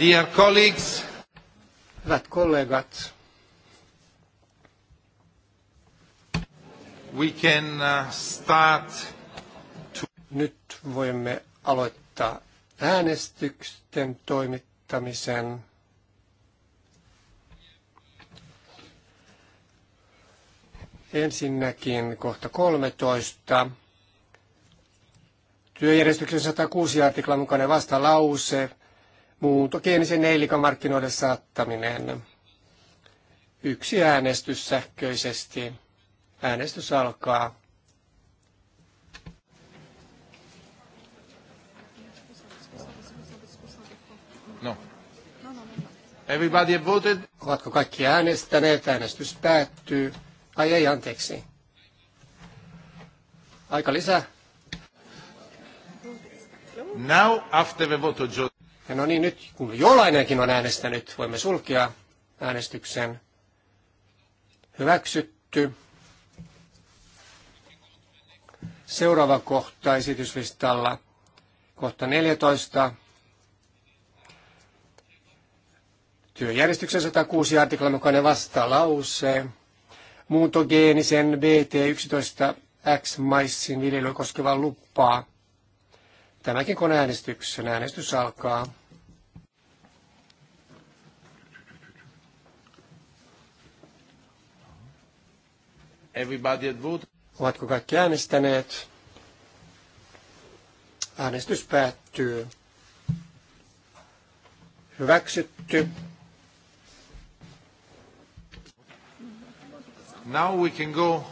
Dear colleagues. Hyvät kollegat. We can uh, start to... Nyt voimme aloittaa äänestysten toimittamisen. Ensinnäkin kohta 13. Työjärjestyksen 106 artiklan mukainen vastalause muuntogeenisen neilikan markkinoiden saattaminen. Yksi äänestys sähköisesti. Äänestys alkaa. No. Everybody voted. Ovatko kaikki äänestäneet? Äänestys päättyy. Ai ei, anteeksi. Aika lisää. Now after the vote, ja no niin, nyt kun jollainenkin on äänestänyt, voimme sulkea äänestyksen. Hyväksytty. Seuraava kohta esityslistalla, kohta 14. Työjärjestyksen 106 artiklan mukainen vastalause. Muuntogeenisen BT11X maissin viljelyä koskevaa lupaa Tämäkin kun äänestyksen äänestys alkaa. Everybody at vote. Ovatko kaikki äänestäneet? Äänestys päättyy. Hyväksytty. Now we can go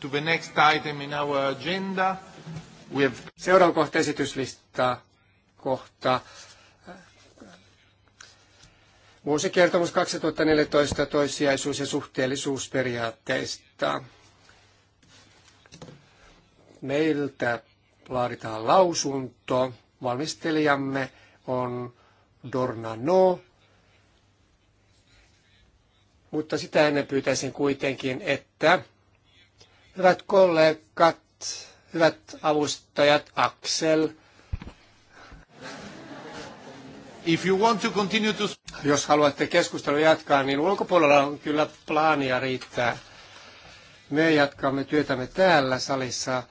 to the next item in our agenda. Have... Seuraava kohta esityslistaa kohta. Äh, vuosikertomus 2014 toissijaisuus- ja suhteellisuusperiaatteista. Meiltä laaditaan lausunto. Valmistelijamme on Dorna No, mutta sitä ennen pyytäisin kuitenkin, että hyvät kollegat, hyvät avustajat, Axel. If you want to continue to... Jos haluatte keskustelua jatkaa, niin ulkopuolella on kyllä plaania riittää. Me jatkamme työtämme täällä salissa.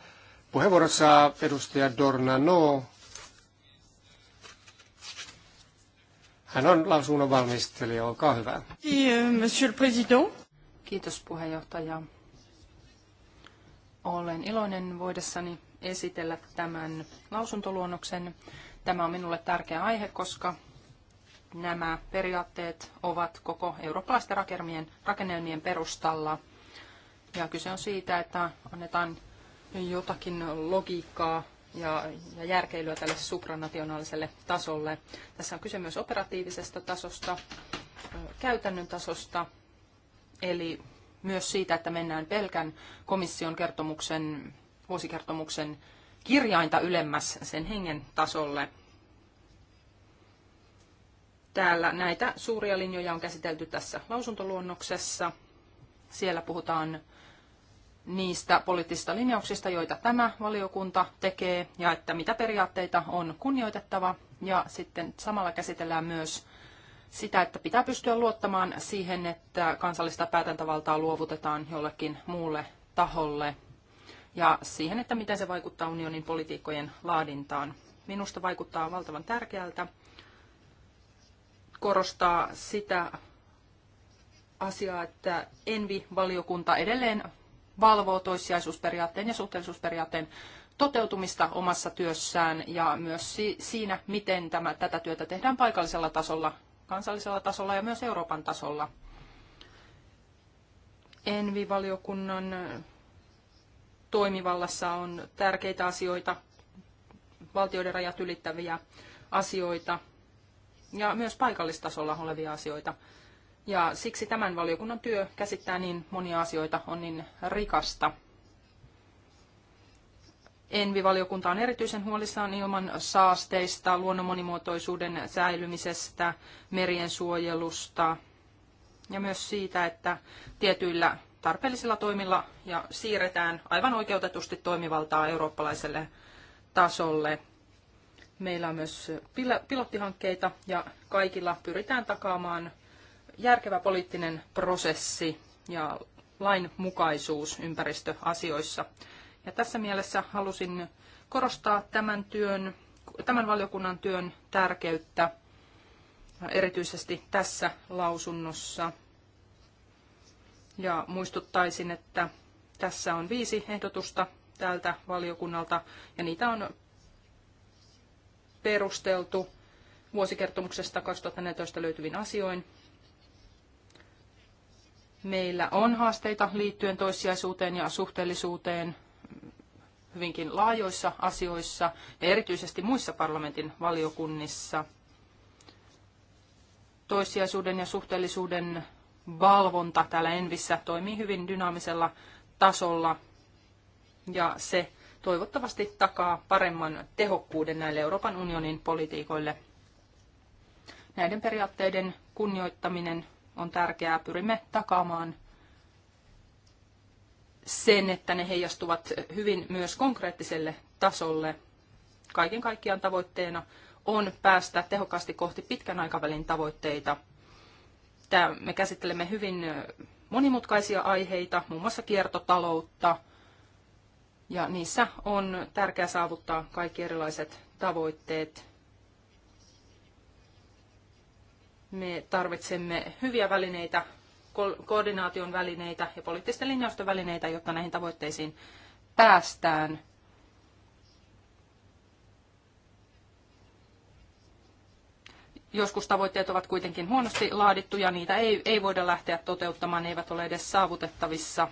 Puheenvuorossa saa edustaja Dornano. Hän on lausunnon valmistelija. Olkaa hyvä. Monsieur le Président. Kiitos puheenjohtaja. Olen iloinen voidessani esitellä tämän lausuntoluonnoksen. Tämä on minulle tärkeä aihe, koska nämä periaatteet ovat koko eurooppalaisten rakennelmien perustalla. Ja kyse on siitä, että annetaan jotakin logiikkaa ja, ja järkeilyä tälle supranationaaliselle tasolle. Tässä on kyse myös operatiivisesta tasosta, käytännön tasosta, eli myös siitä, että mennään pelkän komission kertomuksen, vuosikertomuksen kirjainta ylemmäs sen hengen tasolle. Täällä näitä suuria linjoja on käsitelty tässä lausuntoluonnoksessa. Siellä puhutaan niistä poliittisista linjauksista, joita tämä valiokunta tekee ja että mitä periaatteita on kunnioitettava. Ja sitten samalla käsitellään myös sitä, että pitää pystyä luottamaan siihen, että kansallista päätäntävaltaa luovutetaan jollekin muulle taholle ja siihen, että miten se vaikuttaa unionin politiikkojen laadintaan. Minusta vaikuttaa valtavan tärkeältä korostaa sitä asiaa, että Envi-valiokunta edelleen valvoo toissijaisuusperiaatteen ja suhteellisuusperiaatteen toteutumista omassa työssään ja myös siinä, miten tämä, tätä työtä tehdään paikallisella tasolla kansallisella tasolla ja myös Euroopan tasolla. Envi-valiokunnan toimivallassa on tärkeitä asioita, valtioiden rajat ylittäviä asioita ja myös paikallistasolla olevia asioita. Ja siksi tämän valiokunnan työ käsittää niin monia asioita, on niin rikasta. Envivaliokunta on erityisen huolissaan ilman saasteista, luonnon monimuotoisuuden säilymisestä, merien suojelusta ja myös siitä, että tietyillä tarpeellisilla toimilla ja siirretään aivan oikeutetusti toimivaltaa eurooppalaiselle tasolle. Meillä on myös pilottihankkeita ja kaikilla pyritään takaamaan järkevä poliittinen prosessi ja lainmukaisuus ympäristöasioissa. Ja tässä mielessä halusin korostaa tämän, työn, tämän valiokunnan työn tärkeyttä erityisesti tässä lausunnossa. Ja muistuttaisin, että tässä on viisi ehdotusta tältä valiokunnalta ja niitä on perusteltu vuosikertomuksesta 2014 löytyvin asioin. Meillä on haasteita liittyen toissijaisuuteen ja suhteellisuuteen hyvinkin laajoissa asioissa ja erityisesti muissa parlamentin valiokunnissa. Toissijaisuuden ja suhteellisuuden valvonta täällä Envissä toimii hyvin dynaamisella tasolla ja se toivottavasti takaa paremman tehokkuuden näille Euroopan unionin politiikoille. Näiden periaatteiden kunnioittaminen on tärkeää. Pyrimme takaamaan sen, että ne heijastuvat hyvin myös konkreettiselle tasolle. Kaiken kaikkiaan tavoitteena on päästä tehokkaasti kohti pitkän aikavälin tavoitteita. Tämä, me käsittelemme hyvin monimutkaisia aiheita, muun muassa kiertotaloutta, ja niissä on tärkeää saavuttaa kaikki erilaiset tavoitteet. Me tarvitsemme hyviä välineitä koordinaation välineitä ja poliittisten linjausten välineitä, jotta näihin tavoitteisiin päästään. Joskus tavoitteet ovat kuitenkin huonosti laadittuja, niitä ei, ei voida lähteä toteuttamaan, ne eivät ole edes saavutettavissa.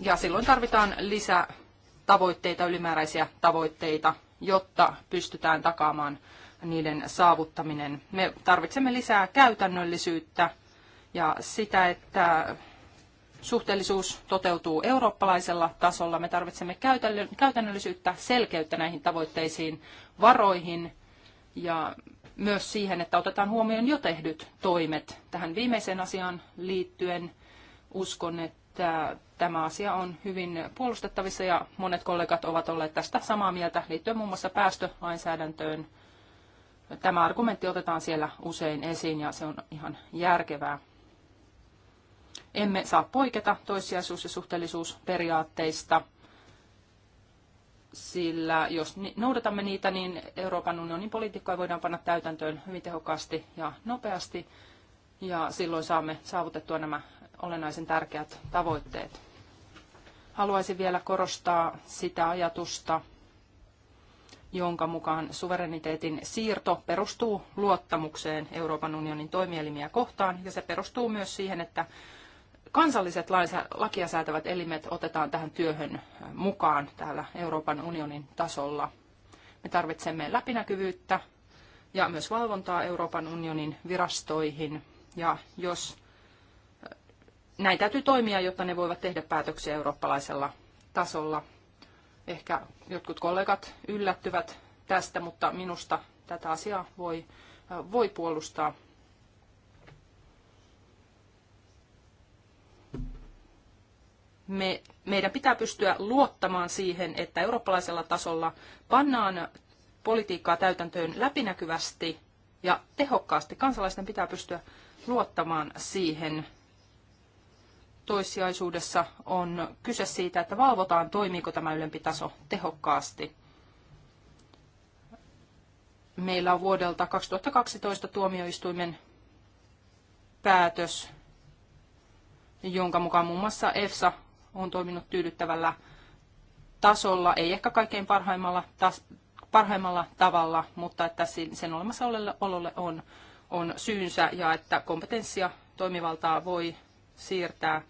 Ja silloin tarvitaan lisää tavoitteita, ylimääräisiä tavoitteita, jotta pystytään takaamaan niiden saavuttaminen. Me tarvitsemme lisää käytännöllisyyttä ja sitä, että suhteellisuus toteutuu eurooppalaisella tasolla. Me tarvitsemme käytännöllisyyttä, selkeyttä näihin tavoitteisiin, varoihin ja myös siihen, että otetaan huomioon jo tehdyt toimet. Tähän viimeiseen asiaan liittyen uskon, että tämä asia on hyvin puolustettavissa ja monet kollegat ovat olleet tästä samaa mieltä liittyen muun muassa päästölainsäädäntöön. Tämä argumentti otetaan siellä usein esiin ja se on ihan järkevää. Emme saa poiketa toissijaisuus- ja suhteellisuusperiaatteista, sillä jos noudatamme niitä, niin Euroopan unionin politiikkaa voidaan panna täytäntöön hyvin tehokkaasti ja nopeasti, ja silloin saamme saavutettua nämä olennaisen tärkeät tavoitteet. Haluaisin vielä korostaa sitä ajatusta, jonka mukaan suvereniteetin siirto perustuu luottamukseen Euroopan unionin toimielimiä kohtaan, ja se perustuu myös siihen, että kansalliset lakia säätävät elimet otetaan tähän työhön äh, mukaan täällä Euroopan unionin tasolla. Me tarvitsemme läpinäkyvyyttä ja myös valvontaa Euroopan unionin virastoihin. Ja jos äh, näin täytyy toimia, jotta ne voivat tehdä päätöksiä eurooppalaisella tasolla. Ehkä jotkut kollegat yllättyvät tästä, mutta minusta tätä asiaa voi, äh, voi puolustaa me, meidän pitää pystyä luottamaan siihen, että eurooppalaisella tasolla pannaan politiikkaa täytäntöön läpinäkyvästi ja tehokkaasti. Kansalaisten pitää pystyä luottamaan siihen. Toissijaisuudessa on kyse siitä, että valvotaan, toimiiko tämä ylempi taso tehokkaasti. Meillä on vuodelta 2012 tuomioistuimen päätös jonka mukaan muun muassa EFSA on toiminut tyydyttävällä tasolla, ei ehkä kaikkein parhaimmalla, tas, parhaimmalla tavalla, mutta että sen olemassaololle on, on syynsä ja että kompetenssia toimivaltaa voi siirtää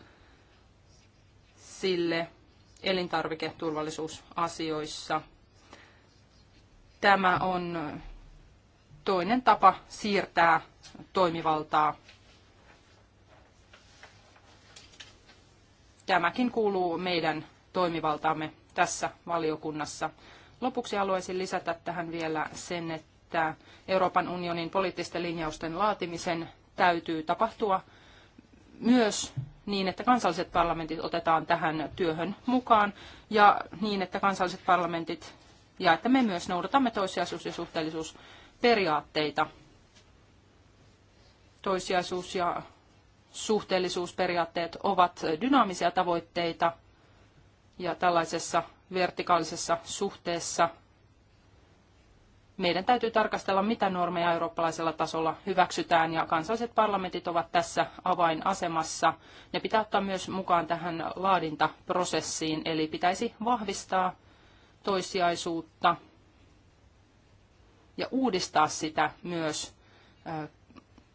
sille elintarviketurvallisuusasioissa. Tämä on toinen tapa siirtää toimivaltaa tämäkin kuuluu meidän toimivaltaamme tässä valiokunnassa. Lopuksi haluaisin lisätä tähän vielä sen, että Euroopan unionin poliittisten linjausten laatimisen täytyy tapahtua myös niin, että kansalliset parlamentit otetaan tähän työhön mukaan ja niin, että kansalliset parlamentit ja että me myös noudatamme toissijaisuus- ja suhteellisuusperiaatteita. Toissijaisuus- ja suhteellisuusperiaatteet ovat dynaamisia tavoitteita ja tällaisessa vertikaalisessa suhteessa meidän täytyy tarkastella, mitä normeja eurooppalaisella tasolla hyväksytään, ja kansalliset parlamentit ovat tässä avainasemassa. Ne pitää ottaa myös mukaan tähän laadintaprosessiin, eli pitäisi vahvistaa toissijaisuutta ja uudistaa sitä myös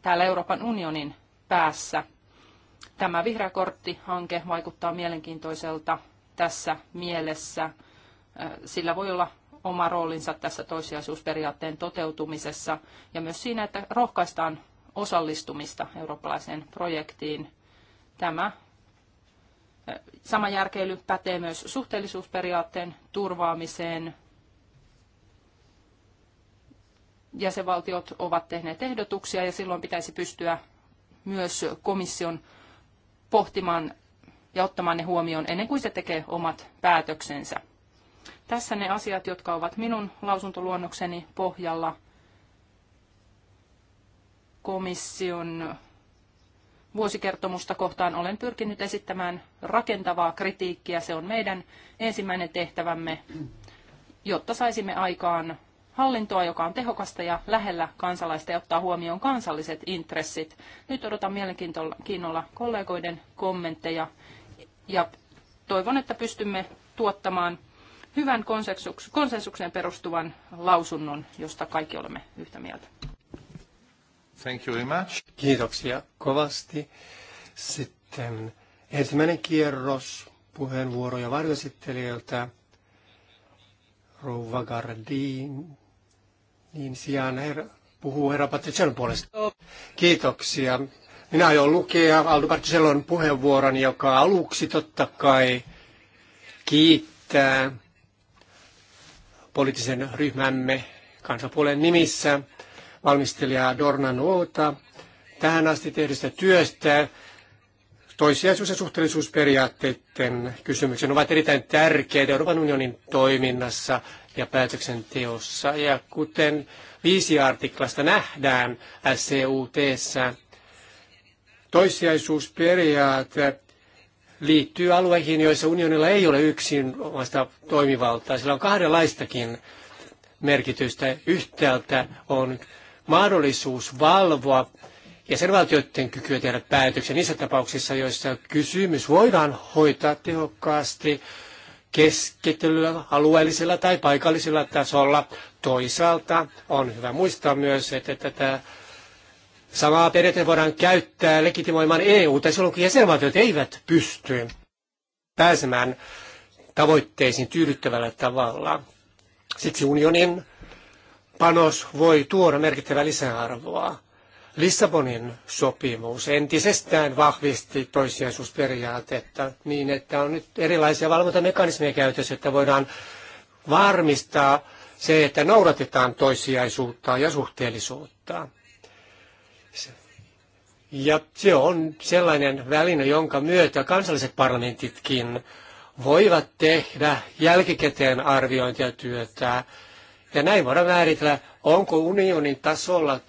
täällä Euroopan unionin päässä. Tämä vihreä kortti-hanke vaikuttaa mielenkiintoiselta tässä mielessä. Sillä voi olla oma roolinsa tässä toissijaisuusperiaatteen toteutumisessa ja myös siinä, että rohkaistaan osallistumista eurooppalaiseen projektiin. Tämä sama järkeily pätee myös suhteellisuusperiaatteen turvaamiseen. Jäsenvaltiot ovat tehneet ehdotuksia ja silloin pitäisi pystyä myös komission pohtimaan ja ottamaan ne huomioon ennen kuin se tekee omat päätöksensä. Tässä ne asiat, jotka ovat minun lausuntoluonnokseni pohjalla komission vuosikertomusta kohtaan olen pyrkinyt esittämään rakentavaa kritiikkiä. Se on meidän ensimmäinen tehtävämme, jotta saisimme aikaan hallintoa, joka on tehokasta ja lähellä kansalaista ja ottaa huomioon kansalliset intressit. Nyt odotan mielenkiinnolla kollegoiden kommentteja ja toivon, että pystymme tuottamaan hyvän konsensukseen perustuvan lausunnon, josta kaikki olemme yhtä mieltä. Thank you very much. Kiitoksia kovasti. Sitten ensimmäinen kierros puheenvuoroja varjoesittelijöiltä. Rouva Gardin, niin sijaan her, puhuu herra Patricellon puolesta. Kiitoksia. Minä aion lukea Aldo Patricellon puheenvuoron, joka aluksi totta kai kiittää poliittisen ryhmämme kansanpuolen nimissä valmistelijaa Dorna Nuota tähän asti tehdystä työstä. Toisiaisuus- ja suhteellisuusperiaatteiden kysymyksen ovat erittäin tärkeitä Euroopan unionin toiminnassa – ja päätöksenteossa. Ja kuten viisi artiklasta nähdään scut e toissijaisuusperiaate liittyy alueihin, joissa unionilla ei ole yksin omasta toimivaltaa. Sillä on kahdenlaistakin merkitystä. Yhtäältä on mahdollisuus valvoa ja sen valtioiden kykyä tehdä päätöksiä niissä tapauksissa, joissa kysymys voidaan hoitaa tehokkaasti keskityllä alueellisella tai paikallisella tasolla. Toisaalta on hyvä muistaa myös, että tätä samaa periaatteessa voidaan käyttää legitimoimaan EU, tai silloin kun jäsenvaltiot eivät pysty pääsemään tavoitteisiin tyydyttävällä tavalla. Siksi unionin panos voi tuoda merkittävää lisäarvoa. Lissabonin sopimus entisestään vahvisti toissijaisuusperiaatetta niin, että on nyt erilaisia valvontamekanismeja käytössä, että voidaan varmistaa se, että noudatetaan toissijaisuutta ja suhteellisuutta. Ja se on sellainen väline, jonka myötä kansalliset parlamentitkin voivat tehdä jälkikäteen arviointia työtä. Ja näin voidaan määritellä, onko unionin tasolla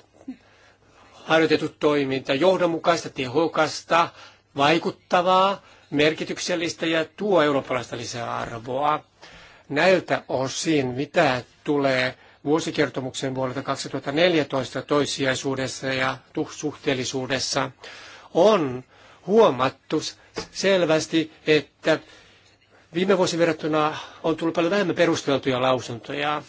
harjoitettu toiminta, johdonmukaista, tehokasta, vaikuttavaa, merkityksellistä ja tuo eurooppalaista lisäarvoa. Näiltä osin, mitä tulee vuosikertomuksen vuodelta 2014 toissijaisuudessa ja suhteellisuudessa, on huomattu selvästi, että viime vuosi verrattuna on tullut paljon vähemmän perusteltuja lausuntoja.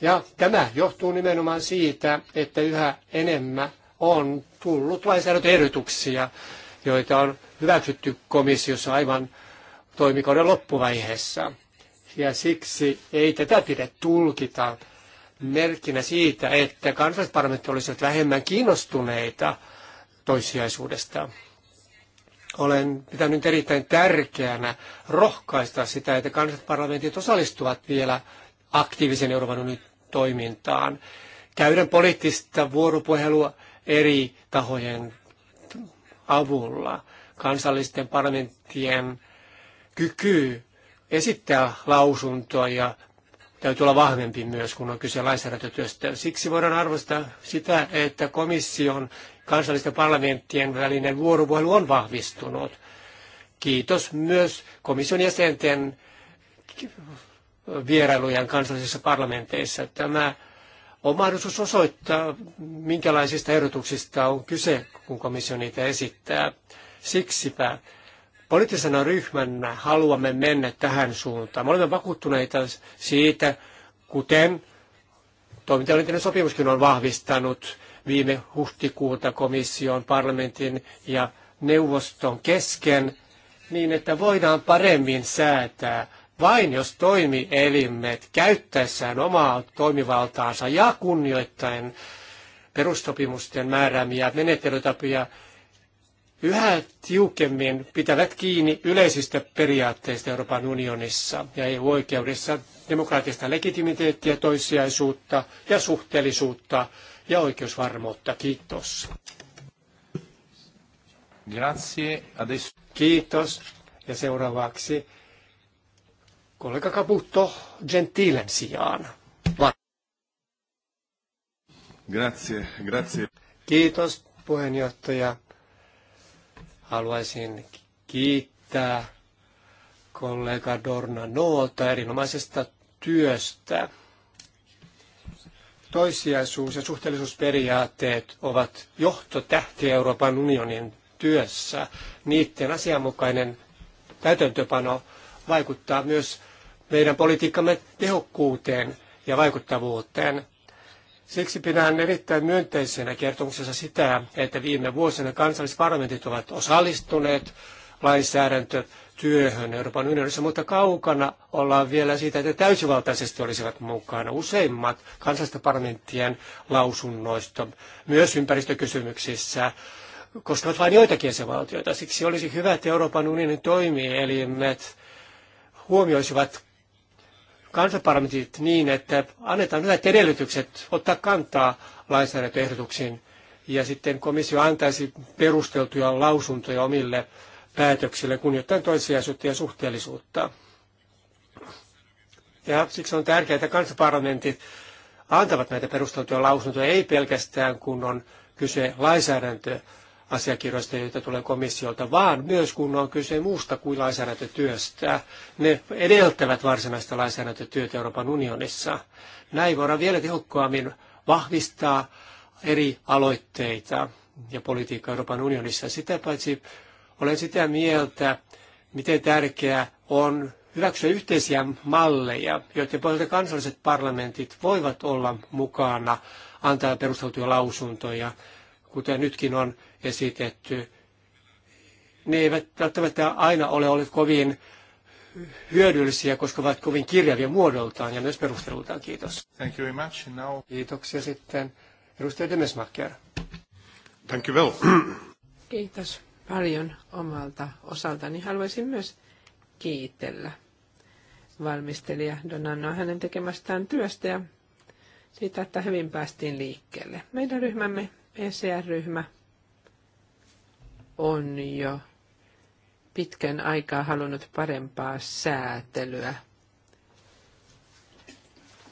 Ja tämä johtuu nimenomaan siitä, että yhä enemmän on tullut lainsäädäntöehdotuksia, joita on hyväksytty komissiossa aivan toimikauden loppuvaiheessa. Ja siksi ei tätä pidä tulkita merkkinä siitä, että kansallisparlamentti olisivat vähemmän kiinnostuneita toissijaisuudesta. Olen pitänyt erittäin tärkeänä rohkaista sitä, että kansallisparlamentit osallistuvat vielä aktiivisen Euroopan unionin toimintaan. Käydään poliittista vuoropuhelua eri tahojen avulla. Kansallisten parlamenttien kyky esittää lausuntoja täytyy olla vahvempi myös, kun on kyse lainsäädäntötyöstä. Siksi voidaan arvostaa sitä, että komission kansallisten parlamenttien välinen vuoropuhelu on vahvistunut. Kiitos myös komission jäsenten vierailujen kansallisissa parlamenteissa. Tämä on mahdollisuus osoittaa, minkälaisista ehdotuksista on kyse, kun komissio niitä esittää. Siksipä poliittisena ryhmänä haluamme mennä tähän suuntaan. Me olemme vakuuttuneita siitä, kuten toimintaelinten sopimuskin on vahvistanut viime huhtikuuta komission, parlamentin ja neuvoston kesken, niin että voidaan paremmin säätää vain jos toimielimet käyttäessään omaa toimivaltaansa ja kunnioittaen perussopimusten määräämiä menettelytapoja yhä tiukemmin pitävät kiinni yleisistä periaatteista Euroopan unionissa ja EU-oikeudessa demokraattista legitimiteettiä, toissijaisuutta ja suhteellisuutta ja oikeusvarmuutta. Kiitos. Grazie. Adesso. Kiitos. Ja seuraavaksi kollega Caputo Gentilen sijaan. Grazie, grazie. Kiitos puheenjohtaja. Haluaisin kiittää kollega Dorna Noota erinomaisesta työstä. Toissijaisuus ja suhteellisuusperiaatteet ovat johtotähti Euroopan unionin työssä. Niiden asianmukainen täytäntöpano vaikuttaa myös meidän politiikkamme tehokkuuteen ja vaikuttavuuteen. Siksi pidän erittäin myönteisenä kertomuksessa sitä, että viime vuosina kansallisparlamentit ovat osallistuneet lainsäädäntötyöhön Euroopan unionissa, mutta kaukana ollaan vielä siitä, että täysivaltaisesti olisivat mukana useimmat kansallisten parlamenttien lausunnoista, myös ympäristökysymyksissä, koskevat vain joitakin jäsenvaltioita. Siksi olisi hyvä, että Euroopan unionin toimielimet huomioisivat kansanparlamentit niin, että annetaan hyvät edellytykset ottaa kantaa lainsäädäntöehdotuksiin ja sitten komissio antaisi perusteltuja lausuntoja omille päätöksille kunnioittain toissijaisuutta ja suhteellisuutta. Ja siksi on tärkeää, että kansanparlamentit antavat näitä perusteltuja lausuntoja, ei pelkästään kun on kyse lainsäädäntö asiakirjoista, joita tulee komissiolta, vaan myös kun on kyse muusta kuin lainsäädäntötyöstä. Ne edeltävät varsinaista lainsäädäntötyötä Euroopan unionissa. Näin voidaan vielä tehokkaammin vahvistaa eri aloitteita ja politiikkaa Euroopan unionissa. Sitä paitsi olen sitä mieltä, miten tärkeää on hyväksyä yhteisiä malleja, joiden pohjalta kansalliset parlamentit voivat olla mukana, antaa perusteltuja lausuntoja, kuten nytkin on esitetty, ne eivät välttämättä aina ole olleet kovin hyödyllisiä, koska ovat kovin kirjavia muodoltaan ja myös perustelultaan. Kiitos. Thank you very much. Now... Kiitoksia sitten edustaja Demesmaker. Thank you well. Kiitos paljon omalta osaltani. Haluaisin myös kiitellä valmistelija Donannoa hänen tekemästään työstä ja siitä, että hyvin päästiin liikkeelle. Meidän ryhmämme, ECR-ryhmä, on jo pitkän aikaa halunnut parempaa säätelyä.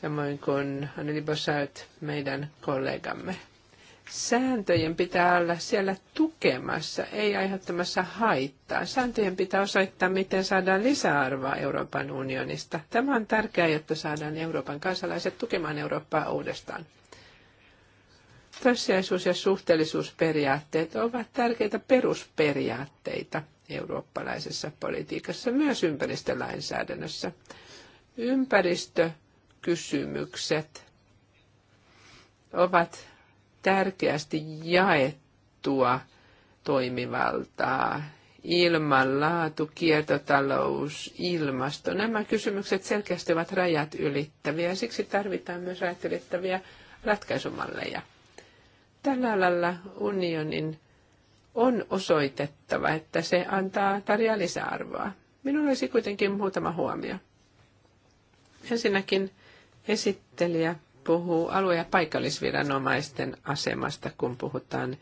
Samoin kuin Anneli Bosaut, meidän kollegamme. Sääntöjen pitää olla siellä tukemassa, ei aiheuttamassa haittaa. Sääntöjen pitää osoittaa, miten saadaan lisäarvoa Euroopan unionista. Tämä on tärkeää, jotta saadaan Euroopan kansalaiset tukemaan Eurooppaa uudestaan. Toissijaisuus- ja suhteellisuusperiaatteet ovat tärkeitä perusperiaatteita eurooppalaisessa politiikassa, myös ympäristölainsäädännössä. Ympäristökysymykset ovat tärkeästi jaettua toimivaltaa. Ilmanlaatu, kiertotalous, ilmasto. Nämä kysymykset selkeästi ovat rajat ylittäviä ja siksi tarvitaan myös rajat ylittäviä ratkaisumalleja. Tällä lailla unionin on osoitettava, että se antaa tarjaa lisäarvoa. Minulla olisi kuitenkin muutama huomio. Ensinnäkin esittelijä puhuu alue- ja paikallisviranomaisten asemasta, kun puhutaan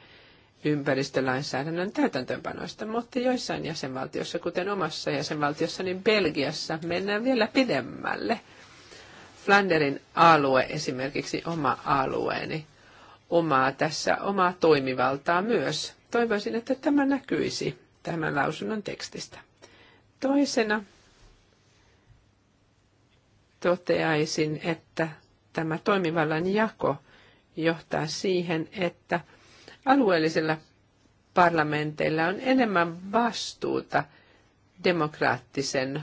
ympäristölainsäädännön täytäntöönpanoista, mutta joissain jäsenvaltiossa, kuten omassa jäsenvaltiossa, niin Belgiassa mennään vielä pidemmälle. Flanderin alue, esimerkiksi oma alueeni, omaa tässä omaa toimivaltaa myös. Toivoisin, että tämä näkyisi tämän lausunnon tekstistä. Toisena toteaisin, että tämä toimivallan jako johtaa siihen, että alueellisilla parlamenteilla on enemmän vastuuta demokraattisen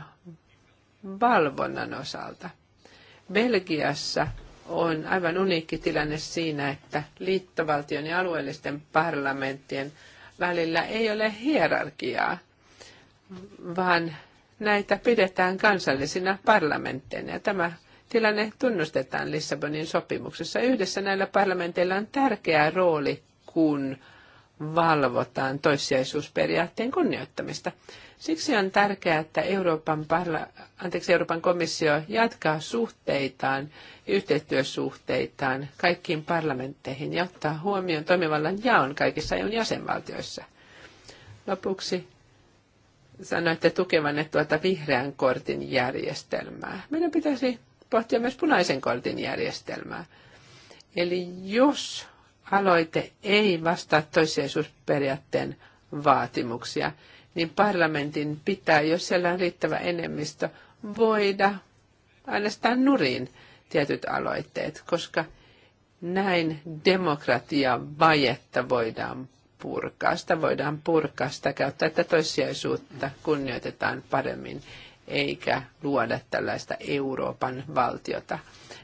valvonnan osalta. Belgiassa – on aivan uniikki tilanne siinä, että liittovaltion ja alueellisten parlamenttien välillä ei ole hierarkiaa, vaan näitä pidetään kansallisina parlamentteina. Ja tämä tilanne tunnustetaan Lissabonin sopimuksessa. Yhdessä näillä parlamenteilla on tärkeä rooli, kun valvotaan toissijaisuusperiaatteen kunnioittamista. Siksi on tärkeää, että Euroopan, parla- anteeksi, Euroopan komissio jatkaa suhteitaan yhteistyösuhteitaan kaikkiin parlamentteihin ja ottaa huomioon toimivallan jaon kaikissa EUn jäsenvaltioissa. Lopuksi sanoitte tukevanne tuota vihreän kortin järjestelmää. Meidän pitäisi pohtia myös punaisen kortin järjestelmää. Eli jos aloite ei vastaa toissijaisuusperiaatteen vaatimuksia, niin parlamentin pitää, jos siellä on riittävä enemmistö, voida äänestää nurin tietyt aloitteet, koska näin demokratian vajetta voidaan purkaa. Sitä voidaan purkaa, sitä kautta, että toissijaisuutta kunnioitetaan paremmin, eikä luoda tällaista Euroopan valtiota.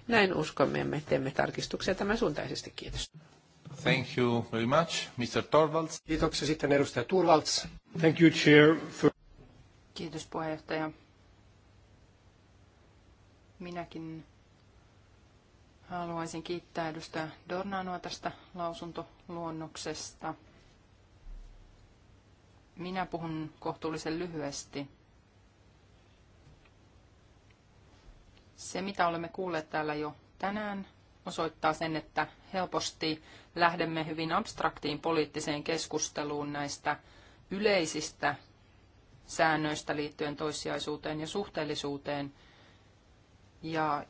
Näin uskomme, me teemme tarkistuksia tämän suuntaisesti. Kiitos. Thank you very much, Mr. Torvalds. Kiitoksia sitten edustaja Turvalds. Thank you, Chair. Kiitos puheenjohtaja. Minäkin haluaisin kiittää edustaja Dornanoa tästä lausuntoluonnoksesta. Minä puhun kohtuullisen lyhyesti. Se, mitä olemme kuulleet täällä jo tänään, osoittaa sen, että helposti lähdemme hyvin abstraktiin poliittiseen keskusteluun näistä yleisistä säännöistä liittyen toissijaisuuteen ja suhteellisuuteen ja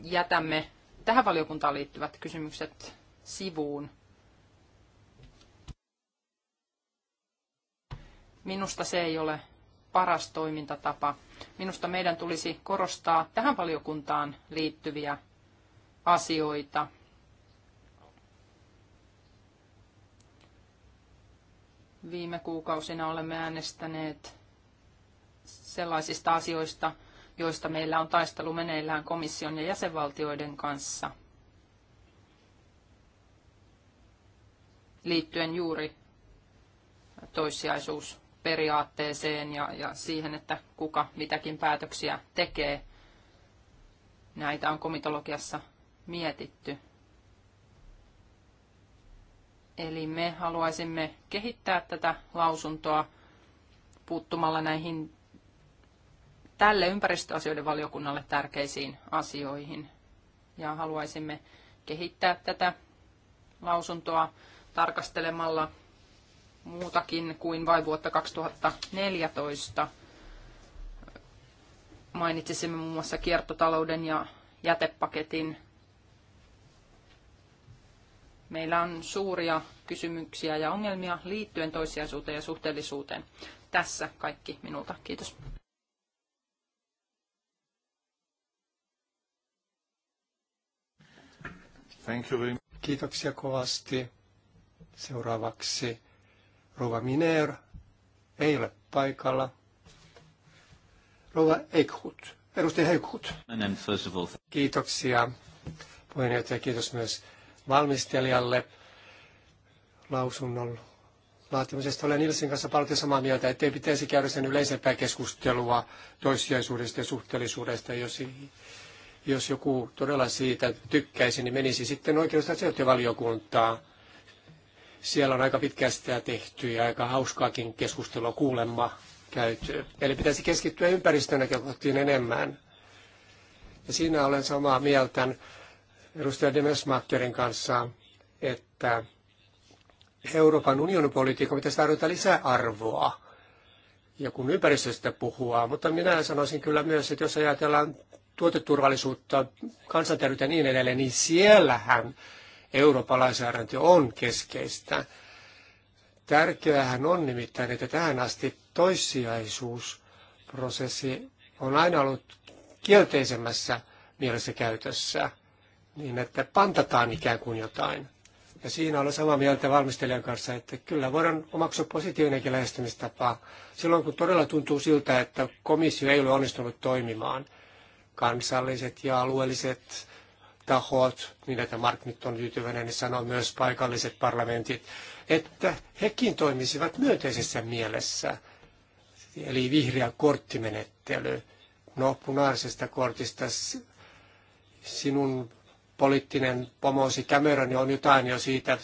jätämme tähän valiokuntaan liittyvät kysymykset sivuun. Minusta se ei ole paras toimintatapa. Minusta meidän tulisi korostaa tähän valiokuntaan liittyviä asioita. Viime kuukausina olemme äänestäneet sellaisista asioista, joista meillä on taistelu meneillään komission ja jäsenvaltioiden kanssa liittyen juuri toissijaisuusperiaatteeseen ja, ja siihen, että kuka mitäkin päätöksiä tekee. Näitä on komitologiassa mietitty. Eli me haluaisimme kehittää tätä lausuntoa puuttumalla näihin tälle ympäristöasioiden valiokunnalle tärkeisiin asioihin. Ja haluaisimme kehittää tätä lausuntoa tarkastelemalla muutakin kuin vain vuotta 2014. Mainitsisimme muun muassa kiertotalouden ja jätepaketin Meillä on suuria kysymyksiä ja ongelmia liittyen toissijaisuuteen ja suhteellisuuteen. Tässä kaikki minulta. Kiitos. Thank you. Kiitoksia kovasti. Seuraavaksi Rova Miner ei ole paikalla. Rova Eichhut, edustaja Eichhut. Kiitoksia puheenjohtaja, kiitos myös valmistelijalle lausunnon laatimisesta. Olen Ilsin kanssa paljon samaa mieltä, ettei pitäisi käydä sen yleisempää keskustelua toissijaisuudesta ja suhteellisuudesta. Jos, jos joku todella siitä tykkäisi, niin menisi sitten oikeusasioiden valiokuntaa. Siellä on aika pitkästä tehty ja aika hauskaakin keskustelua kuulemma käyty. Eli pitäisi keskittyä ympäristönäkökohtiin enemmän. Ja siinä olen samaa mieltä edustaja Demesmakerin kanssa, että Euroopan unionin politiikka pitäisi tarjota lisäarvoa, ja kun ympäristöstä puhua, mutta minä sanoisin kyllä myös, että jos ajatellaan tuoteturvallisuutta, kansanterveyttä ja niin edelleen, niin siellähän Euroopan lainsäädäntö on keskeistä. Tärkeähän on nimittäin, että tähän asti toissijaisuusprosessi on aina ollut kielteisemmässä mielessä käytössä – niin että pantataan ikään kuin jotain. Ja siinä olen samaa mieltä valmistelijan kanssa, että kyllä voidaan omaksua positiivinenkin lähestymistapa silloin, kun todella tuntuu siltä, että komissio ei ole onnistunut toimimaan. Kansalliset ja alueelliset tahot, niin että Mark nyt on tyytyväinen, niin sanoo myös paikalliset parlamentit, että hekin toimisivat myönteisessä mielessä. Eli vihreä korttimenettely. No, punaisesta kortista sinun poliittinen pomosi Cameron on jotain jo siitä.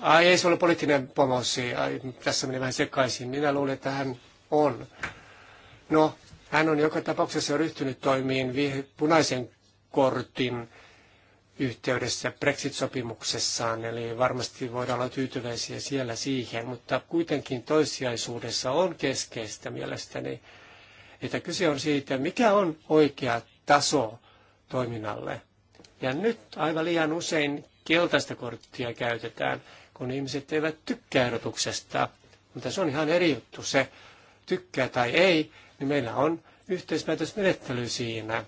Ai ei se ole poliittinen pomosi, Ai, tässä meni vähän sekaisin. Minä luulen, että hän on. No, hän on joka tapauksessa ryhtynyt toimiin punaisen kortin yhteydessä Brexit-sopimuksessaan, eli varmasti voidaan olla tyytyväisiä siellä siihen, mutta kuitenkin toissijaisuudessa on keskeistä mielestäni, että kyse on siitä, mikä on oikea taso toiminnalle. Ja nyt aivan liian usein keltaista korttia käytetään, kun ihmiset eivät tykkää erotuksesta. Mutta se on ihan eri juttu se, tykkää tai ei, niin meillä on yhteispäätösmenettely siinä.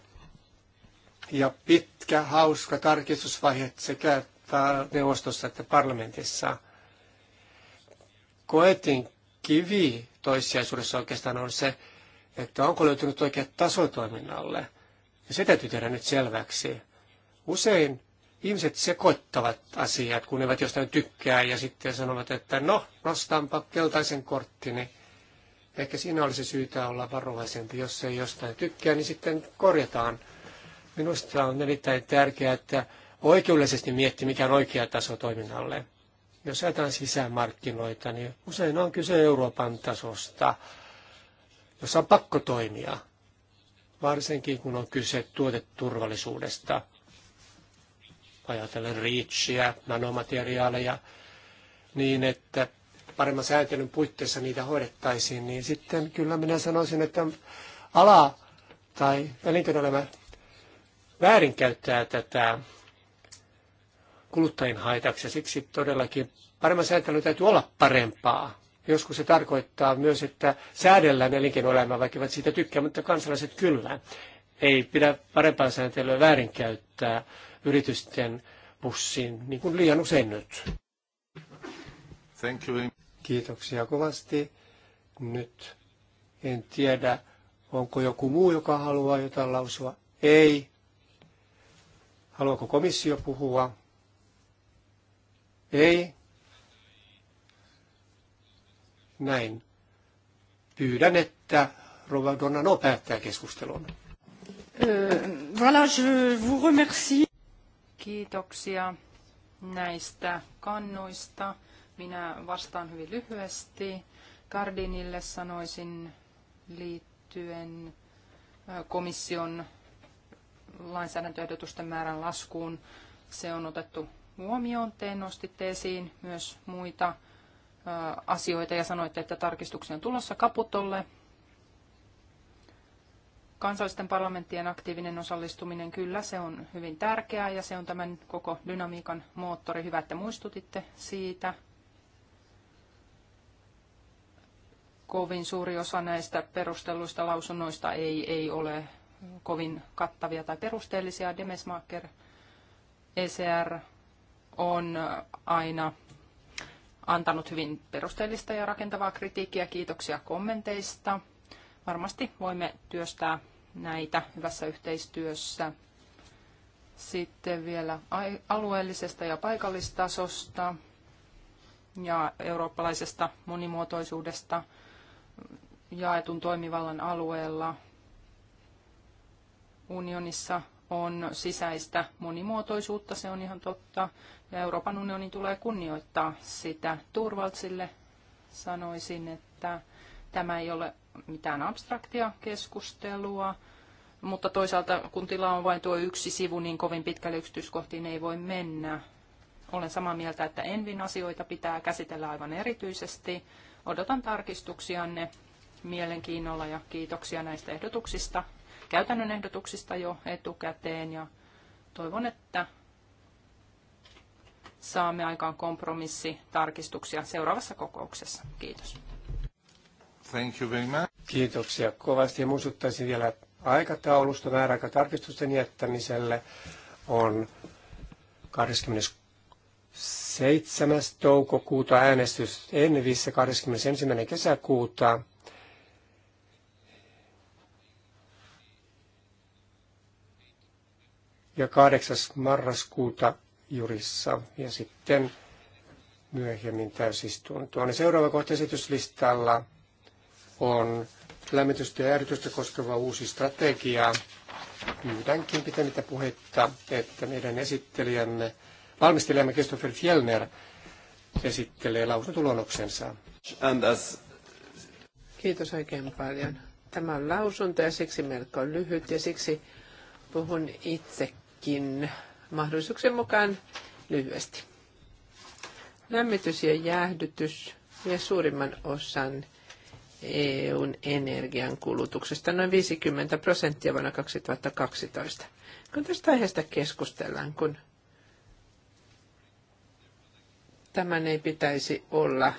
Ja pitkä, hauska tarkistusvaihe sekä neuvostossa että parlamentissa. Koetin kivi toissijaisuudessa oikeastaan on se, että onko löytynyt oikea taso toiminnalle. Ja se täytyy tehdä nyt selväksi. Usein ihmiset sekoittavat asiat, kun eivät jostain tykkää ja sitten sanovat, että no, nostanpa keltaisen korttini. Ehkä siinä olisi syytä olla varovaisempi, jos ei jostain tykkää, niin sitten korjataan. Minusta on erittäin tärkeää, että oikeudellisesti miettii, mikä on oikea taso toiminnalle. Jos ajatellaan sisämarkkinoita, niin usein on kyse Euroopan tasosta, jossa on pakko toimia, varsinkin kun on kyse tuoteturvallisuudesta – ajatellen reachia, nanomateriaaleja, niin että paremman sääntelyn puitteissa niitä hoidettaisiin, niin sitten kyllä minä sanoisin, että ala tai elinkeinoelämä väärinkäyttää tätä kuluttajien haitaksi. Ja siksi todellakin paremman säätelyn täytyy olla parempaa. Joskus se tarkoittaa myös, että säädellään elinkeinoelämää, vaikka eivät siitä tykkää, mutta kansalaiset kyllä. Ei pidä parempaa sääntelyä väärinkäyttää yritysten pussiin, niin kuin liian usein nyt. Thank you. Kiitoksia kovasti. Nyt en tiedä, onko joku muu, joka haluaa jotain lausua. Ei. Haluaako komissio puhua? Ei. Näin. Pyydän, että Rova Donnano päättää keskustelun. Euh, voilà, je vous remercie. Kiitoksia näistä kannuista. Minä vastaan hyvin lyhyesti. Kardinille sanoisin liittyen komission lainsäädäntöehdotusten määrän laskuun. Se on otettu huomioon. Te nostitte esiin myös muita asioita ja sanoitte, että tarkistuksia on tulossa kaputolle kansallisten parlamenttien aktiivinen osallistuminen, kyllä se on hyvin tärkeää ja se on tämän koko dynamiikan moottori. Hyvä, että muistutitte siitä. Kovin suuri osa näistä perustelluista lausunnoista ei, ei ole kovin kattavia tai perusteellisia. Demesmaker ECR on aina antanut hyvin perusteellista ja rakentavaa kritiikkiä. Kiitoksia kommenteista. Varmasti voimme työstää näitä hyvässä yhteistyössä. Sitten vielä alueellisesta ja paikallistasosta ja eurooppalaisesta monimuotoisuudesta jaetun toimivallan alueella. Unionissa on sisäistä monimuotoisuutta, se on ihan totta, ja Euroopan unionin tulee kunnioittaa sitä. Turvaltsille sanoisin, että tämä ei ole mitään abstraktia keskustelua, mutta toisaalta kun tila on vain tuo yksi sivu, niin kovin pitkälle yksityiskohtiin ei voi mennä. Olen samaa mieltä, että Envin asioita pitää käsitellä aivan erityisesti. Odotan tarkistuksianne mielenkiinnolla ja kiitoksia näistä ehdotuksista, käytännön ehdotuksista jo etukäteen ja toivon, että saamme aikaan kompromissi tarkistuksia seuraavassa kokouksessa. Kiitos. Thank you very much. Kiitoksia kovasti ja muistuttaisin vielä aikataulusta määräaikatarkistusten jättämiselle on 27. toukokuuta äänestys Envissä 21. kesäkuuta. ja 8. marraskuuta jurissa ja sitten myöhemmin täysistuntoon. seuraava kohta esityslistalla on lämmitystä ja jäähdytystä koskeva uusi strategia. Pyydänkin pitämättä puhetta, että meidän esittelijämme, valmistelijamme Christopher Fjellner esittelee lausuntoluonnoksensa. As... Kiitos oikein paljon. Tämä on lausunto ja siksi melko lyhyt ja siksi puhun itsekin mahdollisuuksien mukaan lyhyesti. Lämmitys ja jäähdytys vie suurimman osan EUn energiankulutuksesta noin 50 prosenttia vuonna 2012. Kun tästä aiheesta keskustellaan, kun tämän ei pitäisi olla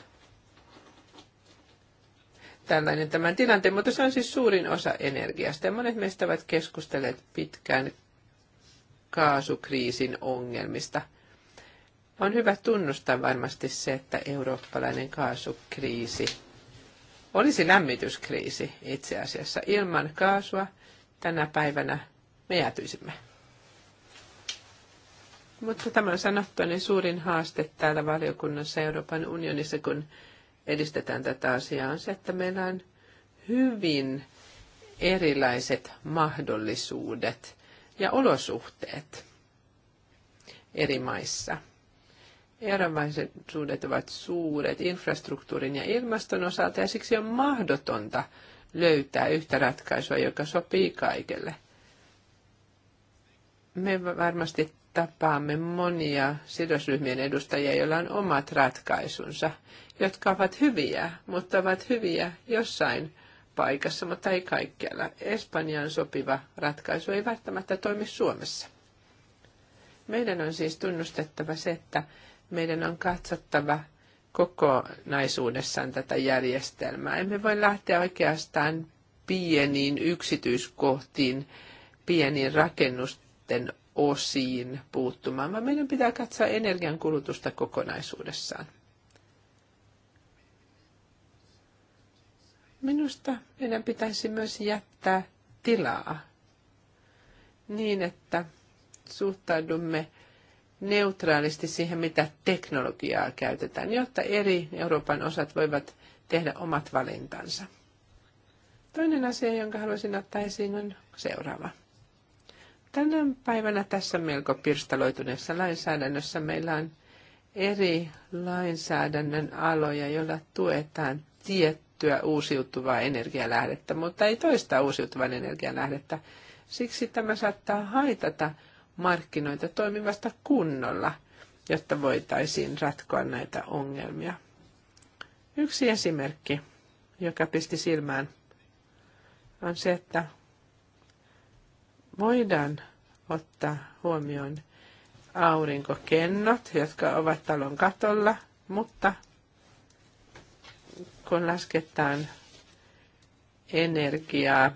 tällainen tämän tilanteen, mutta se on siis suurin osa energiasta. Ja monet meistä ovat keskustelleet pitkään kaasukriisin ongelmista. On hyvä tunnustaa varmasti se, että eurooppalainen kaasukriisi – olisi lämmityskriisi itse asiassa. Ilman kaasua tänä päivänä me jäätyisimme. Mutta on sanottu, niin suurin haaste täällä valiokunnassa Euroopan unionissa, kun edistetään tätä asiaa, on se, että meillä on hyvin erilaiset mahdollisuudet ja olosuhteet eri maissa – eroavaisuudet ovat suuret infrastruktuurin ja ilmaston osalta ja siksi on mahdotonta löytää yhtä ratkaisua, joka sopii kaikille. Me varmasti tapaamme monia sidosryhmien edustajia, joilla on omat ratkaisunsa, jotka ovat hyviä, mutta ovat hyviä jossain paikassa, mutta ei kaikkialla. Espanjan sopiva ratkaisu ei välttämättä toimi Suomessa. Meidän on siis tunnustettava se, että meidän on katsottava kokonaisuudessaan tätä järjestelmää. Emme voi lähteä oikeastaan pieniin yksityiskohtiin, pieniin rakennusten osiin puuttumaan, vaan meidän pitää katsoa energiankulutusta kokonaisuudessaan. Minusta meidän pitäisi myös jättää tilaa niin, että suhtaudumme neutraalisti siihen, mitä teknologiaa käytetään, jotta eri Euroopan osat voivat tehdä omat valintansa. Toinen asia, jonka haluaisin ottaa esiin, on seuraava. Tänä päivänä tässä melko pirstaloituneessa lainsäädännössä meillä on eri lainsäädännön aloja, joilla tuetaan tiettyä uusiutuvaa energialähdettä, mutta ei toista uusiutuvan energialähdettä. Siksi tämä saattaa haitata markkinoita toimivasta kunnolla, jotta voitaisiin ratkoa näitä ongelmia. Yksi esimerkki, joka pisti silmään, on se, että voidaan ottaa huomioon aurinkokennot, jotka ovat talon katolla, mutta kun lasketaan energiaa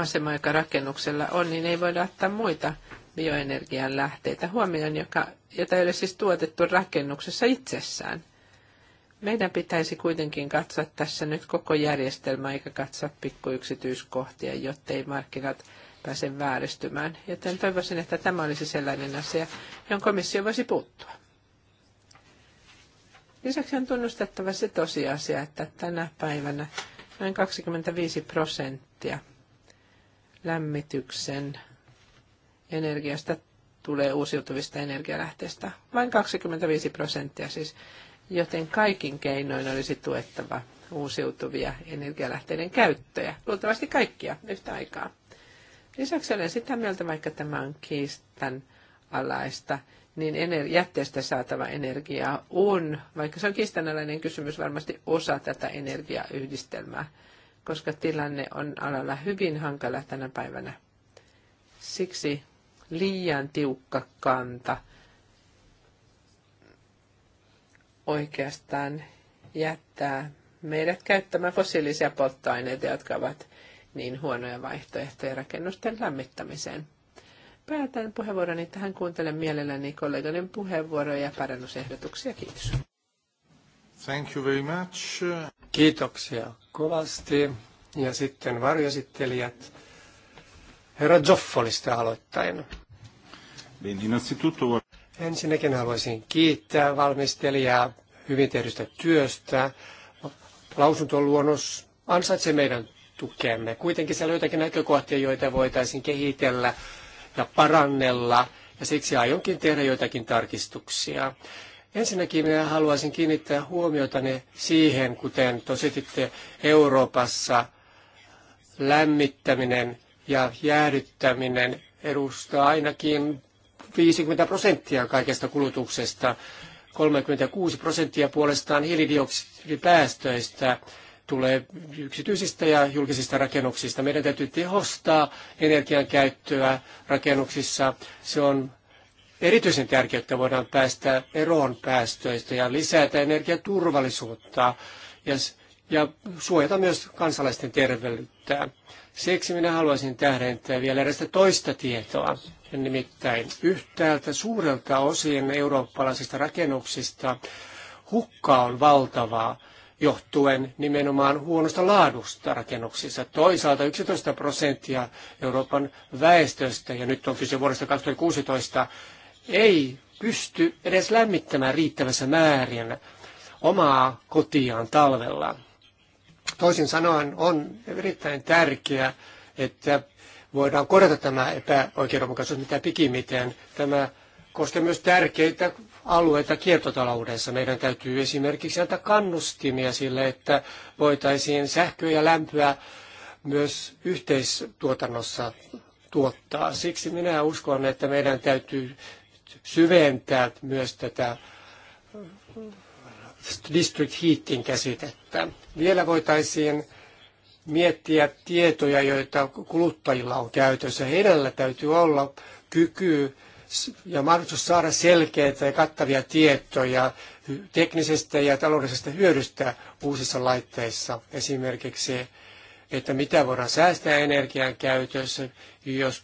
asema, joka rakennuksella on, niin ei voida ottaa muita bioenergian lähteitä huomioon, joka, jota ei ole siis tuotettu rakennuksessa itsessään. Meidän pitäisi kuitenkin katsoa tässä nyt koko järjestelmä eikä katsoa pikkuyksityiskohtia, ei markkinat pääse vääristymään. Joten toivoisin, että tämä olisi sellainen asia, johon komissio voisi puuttua. Lisäksi on tunnustettava se tosiasia, että tänä päivänä noin 25 prosenttia lämmityksen energiasta tulee uusiutuvista energialähteistä. Vain 25 prosenttia siis, joten kaikin keinoin olisi tuettava uusiutuvia energialähteiden käyttöjä, luultavasti kaikkia yhtä aikaa. Lisäksi olen sitä mieltä, vaikka tämä on kiistan alaista, niin jätteestä saatava energia on, vaikka se on kiistanalainen kysymys, varmasti osa tätä energiayhdistelmää koska tilanne on alalla hyvin hankala tänä päivänä. Siksi liian tiukka kanta oikeastaan jättää meidät käyttämään fossiilisia polttoaineita, jotka ovat niin huonoja vaihtoehtoja rakennusten lämmittämiseen. Päätän puheenvuoroni tähän. Kuuntelen mielelläni kollegoiden puheenvuoroja ja parannusehdotuksia. Kiitos. Thank you very much. Kiitoksia kovasti. Ja sitten varjoesittelijät. Herra Joffolista aloittain. Ensinnäkin haluaisin kiittää valmistelijaa hyvin tehdystä työstä. Lausuntoluonnos ansaitsee meidän tukemme. Kuitenkin siellä on joitakin näkökohtia, joita voitaisiin kehitellä ja parannella, ja siksi aionkin tehdä joitakin tarkistuksia. Ensinnäkin minä haluaisin kiinnittää huomiotani siihen, kuten tosititte Euroopassa, lämmittäminen ja jäähdyttäminen edustaa ainakin 50 prosenttia kaikesta kulutuksesta. 36 prosenttia puolestaan hiilidioksidipäästöistä tulee yksityisistä ja julkisista rakennuksista. Meidän täytyy tehostaa energian käyttöä rakennuksissa. Se on erityisen tärkeää, että voidaan päästä eroon päästöistä ja lisätä energiaturvallisuutta ja, ja suojata myös kansalaisten terveyttä. Siksi minä haluaisin tähdentää vielä erästä toista tietoa. Nimittäin yhtäältä suurelta osin eurooppalaisista rakennuksista hukka on valtavaa johtuen nimenomaan huonosta laadusta rakennuksissa. Toisaalta 11 prosenttia Euroopan väestöstä, ja nyt on kyse vuodesta 2016, ei pysty edes lämmittämään riittävässä määrin omaa kotiaan talvella. Toisin sanoen on erittäin tärkeää, että voidaan korjata tämä epäoikeudenmukaisuus mitä pikimiten. Tämä koskee myös tärkeitä alueita kiertotaloudessa. Meidän täytyy esimerkiksi antaa kannustimia sille, että voitaisiin sähköä ja lämpöä myös yhteistuotannossa tuottaa. Siksi minä uskon, että meidän täytyy syventää myös tätä district heating käsitettä. Vielä voitaisiin miettiä tietoja, joita kuluttajilla on käytössä. Heidällä täytyy olla kyky ja mahdollisuus saada selkeitä ja kattavia tietoja teknisestä ja taloudellisesta hyödystä uusissa laitteissa. Esimerkiksi, että mitä voidaan säästää energian käytössä, jos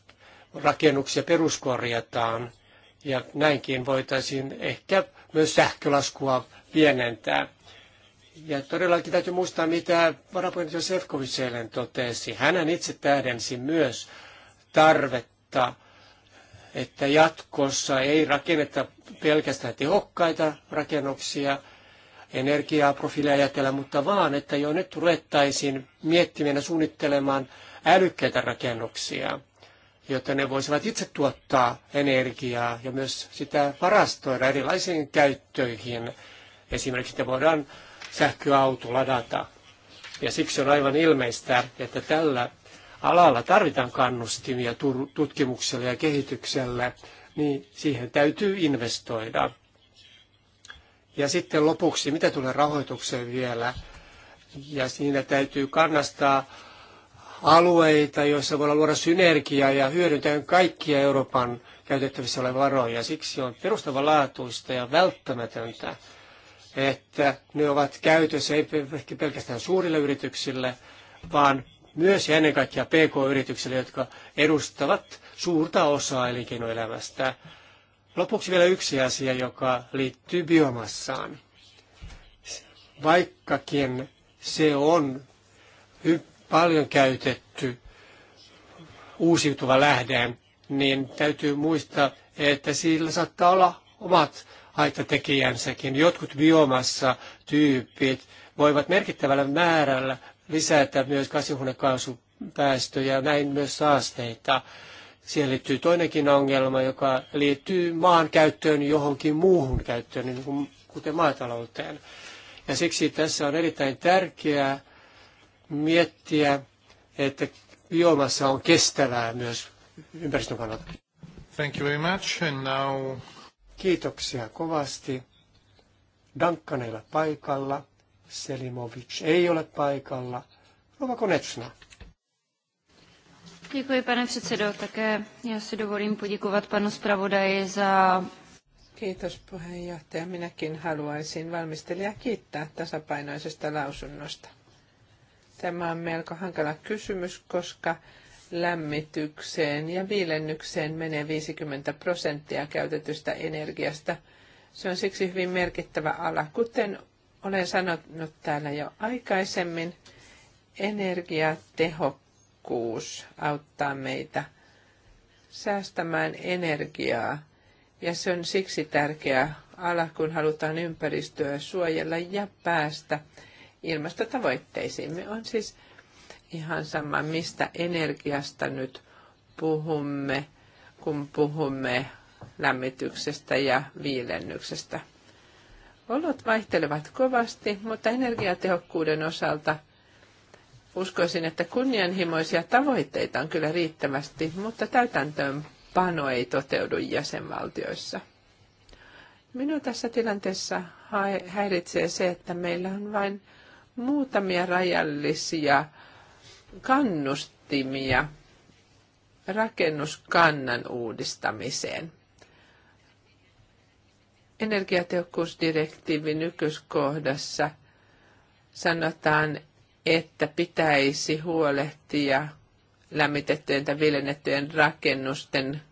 rakennuksia peruskorjataan – ja näinkin voitaisiin ehkä myös sähkölaskua pienentää. Ja todellakin täytyy muistaa, mitä varapuheenjohtaja Sefkovic eilen totesi. Hänhän itse tähdensi myös tarvetta, että jatkossa ei rakenneta pelkästään tehokkaita rakennuksia, energiaa profiilia ajatella, mutta vaan, että jo nyt ruvettaisiin miettimään ja suunnittelemaan älykkäitä rakennuksia jotta ne voisivat itse tuottaa energiaa ja myös sitä varastoida erilaisiin käyttöihin. Esimerkiksi te voidaan sähköauto ladata. Ja siksi on aivan ilmeistä, että tällä alalla tarvitaan kannustimia tutkimukselle ja kehitykselle, niin siihen täytyy investoida. Ja sitten lopuksi, mitä tulee rahoitukseen vielä, ja siinä täytyy kannastaa alueita, joissa voidaan luoda synergiaa ja hyödyntää kaikkia Euroopan käytettävissä olevia varoja. Siksi on perustavanlaatuista ja välttämätöntä, että ne ovat käytössä ei pelkästään suurille yrityksille, vaan myös ja ennen kaikkea PK-yrityksille, jotka edustavat suurta osaa elinkeinoelämästä. Lopuksi vielä yksi asia, joka liittyy biomassaan. Vaikkakin se on paljon käytetty uusiutuva lähde, niin täytyy muistaa, että sillä saattaa olla omat haittatekijänsäkin. Jotkut biomassatyypit voivat merkittävällä määrällä lisätä myös kasvihuonekaasupäästöjä ja näin myös saasteita. Siihen liittyy toinenkin ongelma, joka liittyy maan käyttöön johonkin muuhun käyttöön, niin kuin, kuten maatalouteen. Ja siksi tässä on erittäin tärkeää, miettiä, että biomassa on kestävää myös ympäristön kannalta. Thank you very much. And now... Kiitoksia kovasti. Dankkan ei ole paikalla. Selimovic ei ole paikalla. Rova Konecna. Děkuji, pane předsedo. Také já si dovolím poděkovat panu zpravodaji za... Kiitos puheenjohtaja. Minäkin haluaisin valmistelija kiittää tasapainoisesta lausunnosta. Tämä on melko hankala kysymys, koska lämmitykseen ja viilennykseen menee 50 prosenttia käytetystä energiasta. Se on siksi hyvin merkittävä ala. Kuten olen sanonut täällä jo aikaisemmin, energiatehokkuus auttaa meitä säästämään energiaa. Ja se on siksi tärkeä ala, kun halutaan ympäristöä suojella ja päästä ilmastotavoitteisiimme. On siis ihan sama, mistä energiasta nyt puhumme, kun puhumme lämmityksestä ja viilennyksestä. Olot vaihtelevat kovasti, mutta energiatehokkuuden osalta uskoisin, että kunnianhimoisia tavoitteita on kyllä riittävästi, mutta täytäntöönpano ei toteudu jäsenvaltioissa. Minua tässä tilanteessa häiritsee se, että meillä on vain muutamia rajallisia kannustimia rakennuskannan uudistamiseen. Energiatehokkuusdirektiivin nykyskohdassa sanotaan, että pitäisi huolehtia lämmitettyjen tai viljennettyjen rakennusten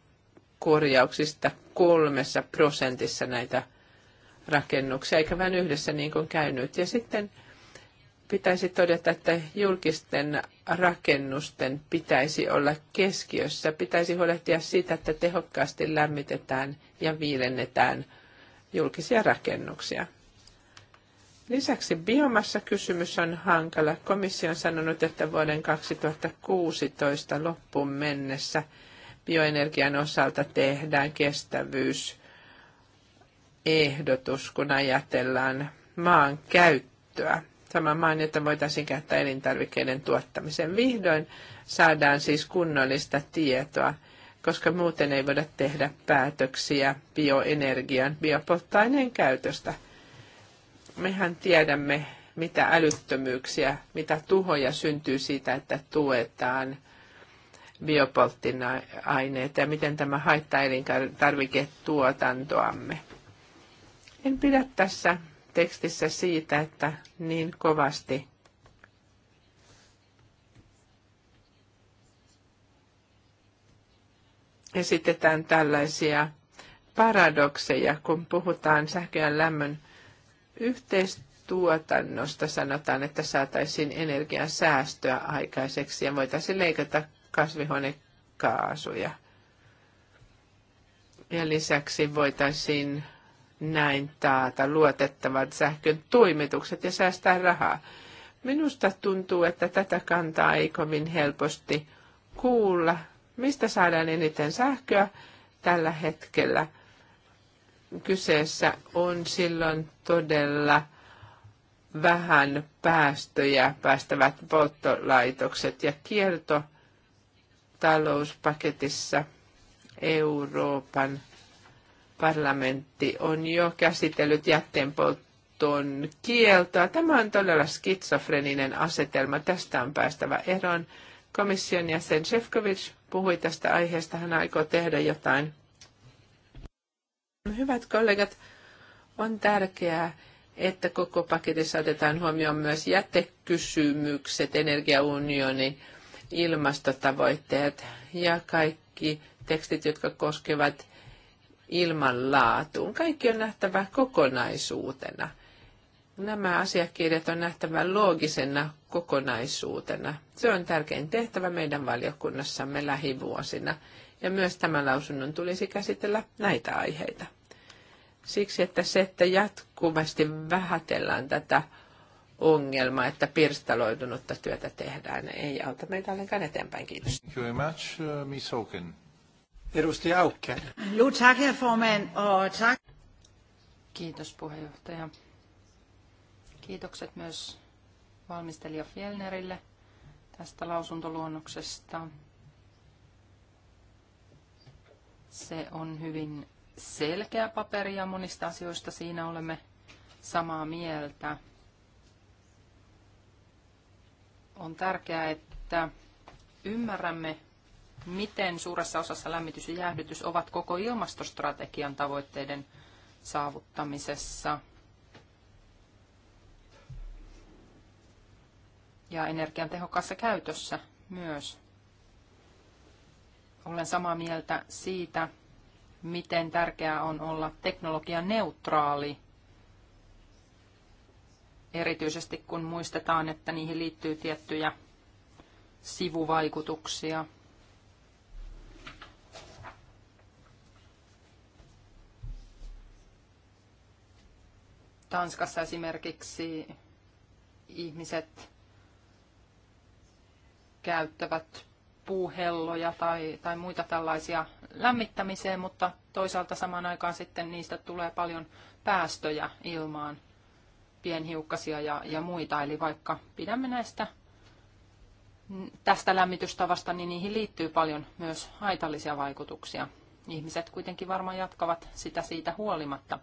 korjauksista kolmessa prosentissa näitä rakennuksia, eikä vain yhdessä niin kuin käynyt. Ja sitten pitäisi todeta, että julkisten rakennusten pitäisi olla keskiössä. Pitäisi huolehtia siitä, että tehokkaasti lämmitetään ja viilennetään julkisia rakennuksia. Lisäksi biomassakysymys on hankala. Komissio on sanonut, että vuoden 2016 loppuun mennessä bioenergian osalta tehdään kestävyysehdotus, kun ajatellaan maan käyttöä. Tämä maan, että voitaisiin käyttää elintarvikkeiden tuottamiseen. Vihdoin saadaan siis kunnollista tietoa, koska muuten ei voida tehdä päätöksiä bioenergian, biopolttoaineen käytöstä. Mehän tiedämme, mitä älyttömyyksiä, mitä tuhoja syntyy siitä, että tuetaan biopolttoaineita ja miten tämä haittaa elintarviketuotantoamme. En pidä tässä tekstissä siitä, että niin kovasti esitetään tällaisia paradokseja, kun puhutaan sähkön ja lämmön yhteistuotannosta. Sanotaan, että saataisiin energian säästöä aikaiseksi ja voitaisiin leikata kasvihuonekaasuja. Ja lisäksi voitaisiin näin taata luotettavat sähkön toimitukset ja säästää rahaa. Minusta tuntuu, että tätä kantaa ei kovin helposti kuulla. Mistä saadaan eniten sähköä tällä hetkellä? Kyseessä on silloin todella vähän päästöjä päästävät polttolaitokset ja kiertotalouspaketissa Euroopan parlamentti on jo käsitellyt jätteenpolton kieltoa. Tämä on todella skitsofreninen asetelma. Tästä on päästävä eroon. Komission jäsen Shevkovic puhui tästä aiheesta. Hän aikoo tehdä jotain. Hyvät kollegat, on tärkeää, että koko paketissa otetaan huomioon myös jätekysymykset, energiaunioni, ilmastotavoitteet ja kaikki tekstit, jotka koskevat Ilman laatuun Kaikki on nähtävä kokonaisuutena. Nämä asiakirjat on nähtävä loogisena kokonaisuutena. Se on tärkein tehtävä meidän valiokunnassamme lähivuosina, ja myös tämän lausunnon tulisi käsitellä näitä aiheita. Siksi, että se, että jatkuvasti vähätellään tätä ongelma, että pirstaloidunutta työtä tehdään. Ei auta meitä ollenkaan eteenpäin. Kiitos. Thank you very much, uh, Miss Edustaja Aukkeen. Jo, tack herr formen, och tack. Kiitos puheenjohtaja. Kiitokset myös valmistelija Fjellnerille tästä lausuntoluonnoksesta. Se on hyvin selkeä paperi ja monista asioista siinä olemme samaa mieltä. On tärkeää, että ymmärrämme miten suuressa osassa lämmitys ja jäähdytys ovat koko ilmastostrategian tavoitteiden saavuttamisessa. Ja energian tehokkaassa käytössä myös. Olen samaa mieltä siitä, miten tärkeää on olla neutraali, erityisesti kun muistetaan, että niihin liittyy tiettyjä sivuvaikutuksia. Tanskassa esimerkiksi ihmiset käyttävät puuhelloja tai, tai muita tällaisia lämmittämiseen, mutta toisaalta samaan aikaan sitten niistä tulee paljon päästöjä ilmaan, pienhiukkasia ja, ja muita. Eli vaikka pidämme näistä tästä lämmitystavasta, niin niihin liittyy paljon myös haitallisia vaikutuksia. Ihmiset kuitenkin varmaan jatkavat sitä siitä huolimatta.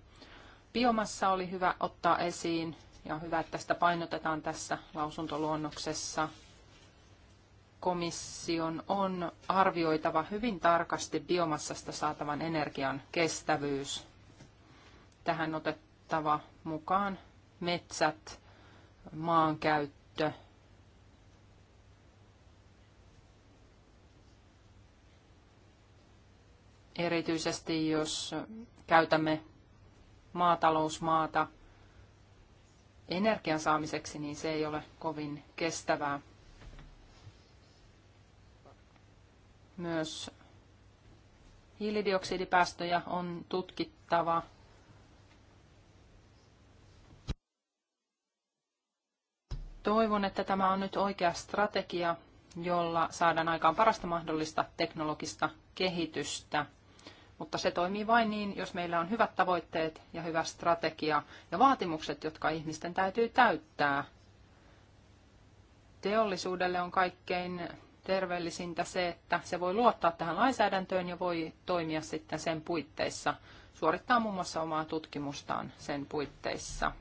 Biomassa oli hyvä ottaa esiin ja on hyvä, että tästä painotetaan tässä lausuntoluonnoksessa. Komission on arvioitava hyvin tarkasti biomassasta saatavan energian kestävyys. Tähän otettava mukaan metsät, maankäyttö, erityisesti jos käytämme maatalousmaata energian saamiseksi, niin se ei ole kovin kestävää. Myös hiilidioksidipäästöjä on tutkittava. Toivon, että tämä on nyt oikea strategia, jolla saadaan aikaan parasta mahdollista teknologista kehitystä – mutta se toimii vain niin, jos meillä on hyvät tavoitteet ja hyvä strategia ja vaatimukset, jotka ihmisten täytyy täyttää. Teollisuudelle on kaikkein terveellisintä se, että se voi luottaa tähän lainsäädäntöön ja voi toimia sitten sen puitteissa, suorittaa muun muassa omaa tutkimustaan sen puitteissa.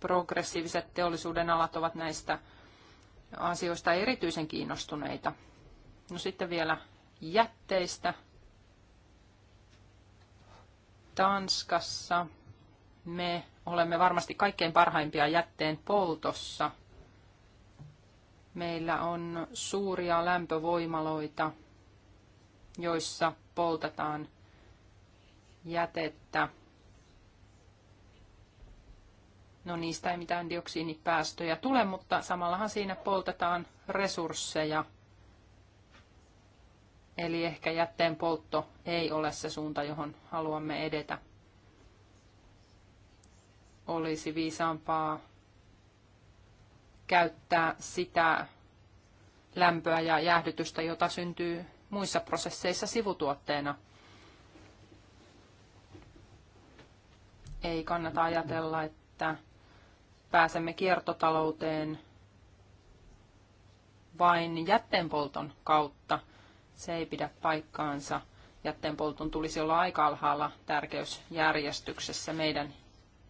Progressiiviset teollisuuden alat ovat näistä asioista erityisen kiinnostuneita. No sitten vielä jätteistä. Tanskassa me olemme varmasti kaikkein parhaimpia jätteen poltossa. Meillä on suuria lämpövoimaloita, joissa poltetaan jätettä No niistä ei mitään dioksiinipäästöjä tule, mutta samallahan siinä poltetaan resursseja. Eli ehkä jätteen poltto ei ole se suunta, johon haluamme edetä. Olisi viisaampaa käyttää sitä lämpöä ja jäähdytystä, jota syntyy muissa prosesseissa sivutuotteena. Ei kannata ajatella, että pääsemme kiertotalouteen vain jätteenpolton kautta. Se ei pidä paikkaansa. Jätteenpolton tulisi olla aika alhaalla tärkeysjärjestyksessä meidän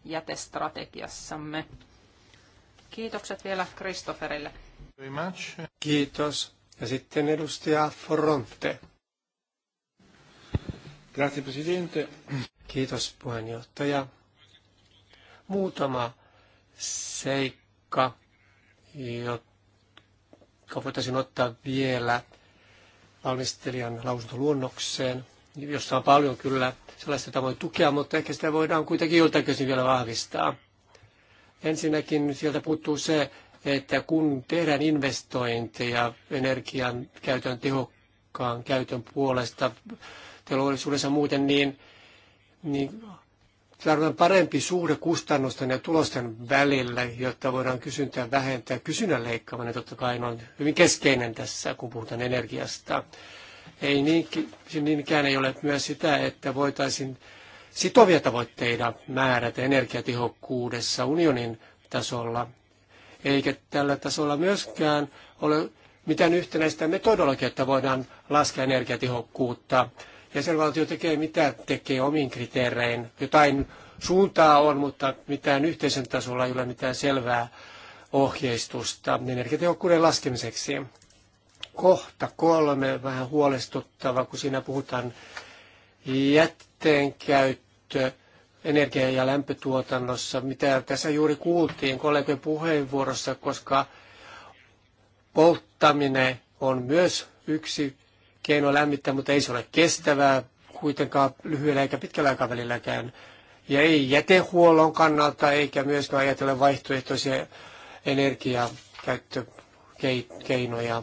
jätestrategiassamme. Kiitokset vielä Kristofferille. Kiitos. Ja sitten edustaja Forronte. Grazie, Presidente. Kiitos puheenjohtaja. Muutama seikka, jotka voitaisiin ottaa vielä valmistelijan lausuntoluonnokseen, jossa on paljon kyllä sellaista, jota voi tukea, mutta ehkä sitä voidaan kuitenkin joltain vielä vahvistaa. Ensinnäkin sieltä puuttuu se, että kun tehdään investointeja energian käytön tehokkaan käytön puolesta teollisuudessa muuten, niin, niin tarvitaan parempi suhde kustannusten ja tulosten välillä, jotta voidaan kysyntää vähentää. Kysynnän leikkaaminen totta kai on hyvin keskeinen tässä, kun puhutaan energiasta. Ei niinkään ei ole myös sitä, että voitaisiin sitovia tavoitteita määrätä energiatehokkuudessa unionin tasolla, eikä tällä tasolla myöskään ole mitään yhtenäistä metodologiaa, että voidaan laskea energiatehokkuutta jäsenvaltio tekee mitä tekee omin kriteerein. Jotain suuntaa on, mutta mitään yhteisen tasolla ei ole mitään selvää ohjeistusta energiatehokkuuden laskemiseksi. Kohta kolme, vähän huolestuttava, kun siinä puhutaan jätteen energia- ja lämpötuotannossa, mitä tässä juuri kuultiin kollegojen puheenvuorossa, koska polttaminen on myös yksi keino lämmittää, mutta ei se ole kestävää kuitenkaan lyhyellä eikä pitkällä aikavälilläkään. Ja ei jätehuollon kannalta eikä myöskään ajatella vaihtoehtoisia energiakäyttökeinoja.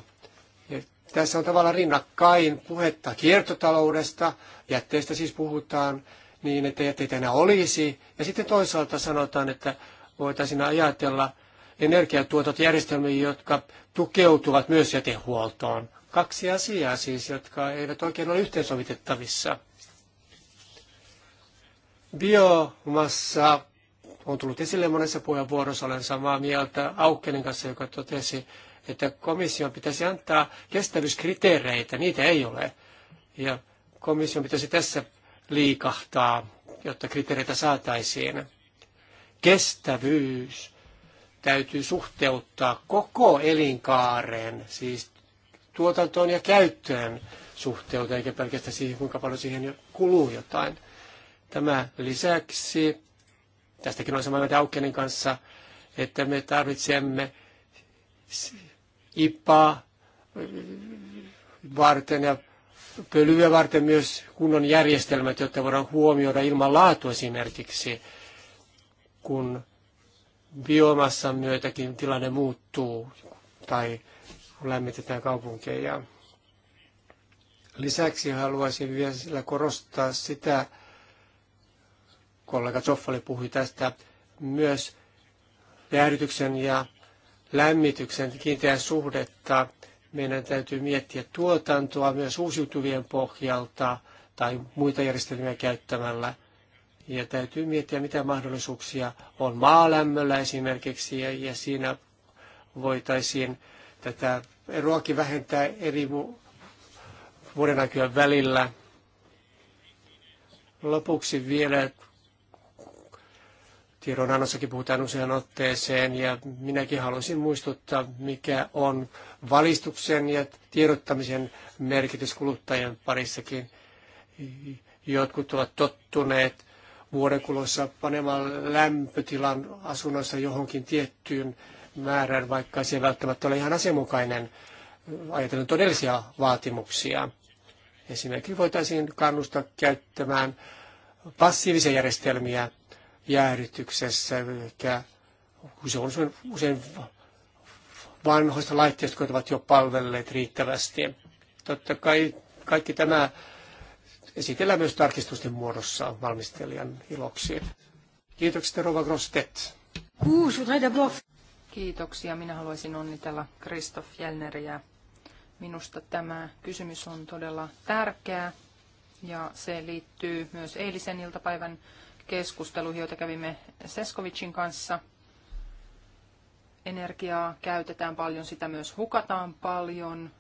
Ja tässä on tavallaan rinnakkain puhetta kiertotaloudesta, jätteestä siis puhutaan, niin että jätteitä enää olisi. Ja sitten toisaalta sanotaan, että voitaisiin ajatella järjestelmiä, jotka tukeutuvat myös jätehuoltoon. Kaksi asiaa siis, jotka eivät oikein ole yhteensovitettavissa. Biomassa on tullut esille monessa puheenvuorossa, olen samaa mieltä Aukkelin kanssa, joka totesi, että komission pitäisi antaa kestävyyskriteereitä, niitä ei ole. Ja komission pitäisi tässä liikahtaa, jotta kriteereitä saataisiin. Kestävyys täytyy suhteuttaa koko elinkaaren, siis tuotantoon ja käyttöön suhteuta, eikä pelkästään siihen, kuinka paljon siihen kuluu jotain. Tämä lisäksi, tästäkin on samaa mieltä kanssa, että me tarvitsemme ipaa varten ja pölyä varten myös kunnon järjestelmät, jotta voidaan huomioida ilmanlaatu esimerkiksi, kun biomassan myötäkin tilanne muuttuu tai kun lämmitetään kaupunkeja. Lisäksi haluaisin vielä korostaa sitä, kollega Zoffali puhui tästä, myös jäähdytyksen ja lämmityksen kiinteää suhdetta. Meidän täytyy miettiä tuotantoa myös uusiutuvien pohjalta tai muita järjestelmiä käyttämällä. Ja täytyy miettiä, mitä mahdollisuuksia on maalämmöllä esimerkiksi, ja siinä voitaisiin tätä eroakin vähentää eri vuoden aikojen välillä. Lopuksi vielä tiedonannossakin puhutaan usean otteeseen ja minäkin haluaisin muistuttaa, mikä on valistuksen ja tiedottamisen merkitys kuluttajien parissakin. Jotkut ovat tottuneet vuoden kuluessa panemaan lämpötilan asunnossa johonkin tiettyyn määrän, vaikka se ei välttämättä ole ihan asianmukainen ajatellen todellisia vaatimuksia. Esimerkiksi voitaisiin kannustaa käyttämään passiivisia järjestelmiä jäähdytyksessä, eli se on usein vanhoista laitteista, jotka ovat jo palvelleet riittävästi. Totta kai kaikki tämä esitellään myös tarkistusten muodossa valmistelijan iloksi. Kiitokset, Rova Grostet. Kiitoksia. Minä haluaisin onnitella Kristoff Jellneriä. Minusta tämä kysymys on todella tärkeä ja se liittyy myös eilisen iltapäivän keskusteluun, joita kävimme Seskovicin kanssa. Energiaa käytetään paljon, sitä myös hukataan paljon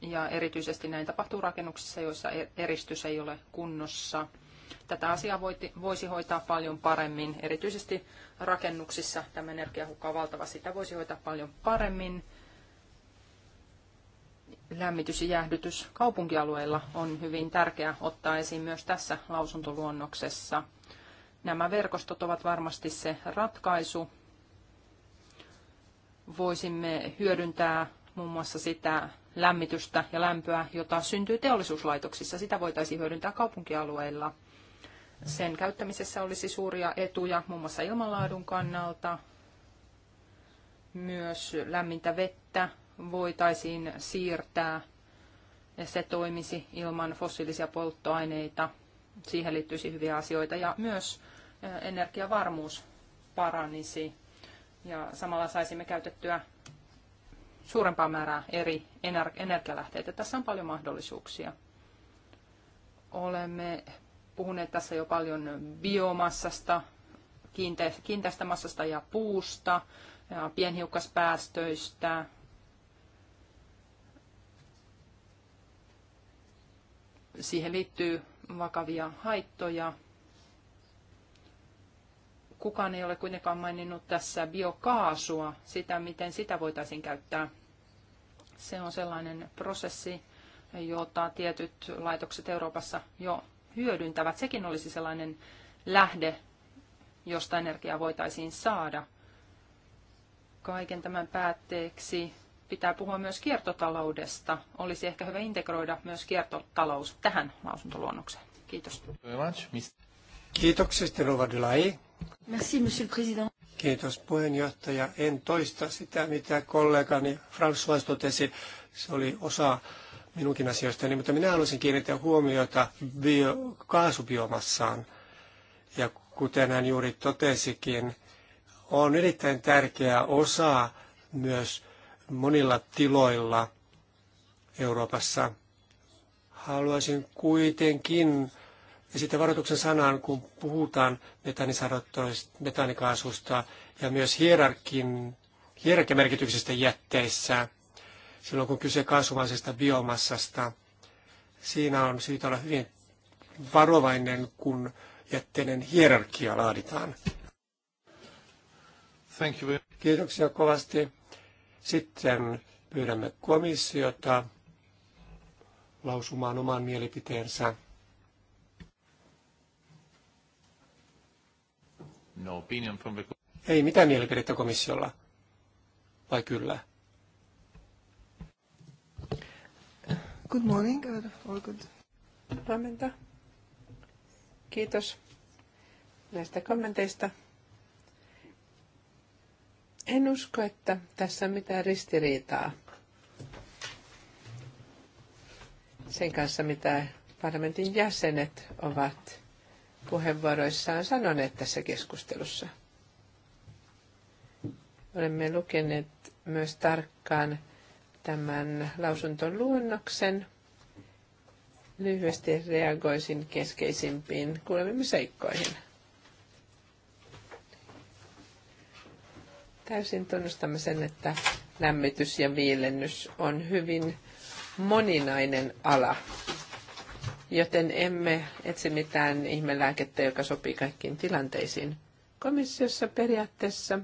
ja erityisesti näin tapahtuu rakennuksissa, joissa e- eristys ei ole kunnossa. Tätä asiaa voisi hoitaa paljon paremmin, erityisesti rakennuksissa tämä energiahukka on valtava. Sitä voisi hoitaa paljon paremmin. Lämmitys ja jäähdytys kaupunkialueilla on hyvin tärkeää ottaa esiin myös tässä lausuntoluonnoksessa. Nämä verkostot ovat varmasti se ratkaisu. Voisimme hyödyntää muun muassa sitä lämmitystä ja lämpöä, jota syntyy teollisuuslaitoksissa. Sitä voitaisiin hyödyntää kaupunkialueilla. Sen käyttämisessä olisi suuria etuja muun muassa ilmanlaadun kannalta. Myös lämmintä vettä voitaisiin siirtää ja se toimisi ilman fossiilisia polttoaineita. Siihen liittyisi hyviä asioita ja myös energiavarmuus paranisi ja samalla saisimme käytettyä suurempaa määrää eri energialähteitä. Tässä on paljon mahdollisuuksia. Olemme puhuneet tässä jo paljon biomassasta, kiinteästä massasta ja puusta, ja pienhiukkaspäästöistä. Siihen liittyy vakavia haittoja. Kukaan ei ole kuitenkaan maininnut tässä biokaasua, sitä miten sitä voitaisiin käyttää. Se on sellainen prosessi, jota tietyt laitokset Euroopassa jo hyödyntävät. Sekin olisi sellainen lähde, josta energiaa voitaisiin saada. Kaiken tämän päätteeksi pitää puhua myös kiertotaloudesta. Olisi ehkä hyvä integroida myös kiertotalous tähän lausuntoluonnokseen. Kiitos. Kiitoksia, Rova Dulai. Merci, monsieur le président. Kiitos puheenjohtaja. En toista sitä, mitä kollegani François totesi. Se oli osa minunkin asioistani, mutta minä haluaisin kiinnittää huomiota bio, kaasubiomassaan. Ja kuten hän juuri totesikin, on erittäin tärkeä osa myös monilla tiloilla Euroopassa. Haluaisin kuitenkin esittää varoituksen sanan, kun puhutaan metanikaasusta ja myös hierarkin, hierarkiamerkityksestä jätteissä – silloin kun kyse kasvavaisesta biomassasta. Siinä on syytä olla hyvin varovainen, kun jätteiden hierarkia laaditaan. Thank you. Kiitoksia kovasti. Sitten pyydämme komissiota lausumaan oman mielipiteensä. No opinion from the... Ei mitään mielipidettä komissiolla. Vai kyllä? Good morning or good. Huomenta. Kiitos näistä kommenteista. En usko, että tässä on mitään ristiriitaa sen kanssa, mitä parlamentin jäsenet ovat puheenvuoroissaan sanoneet tässä keskustelussa. Olemme lukeneet myös tarkkaan tämän lausunton luonnoksen. Lyhyesti reagoisin keskeisimpiin kuulemimme seikkoihin. Täysin tunnustamme sen, että lämmitys ja viilennys on hyvin moninainen ala, joten emme etsi mitään ihmelääkettä, joka sopii kaikkiin tilanteisiin. Komissiossa periaatteessa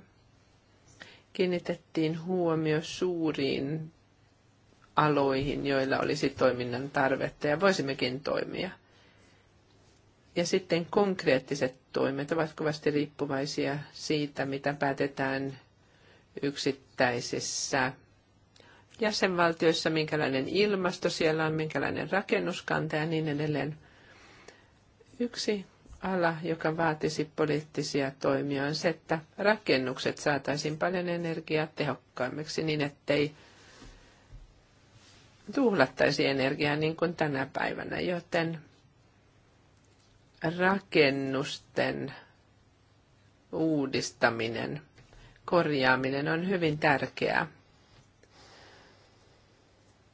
kiinnitettiin huomio suuriin aloihin, joilla olisi toiminnan tarvetta ja voisimmekin toimia. Ja sitten konkreettiset toimet ovat kovasti riippuvaisia siitä, mitä päätetään yksittäisissä jäsenvaltioissa, minkälainen ilmasto siellä on, minkälainen rakennuskanta ja niin edelleen. Yksi ala, joka vaatisi poliittisia toimia, on se, että rakennukset saataisiin paljon energiaa tehokkaammiksi niin, ettei tuhlattaisi energiaa niin kuin tänä päivänä, joten rakennusten uudistaminen, korjaaminen on hyvin tärkeää.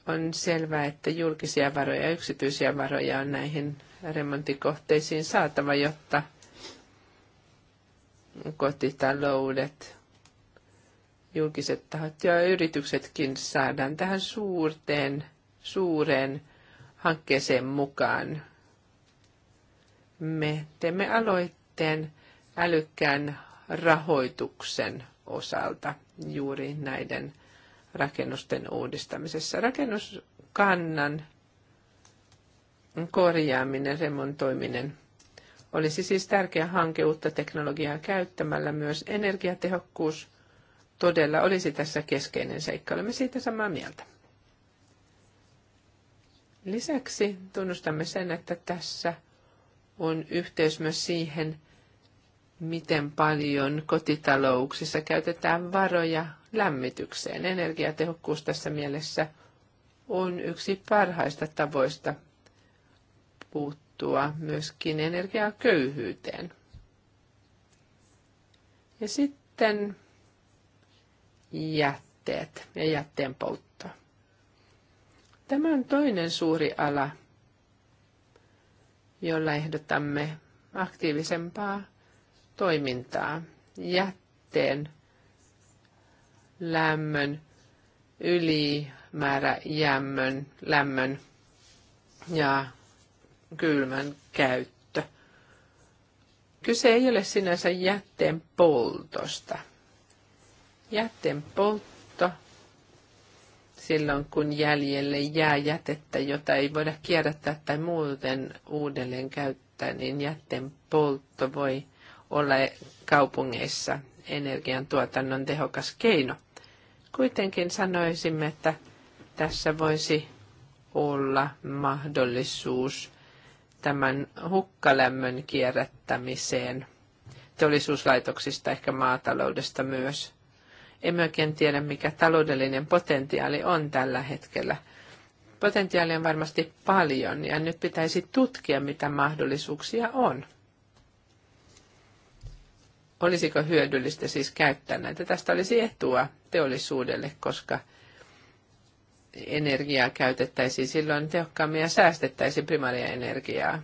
On selvää, että julkisia varoja ja yksityisiä varoja on näihin remontikohteisiin saatava, jotta kotitaloudet julkiset tahot ja yrityksetkin saadaan tähän suurteen, suureen hankkeeseen mukaan. Me teemme aloitteen älykkään rahoituksen osalta juuri näiden rakennusten uudistamisessa. Rakennuskannan korjaaminen, remontoiminen olisi siis tärkeä hanke uutta teknologiaa käyttämällä myös energiatehokkuus todella olisi tässä keskeinen seikka. Olemme siitä samaa mieltä. Lisäksi tunnustamme sen, että tässä on yhteys myös siihen, miten paljon kotitalouksissa käytetään varoja lämmitykseen. Energiatehokkuus tässä mielessä on yksi parhaista tavoista puuttua myöskin energiaköyhyyteen. Ja sitten jätteet ja jätteen poltto. Tämä on toinen suuri ala, jolla ehdotamme aktiivisempaa toimintaa. Jätteen, lämmön, jämmön lämmön ja kylmän käyttö. Kyse ei ole sinänsä jätteen poltosta – jätteen poltto silloin, kun jäljelle jää jätettä, jota ei voida kierrättää tai muuten uudelleen käyttää, niin jätteen poltto voi olla kaupungeissa energiantuotannon tehokas keino. Kuitenkin sanoisimme, että tässä voisi olla mahdollisuus tämän hukkalämmön kierrättämiseen teollisuuslaitoksista, ehkä maataloudesta myös. Emme oikein tiedä, mikä taloudellinen potentiaali on tällä hetkellä. Potentiaali on varmasti paljon ja nyt pitäisi tutkia, mitä mahdollisuuksia on. Olisiko hyödyllistä siis käyttää näitä? Tästä olisi etua teollisuudelle, koska energiaa käytettäisiin silloin tehokkaammin ja säästettäisiin primaria energiaa.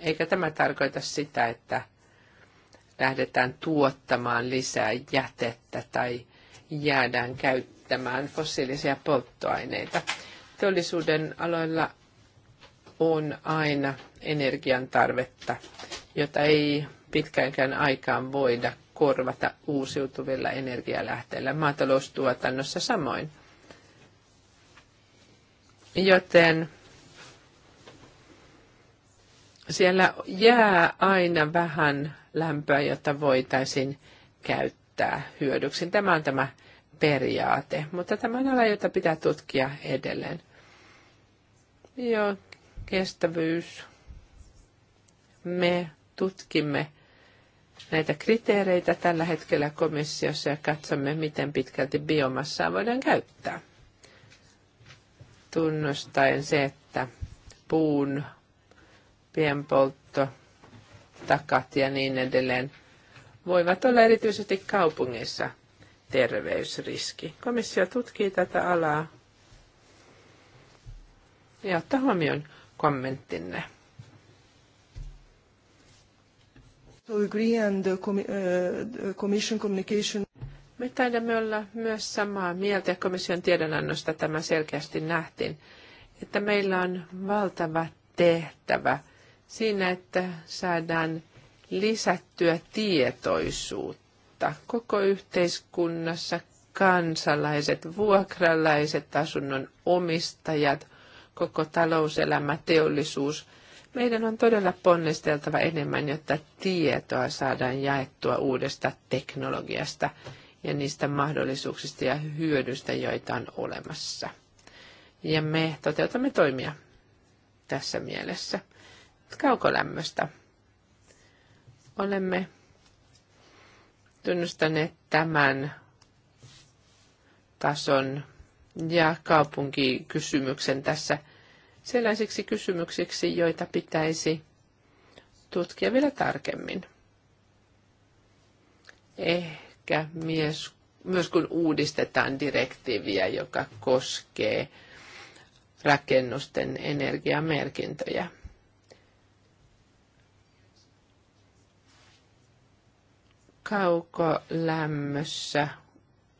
Eikä tämä tarkoita sitä, että lähdetään tuottamaan lisää jätettä tai jäädään käyttämään fossiilisia polttoaineita. Teollisuuden aloilla on aina energian tarvetta, jota ei pitkäänkään aikaan voida korvata uusiutuvilla energialähteillä. Maataloustuotannossa samoin. Joten siellä jää aina vähän lämpöä, jota voitaisiin käyttää hyödyksi. Tämä on tämä periaate, mutta tämä on ala, jota pitää tutkia edelleen. Joo, kestävyys. Me tutkimme näitä kriteereitä tällä hetkellä komissiossa ja katsomme, miten pitkälti biomassaa voidaan käyttää. Tunnustaen se, että puun pienpoltto, takat ja niin edelleen voivat olla erityisesti kaupungeissa – terveysriski. Komissio tutkii tätä alaa ja ottaa huomioon kommenttinne. So agree and uh, the commission communication. Me taidamme olla myös samaa mieltä ja komission tiedonannosta tämä selkeästi nähtiin, että meillä on valtava tehtävä siinä, että saadaan lisättyä tietoisuutta kautta koko yhteiskunnassa kansalaiset, vuokralaiset, asunnon omistajat, koko talouselämä, teollisuus. Meidän on todella ponnisteltava enemmän, jotta tietoa saadaan jaettua uudesta teknologiasta ja niistä mahdollisuuksista ja hyödystä, joita on olemassa. Ja me toteutamme toimia tässä mielessä. Kaukolämmöstä. Olemme tunnustaneet tämän tason ja kaupunkikysymyksen tässä sellaisiksi kysymyksiksi, joita pitäisi tutkia vielä tarkemmin. Ehkä mies, myös kun uudistetaan direktiiviä, joka koskee rakennusten energiamerkintöjä. kaukolämmössä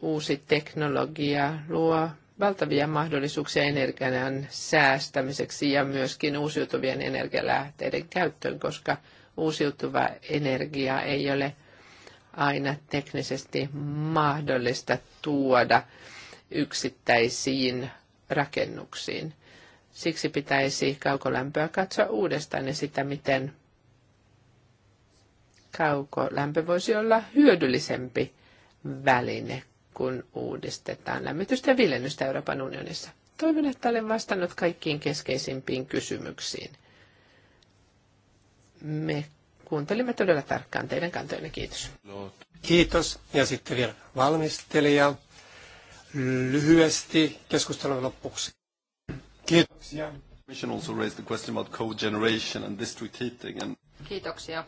uusi teknologia luo valtavia mahdollisuuksia energian säästämiseksi ja myöskin uusiutuvien energialähteiden käyttöön, koska uusiutuva energia ei ole aina teknisesti mahdollista tuoda yksittäisiin rakennuksiin. Siksi pitäisi kaukolämpöä katsoa uudestaan ja sitä, miten kaukolämpö voisi olla hyödyllisempi väline, kun uudistetaan lämmitystä ja viljelystä Euroopan unionissa. Toivon, että olen vastannut kaikkiin keskeisimpiin kysymyksiin. Me kuuntelimme todella tarkkaan teidän kantojanne. Kiitos. Kiitos. Ja sitten vielä valmistelija. Lyhyesti keskustelun lopuksi. Kiitoksia. Commission also raised the question about and district heating. And... Kiitoksia.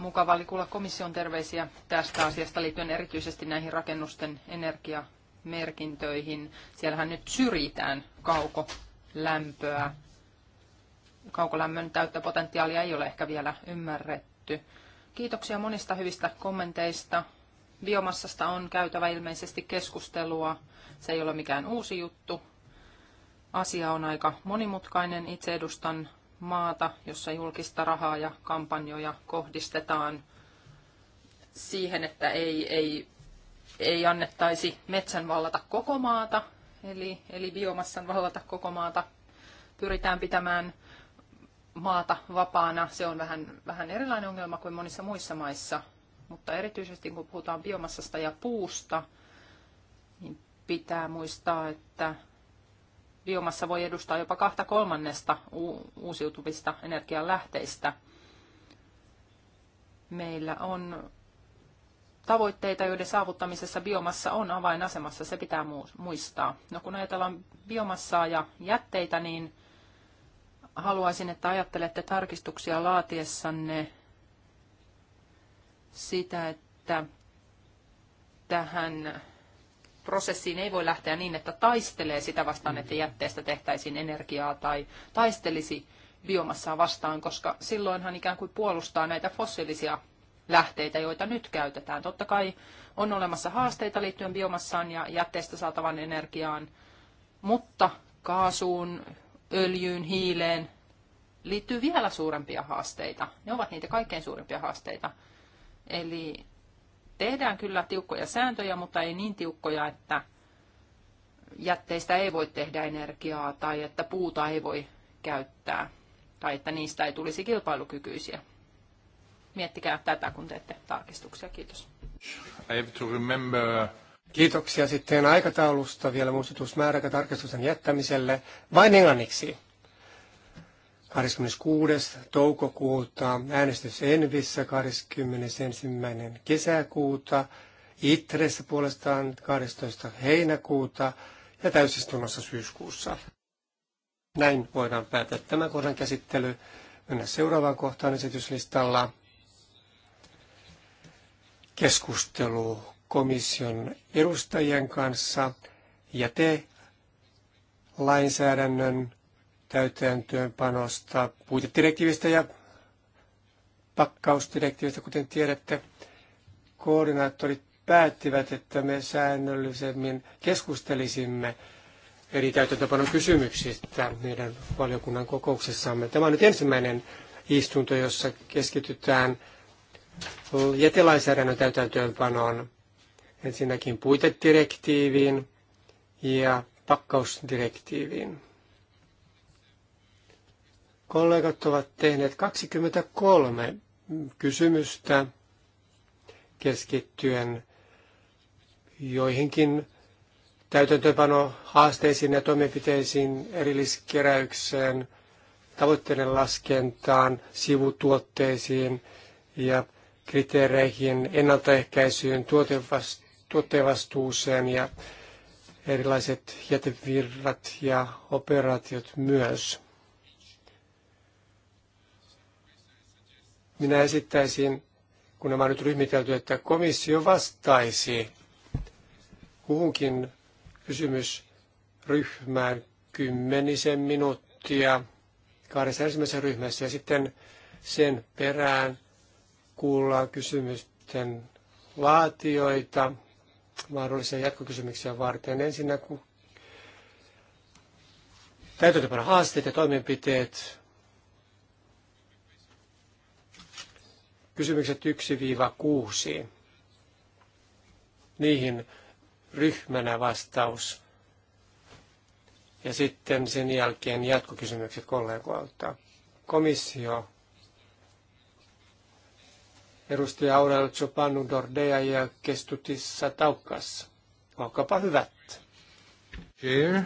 mukava oli kuulla komission terveisiä tästä asiasta liittyen erityisesti näihin rakennusten energiamerkintöihin. Siellähän nyt syrjitään kaukolämpöä. Kaukolämmön täyttä potentiaalia ei ole ehkä vielä ymmärretty. Kiitoksia monista hyvistä kommenteista. Biomassasta on käytävä ilmeisesti keskustelua. Se ei ole mikään uusi juttu. Asia on aika monimutkainen. Itse edustan maata, jossa julkista rahaa ja kampanjoja kohdistetaan siihen, että ei, ei, ei annettaisi metsän vallata koko maata, eli, eli biomassan vallata koko maata. Pyritään pitämään maata vapaana. Se on vähän, vähän erilainen ongelma kuin monissa muissa maissa, mutta erityisesti kun puhutaan biomassasta ja puusta, niin pitää muistaa, että biomassa voi edustaa jopa kahta kolmannesta uusiutuvista energianlähteistä. Meillä on tavoitteita, joiden saavuttamisessa biomassa on avainasemassa, se pitää muistaa. No kun ajatellaan biomassaa ja jätteitä, niin haluaisin, että ajattelette tarkistuksia laatiessanne sitä, että tähän prosessiin ei voi lähteä niin, että taistelee sitä vastaan, että jätteestä tehtäisiin energiaa tai taistelisi biomassaa vastaan, koska silloinhan ikään kuin puolustaa näitä fossiilisia lähteitä, joita nyt käytetään. Totta kai on olemassa haasteita liittyen biomassaan ja jätteestä saatavan energiaan, mutta kaasuun, öljyyn, hiileen liittyy vielä suurempia haasteita. Ne ovat niitä kaikkein suurimpia haasteita. Eli tehdään kyllä tiukkoja sääntöjä, mutta ei niin tiukkoja, että jätteistä ei voi tehdä energiaa tai että puuta ei voi käyttää tai että niistä ei tulisi kilpailukykyisiä. Miettikää tätä, kun teette tarkistuksia. Kiitos. Kiitoksia sitten aikataulusta vielä muistutus tarkistuksen jättämiselle vain englanniksi. 26. toukokuuta, äänestys Envissä 21. kesäkuuta, Itressä puolestaan 12. heinäkuuta ja täysistunnossa syyskuussa. Näin voidaan päätä tämän kohdan käsittely. Mennään seuraavaan kohtaan esityslistalla. Keskustelu komission edustajien kanssa ja te lainsäädännön täytäntöönpanosta, puitedirektiivistä ja pakkausdirektiivistä, kuten tiedätte. Koordinaattorit päättivät, että me säännöllisemmin keskustelisimme eri täytäntöpanon kysymyksistä meidän valiokunnan kokouksessamme. Tämä on nyt ensimmäinen istunto, jossa keskitytään jätelainsäädännön täytäntöönpanoon, ensinnäkin puitedirektiiviin ja pakkausdirektiiviin. Kollegat ovat tehneet 23 kysymystä keskittyen joihinkin täytäntöpano haasteisiin ja toimenpiteisiin, erilliskeräykseen, tavoitteiden laskentaan, sivutuotteisiin ja kriteereihin, ennaltaehkäisyyn, tuotevastuuseen ja erilaiset jätevirrat ja operaatiot myös. Minä esittäisin, kun nämä on nyt ryhmitelty, että komissio vastaisi kuhunkin kysymysryhmään kymmenisen minuuttia kahdessa ensimmäisessä ryhmässä ja sitten sen perään kuullaan kysymysten laatioita mahdollisia jatkokysymyksiä varten. Ensinnä kun täytäntöpano haasteet ja toimenpiteet Kysymykset 1-6. Niihin ryhmänä vastaus. Ja sitten sen jälkeen jatkokysymykset kollegoilta. Komissio, edustaja Aurel Chopanu Dordea ja Kestutissa Taukas. Olkaapa hyvät. Uh,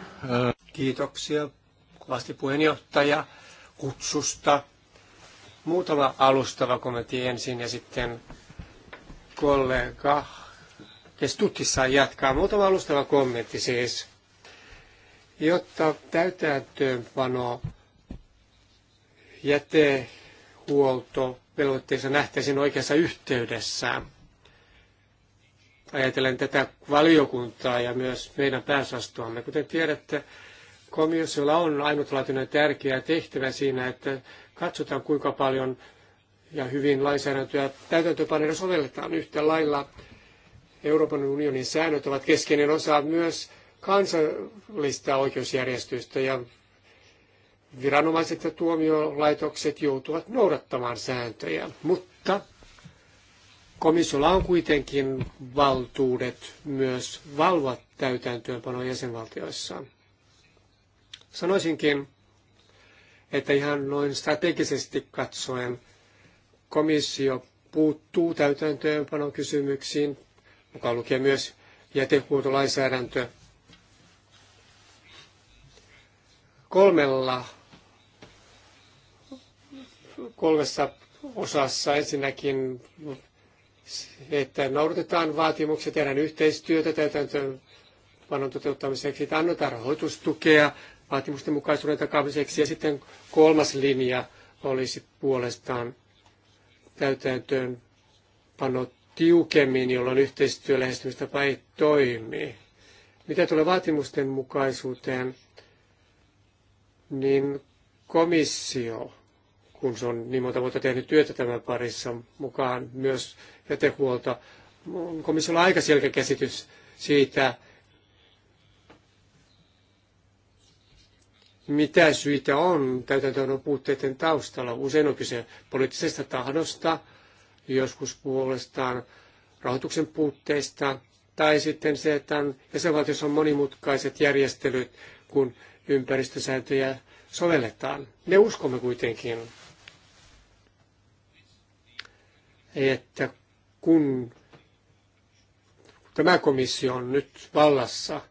Kiitoksia kovasti puheenjohtaja kutsusta. Muutama alustava kommentti ensin ja sitten kollega Kestutti saa jatkaa. Muutama alustava kommentti siis. Jotta täytäntöönpano jätehuolto velvoitteissa nähtäisiin oikeassa yhteydessä. Ajatellen tätä valiokuntaa ja myös meidän pääsastuamme. Kuten tiedätte, komissiolla on ainutlaatuinen tärkeä tehtävä siinä, että katsotaan kuinka paljon ja hyvin lainsäädäntöä täytäntöpaneena sovelletaan yhtä lailla. Euroopan unionin säännöt ovat keskeinen osa myös kansallista oikeusjärjestystä ja viranomaiset ja tuomiolaitokset joutuvat noudattamaan sääntöjä, mutta komissiolla on kuitenkin valtuudet myös valvoa täytäntöönpanoa jäsenvaltioissaan. Sanoisinkin, että ihan noin strategisesti katsoen komissio puuttuu täytäntöönpanon kysymyksiin, mukaan lukee myös jätehuoltolainsäädäntö. Kolmella kolmessa osassa ensinnäkin, että noudatetaan vaatimuksia, tehdään yhteistyötä täytäntöönpanon toteuttamiseksi, että annetaan rahoitustukea vaatimusten mukaisuuden takaamiseksi. Ja sitten kolmas linja olisi puolestaan täytäntöön pano tiukemmin, jolloin yhteistyö lähestymistapa ei toimi. Mitä tulee vaatimusten mukaisuuteen, niin komissio, kun se on niin monta vuotta tehnyt työtä tämän parissa mukaan myös jätehuolta, on aika selkeä käsitys siitä, mitä syitä on täytäntöönpanon puutteiden taustalla. Usein on kyse poliittisesta tahdosta, joskus puolestaan rahoituksen puutteista, tai sitten se, että jäsenvaltiossa on monimutkaiset järjestelyt, kun ympäristösääntöjä sovelletaan. Me uskomme kuitenkin, että kun tämä komissio on nyt vallassa –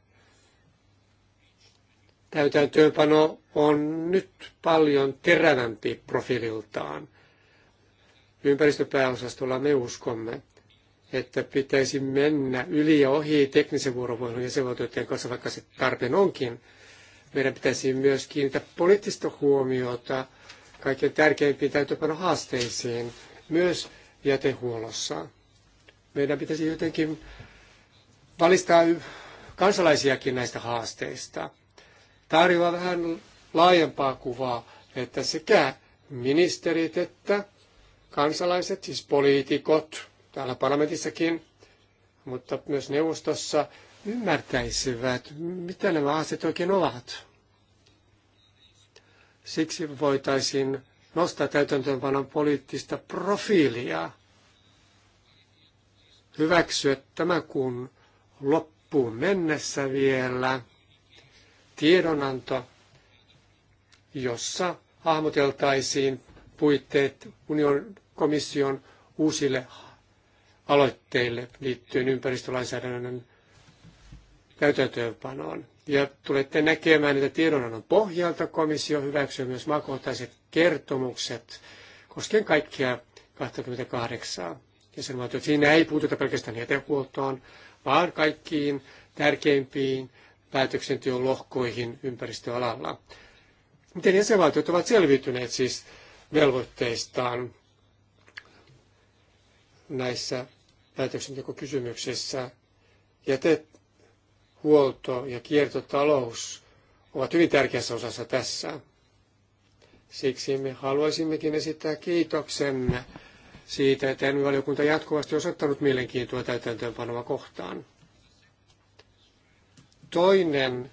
täytäntöönpano on nyt paljon terävämpi profiililtaan. Ympäristöpääosastolla me uskomme, että pitäisi mennä yli ja ohi teknisen vuoropuhelun jäsenvaltioiden kanssa, vaikka se tarpeen onkin. Meidän pitäisi myös kiinnittää poliittista huomiota kaikkein tärkeimpiin haasteisiin myös jätehuollossa. Meidän pitäisi jotenkin valistaa kansalaisiakin näistä haasteista – tarjoaa vähän laajempaa kuvaa, että sekä ministerit että kansalaiset, siis poliitikot, täällä parlamentissakin, mutta myös neuvostossa, ymmärtäisivät, mitä nämä asiat oikein ovat. Siksi voitaisiin nostaa täytäntöönpanon poliittista profiilia, hyväksyä tämä kun loppuun mennessä vielä – tiedonanto, jossa hahmoteltaisiin puitteet union komission uusille aloitteille liittyen ympäristölainsäädännön täytäntöönpanoon. Ja tulette näkemään, että tiedonannon pohjalta komissio hyväksyy myös maakohtaiset kertomukset koskien kaikkia 28 jäsenvaltiota. Siinä ei puututa pelkästään jätehuoltoon, vaan kaikkiin tärkeimpiin päätöksenteon lohkoihin ympäristöalalla. Miten jäsenvaltiot ovat selviytyneet siis velvoitteistaan näissä päätöksentekokysymyksissä? Jätehuolto ja kiertotalous ovat hyvin tärkeässä osassa tässä. Siksi me haluaisimmekin esittää kiitoksemme siitä, että valiokunta jatkuvasti osoittanut mielenkiintoa täytäntöönpanoa kohtaan. Toinen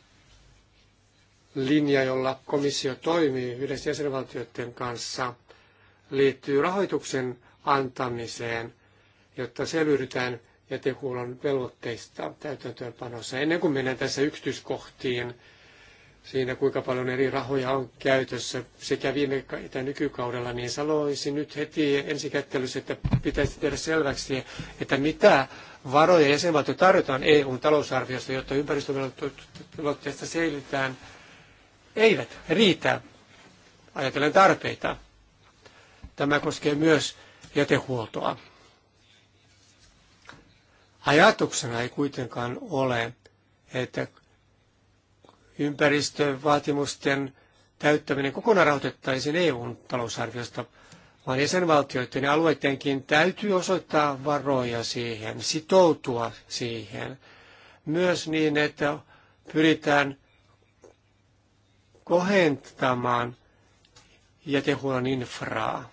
linja, jolla komissio toimii yhdessä jäsenvaltioiden kanssa, liittyy rahoituksen antamiseen, jotta selviydytään jätehuollon velvoitteista täytäntöönpanossa. Ennen kuin mennään tässä yksityiskohtiin siinä, kuinka paljon eri rahoja on käytössä sekä viime että nykykaudella, niin sanoisin nyt heti ensikättelyssä, että pitäisi tehdä selväksi, että mitä varoja jäsenvaltio tarjotaan EUn talousarviosta, jotta ympäristövelvoitteesta selvitään, eivät riitä ajatellen tarpeita. Tämä koskee myös jätehuoltoa. Ajatuksena ei kuitenkaan ole, että ympäristövaatimusten täyttäminen kokonaan rahoitettaisiin EUn talousarviosta, vaan jäsenvaltioiden ja alueidenkin täytyy osoittaa varoja siihen, sitoutua siihen. Myös niin, että pyritään kohentamaan jätehuollon infraa.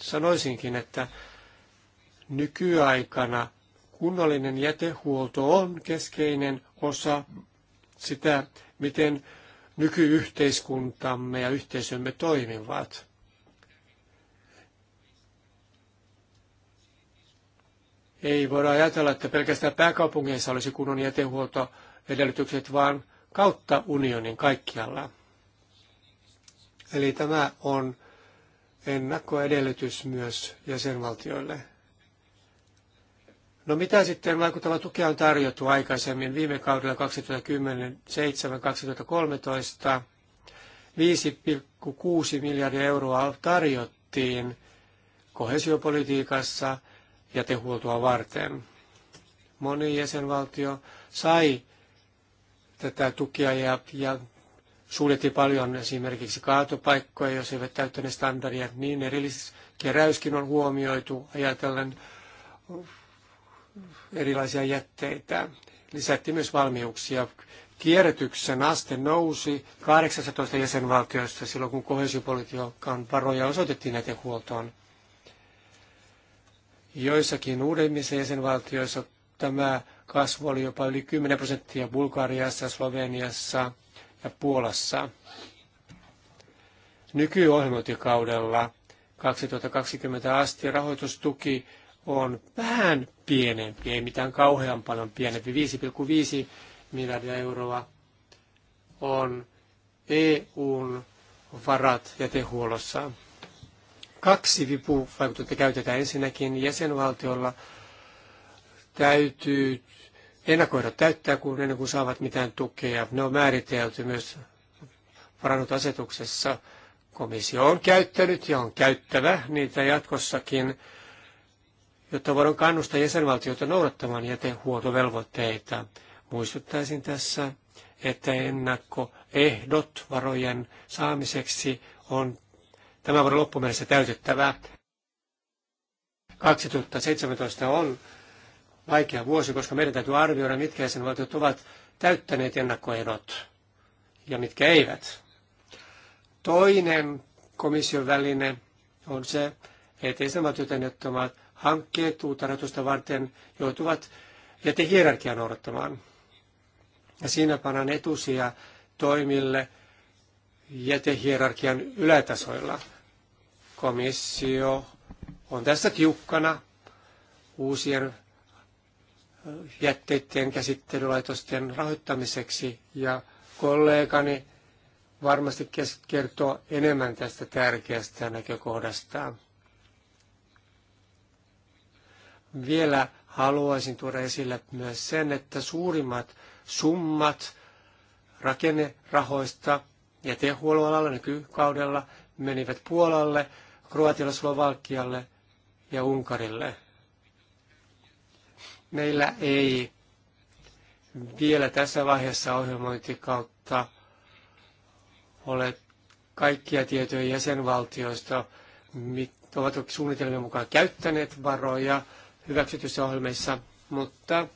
Sanoisinkin, että nykyaikana kunnollinen jätehuolto on keskeinen osa sitä, miten nykyyhteiskuntamme ja yhteisömme toimivat. Ei voida ajatella, että pelkästään pääkaupungeissa olisi kunnon jätehuoltoedellytykset, vaan kautta unionin kaikkialla. Eli tämä on ennakkoedellytys myös jäsenvaltioille. No mitä sitten vaikuttava tukea on tarjottu aikaisemmin viime kaudella 2010-2013? 5,6 miljardia euroa tarjottiin kohesiopolitiikassa jätehuoltoa varten. Moni jäsenvaltio sai tätä tukea ja, ja suljettiin paljon esimerkiksi kaatopaikkoja, jos eivät täyttäneet standardia, niin erilliskeräyskin on huomioitu ajatellen erilaisia jätteitä. Lisättiin myös valmiuksia. Kierrätyksen aste nousi 18 jäsenvaltioista silloin, kun kohesiopolitiikan varoja osoitettiin jätehuoltoon. Joissakin uudemmissa jäsenvaltioissa tämä kasvu oli jopa yli 10 prosenttia Bulgariassa, Sloveniassa ja Puolassa. Nykyohjelmointikaudella 2020 asti rahoitustuki on vähän pienempi, ei mitään kauhean paljon pienempi, 5,5 miljardia euroa on EUn varat jätehuollossa. Kaksi vipuvaikutusta käytetään ensinnäkin jäsenvaltiolla täytyy ennakoida täyttää, kun ennen kuin saavat mitään tukea. Ne on määritelty myös parannut asetuksessa. Komissio on käyttänyt ja on käyttävä niitä jatkossakin, jotta voidaan kannustaa jäsenvaltioita noudattamaan jätehuoltovelvoitteita. Muistuttaisin tässä, että ennakkoehdot varojen saamiseksi on tämän vuoden loppuun mennessä täytettävää. 2017 on vaikea vuosi, koska meidän täytyy arvioida, mitkä jäsenvaltiot ovat täyttäneet ennakkoehdot ja mitkä eivät. Toinen komission väline on se, että jäsenvaltiot ennettomat hankkeet uutta varten joutuvat jätehierarkiaa noudattamaan. Ja siinä pannaan etusia toimille jätehierarkian ylätasoilla – Komissio on tässä tiukkana uusien jätteiden käsittelylaitosten rahoittamiseksi ja kollegani varmasti kertoo enemmän tästä tärkeästä näkökohdasta. Vielä haluaisin tuoda esille myös sen, että suurimmat summat rakennerahoista tehuollon alalla nykykaudella menivät Puolalle Kroatialle, Slovakialle ja Unkarille. Meillä ei vielä tässä vaiheessa ohjelmointikautta ole kaikkia tietoja jäsenvaltioista, mitkä ovat suunnitelmien mukaan käyttäneet varoja hyväksytyissä ohjelmissa, mutta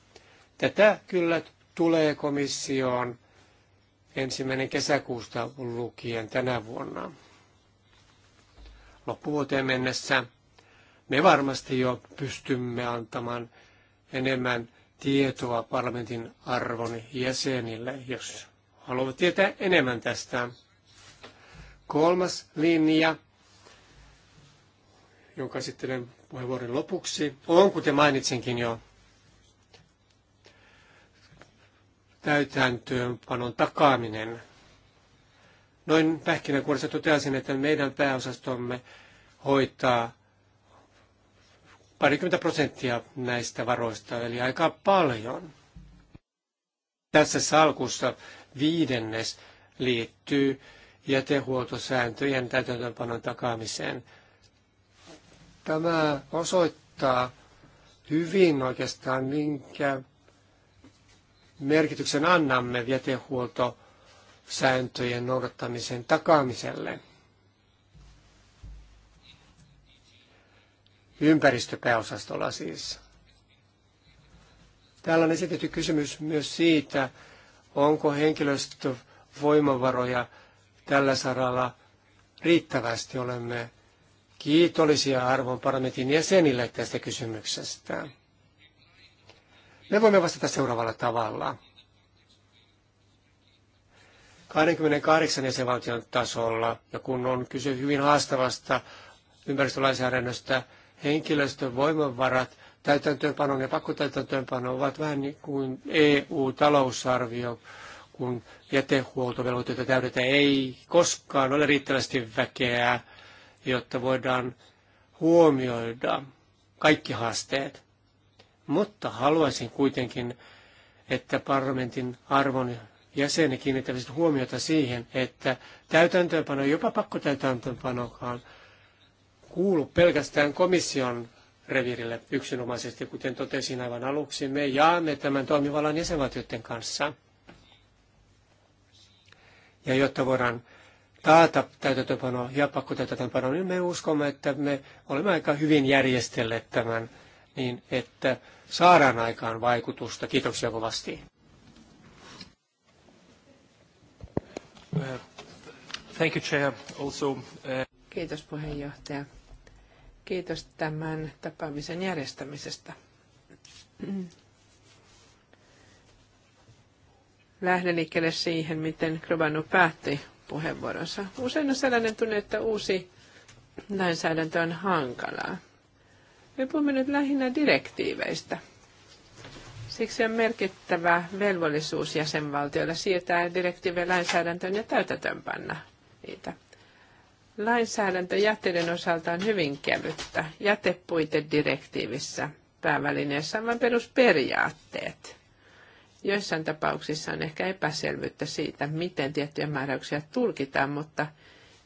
tätä kyllä tulee komissioon ensimmäinen kesäkuusta lukien tänä vuonna loppuvuoteen mennessä. Me varmasti jo pystymme antamaan enemmän tietoa parlamentin arvon jäsenille, jos haluavat tietää enemmän tästä. Kolmas linja, jonka sitten puheenvuoron lopuksi, on kuten mainitsinkin jo täytäntöönpanon takaaminen Noin pähkinänkuoressa toteasin, että meidän pääosastomme hoitaa parikymmentä prosenttia näistä varoista, eli aika paljon. Tässä salkussa viidennes liittyy jätehuoltosääntöjen täytäntöönpanon takaamiseen. Tämä osoittaa hyvin oikeastaan, minkä merkityksen annamme jätehuoltosääntöjen sääntöjen noudattamisen takaamiselle. Ympäristöpääosastolla siis. Täällä on esitetty kysymys myös siitä, onko henkilöstövoimavaroja tällä saralla riittävästi. Olemme kiitollisia arvon parlamentin jäsenille tästä kysymyksestä. Me voimme vastata seuraavalla tavalla. 28 jäsenvaltion tasolla, ja kun on kyse hyvin haastavasta ympäristölainsäädännöstä, henkilöstön voimavarat täytäntöönpanon ja pakkotäytäntöönpanon ovat vähän niin kuin EU-talousarvio, kun jätehuoltovelvoitteita täydetään. Ei koskaan ole riittävästi väkeä, jotta voidaan huomioida kaikki haasteet. Mutta haluaisin kuitenkin, että parlamentin arvon jäseni kiinnittävät huomiota siihen, että täytäntöönpano, jopa pakkotäytäntöönpanokaan, kuulu pelkästään komission reviirille yksinomaisesti, kuten totesin aivan aluksi. Me jaamme tämän toimivallan jäsenvaltioiden kanssa. Ja jotta voidaan taata täytäntöpano ja pakkotäytäntöpano, niin me uskomme, että me olemme aika hyvin järjestelleet tämän niin, että saadaan aikaan vaikutusta. Kiitoksia kovasti. Thank you, Chair. Also, uh, Kiitos puheenjohtaja. Kiitos tämän tapaamisen järjestämisestä. Lähden liikkeelle siihen, miten Krobanu päätti puheenvuoronsa. Usein on sellainen tunne, että uusi lainsäädäntö on hankalaa. Me puhumme nyt lähinnä direktiiveistä – Siksi on merkittävä velvollisuus jäsenvaltioilla siirtää direktiivien lainsäädäntöön ja täytäntöönpanna niitä. Lainsäädäntö jätteiden osalta on hyvin kevyttä. Jätepuitedirektiivissä päävälineessä on vain perusperiaatteet. Joissain tapauksissa on ehkä epäselvyyttä siitä, miten tiettyjä määräyksiä tulkitaan, mutta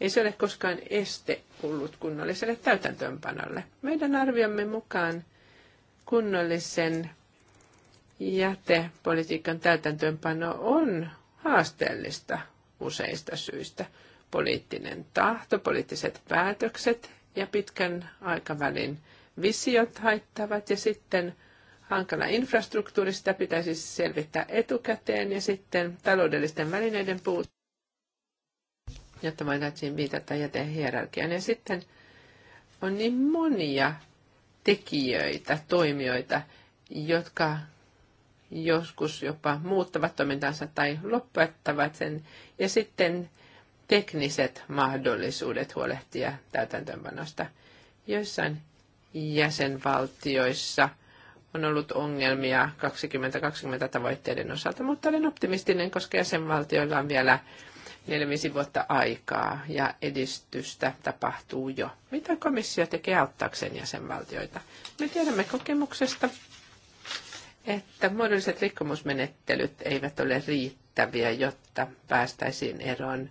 ei se ole koskaan este ollut kunnolliselle täytäntöönpanolle. Meidän arviomme mukaan kunnollisen jätepolitiikan täytäntöönpano on haasteellista useista syistä. Poliittinen tahto, poliittiset päätökset ja pitkän aikavälin visiot haittavat ja sitten hankala infrastruktuuri, sitä pitäisi selvittää etukäteen ja sitten taloudellisten välineiden puut, jotta voitaisiin viitata jätehierarkiaan. Ja sitten on niin monia tekijöitä, toimijoita, jotka joskus jopa muuttavat toimintansa tai lopettavat sen. Ja sitten tekniset mahdollisuudet huolehtia täytäntöönpanosta. Joissain jäsenvaltioissa on ollut ongelmia 2020 tavoitteiden osalta, mutta olen optimistinen, koska jäsenvaltioilla on vielä 4-5 vuotta aikaa ja edistystä tapahtuu jo. Mitä komissio tekee auttaakseen jäsenvaltioita? Me tiedämme kokemuksesta, että muodolliset rikkomusmenettelyt eivät ole riittäviä, jotta päästäisiin eroon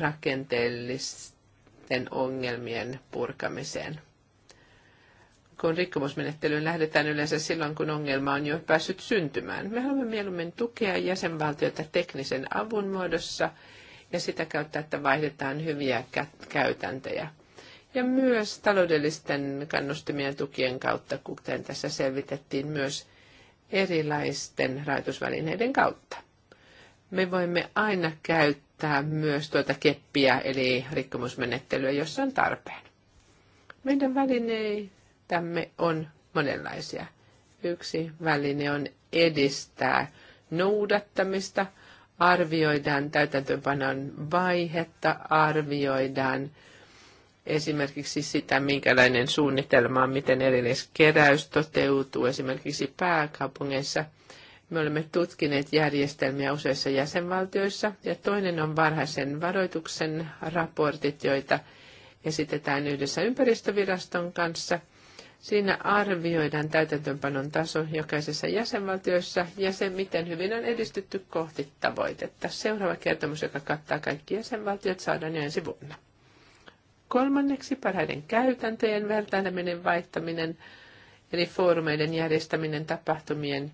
rakenteellisten ongelmien purkamiseen. Kun rikkomusmenettelyyn lähdetään yleensä silloin, kun ongelma on jo päässyt syntymään. Me haluamme mieluummin tukea jäsenvaltioita teknisen avun muodossa ja sitä kautta, että vaihdetaan hyviä käytäntöjä ja myös taloudellisten kannustimien tukien kautta, kuten tässä selvitettiin myös erilaisten raitusvälineiden kautta. Me voimme aina käyttää myös tuota keppiä eli rikkomusmenettelyä, jos on tarpeen. Meidän välineitämme on monenlaisia. Yksi väline on edistää noudattamista, arvioidaan täytäntöönpanon vaihetta, arvioidaan esimerkiksi sitä, minkälainen suunnitelma on, miten erilliskeräys toteutuu esimerkiksi pääkaupungeissa. Me olemme tutkineet järjestelmiä useissa jäsenvaltioissa ja toinen on varhaisen varoituksen raportit, joita esitetään yhdessä ympäristöviraston kanssa. Siinä arvioidaan täytäntöönpanon taso jokaisessa jäsenvaltiossa ja se, miten hyvin on edistytty kohti tavoitetta. Seuraava kertomus, joka kattaa kaikki jäsenvaltiot, saadaan jo ensi vuonna. Kolmanneksi parhaiden käytäntöjen vertaileminen, vaihtaminen, eli foorumeiden järjestäminen, tapahtumien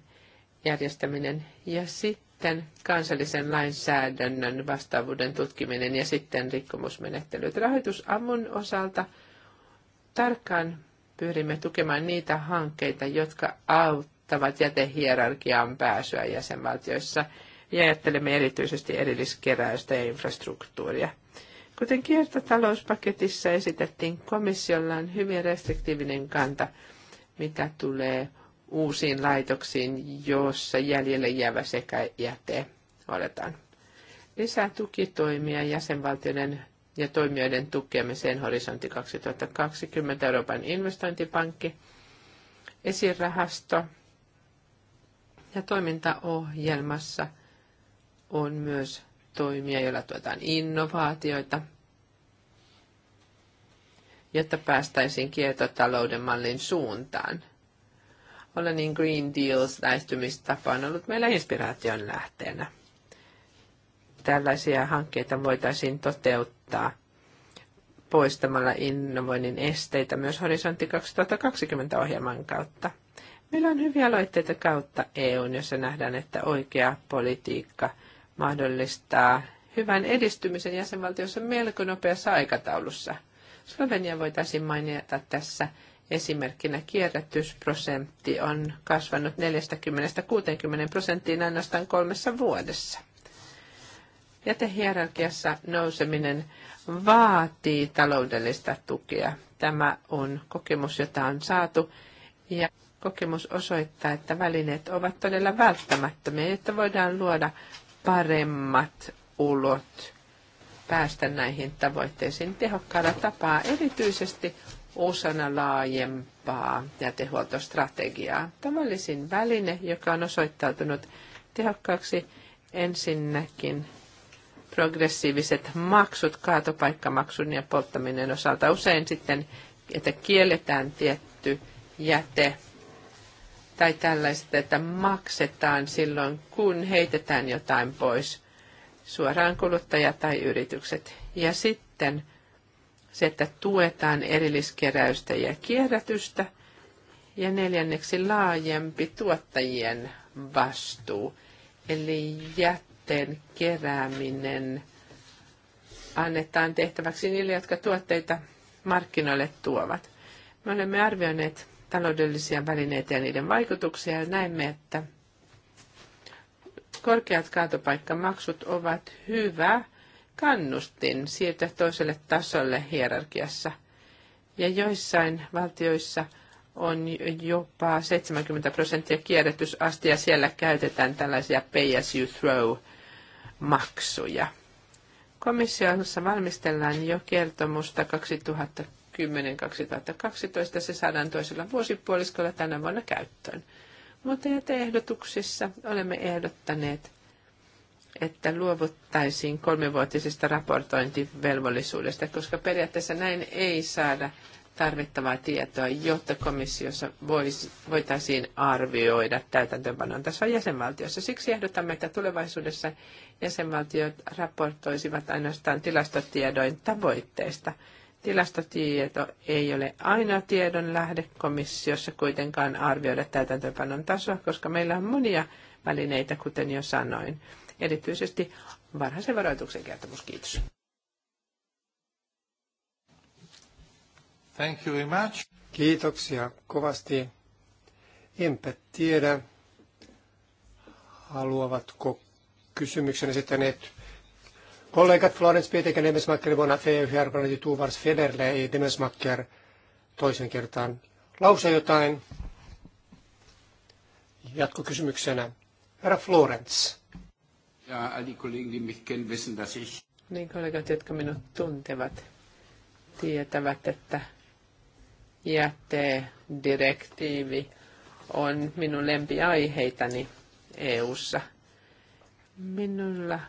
järjestäminen ja sitten kansallisen lainsäädännön vastaavuuden tutkiminen ja sitten rikkomusmenettelyt. Rahoitusavun osalta tarkkaan pyrimme tukemaan niitä hankkeita, jotka auttavat jätehierarkiaan pääsyä jäsenvaltioissa ja ajattelemme erityisesti erilliskeräystä ja infrastruktuuria – Kuten kiertotalouspaketissa esitettiin, komissiolla on hyvin restriktiivinen kanta, mitä tulee uusiin laitoksiin, joissa jäljelle jäävä sekä jäte oletaan. Lisää tukitoimia jäsenvaltioiden ja toimijoiden tukemiseen Horisontti 2020 Euroopan investointipankki, esirahasto ja toimintaohjelmassa on myös toimia, joilla tuetaan innovaatioita, jotta päästäisiin kiertotalouden mallin suuntaan. Olen niin Green Deals lähestymistapa on ollut meillä inspiraation lähteenä. Tällaisia hankkeita voitaisiin toteuttaa poistamalla innovoinnin esteitä myös Horisontti 2020 ohjelman kautta. Meillä on hyviä aloitteita kautta EUn, jossa nähdään, että oikea politiikka – mahdollistaa hyvän edistymisen jäsenvaltiossa melko nopeassa aikataulussa. Slovenia voitaisiin mainita tässä esimerkkinä. Kierrätysprosentti on kasvanut 40-60 prosenttiin ainoastaan kolmessa vuodessa. Jätehierarkiassa nouseminen vaatii taloudellista tukea. Tämä on kokemus, jota on saatu ja kokemus osoittaa, että välineet ovat todella välttämättömiä, että voidaan luoda paremmat ulot päästä näihin tavoitteisiin tehokkaalla tapaa, erityisesti osana laajempaa jätehuoltostrategiaa. Tavallisin väline, joka on osoittautunut tehokkaaksi ensinnäkin progressiiviset maksut kaatopaikkamaksun ja polttaminen osalta. Usein sitten, että kielletään tietty jäte tai tällaista, että maksetaan silloin, kun heitetään jotain pois, suoraan kuluttaja tai yritykset. Ja sitten se, että tuetaan erilliskeräystä ja kierrätystä. Ja neljänneksi laajempi tuottajien vastuu, eli jätteen kerääminen annetaan tehtäväksi niille, jotka tuotteita markkinoille tuovat. Me olemme arvioineet taloudellisia välineitä ja niiden vaikutuksia ja näemme, että korkeat kaatopaikkamaksut ovat hyvä kannustin siirtyä toiselle tasolle hierarkiassa. Ja joissain valtioissa on jopa 70 prosenttia kierrätysaste ja siellä käytetään tällaisia pay as you throw maksuja. Komissiossa valmistellaan jo kertomusta 2000. 2010-2012. Se saadaan toisella vuosipuoliskolla tänä vuonna käyttöön. Mutta ehdotuksissa olemme ehdottaneet, että luovuttaisiin kolmivuotisesta raportointivelvollisuudesta, koska periaatteessa näin ei saada tarvittavaa tietoa, jotta komissiossa voisi, voitaisiin arvioida täytäntöönpanon tasoa jäsenvaltiossa. Siksi ehdotamme, että tulevaisuudessa jäsenvaltiot raportoisivat ainoastaan tilastotiedoin tavoitteista Tilastotieto ei ole aina tiedon lähde komissiossa kuitenkaan arvioida täytäntöönpanon tasoa, koska meillä on monia välineitä, kuten jo sanoin. Erityisesti varhaisen varoituksen kertomus. Kiitos. Thank you very much. Kiitoksia kovasti. Enpä tiedä, haluavatko kysymyksen esittäneet Kollegat Florence Pietikän, Demesmakker, vuonna Hjarkonati, Tuuvars, Federle, ei Demesmakker toisen kertaan lause jotain jatkokysymyksenä. Herra Florence. Ja, all die Kollegen, die mich kennen, wissen, dass ich... Niin kollegat, jotka minut tuntevat, tietävät, että jätedirektiivi on minun lempiaiheitani EU-ssa. Minulla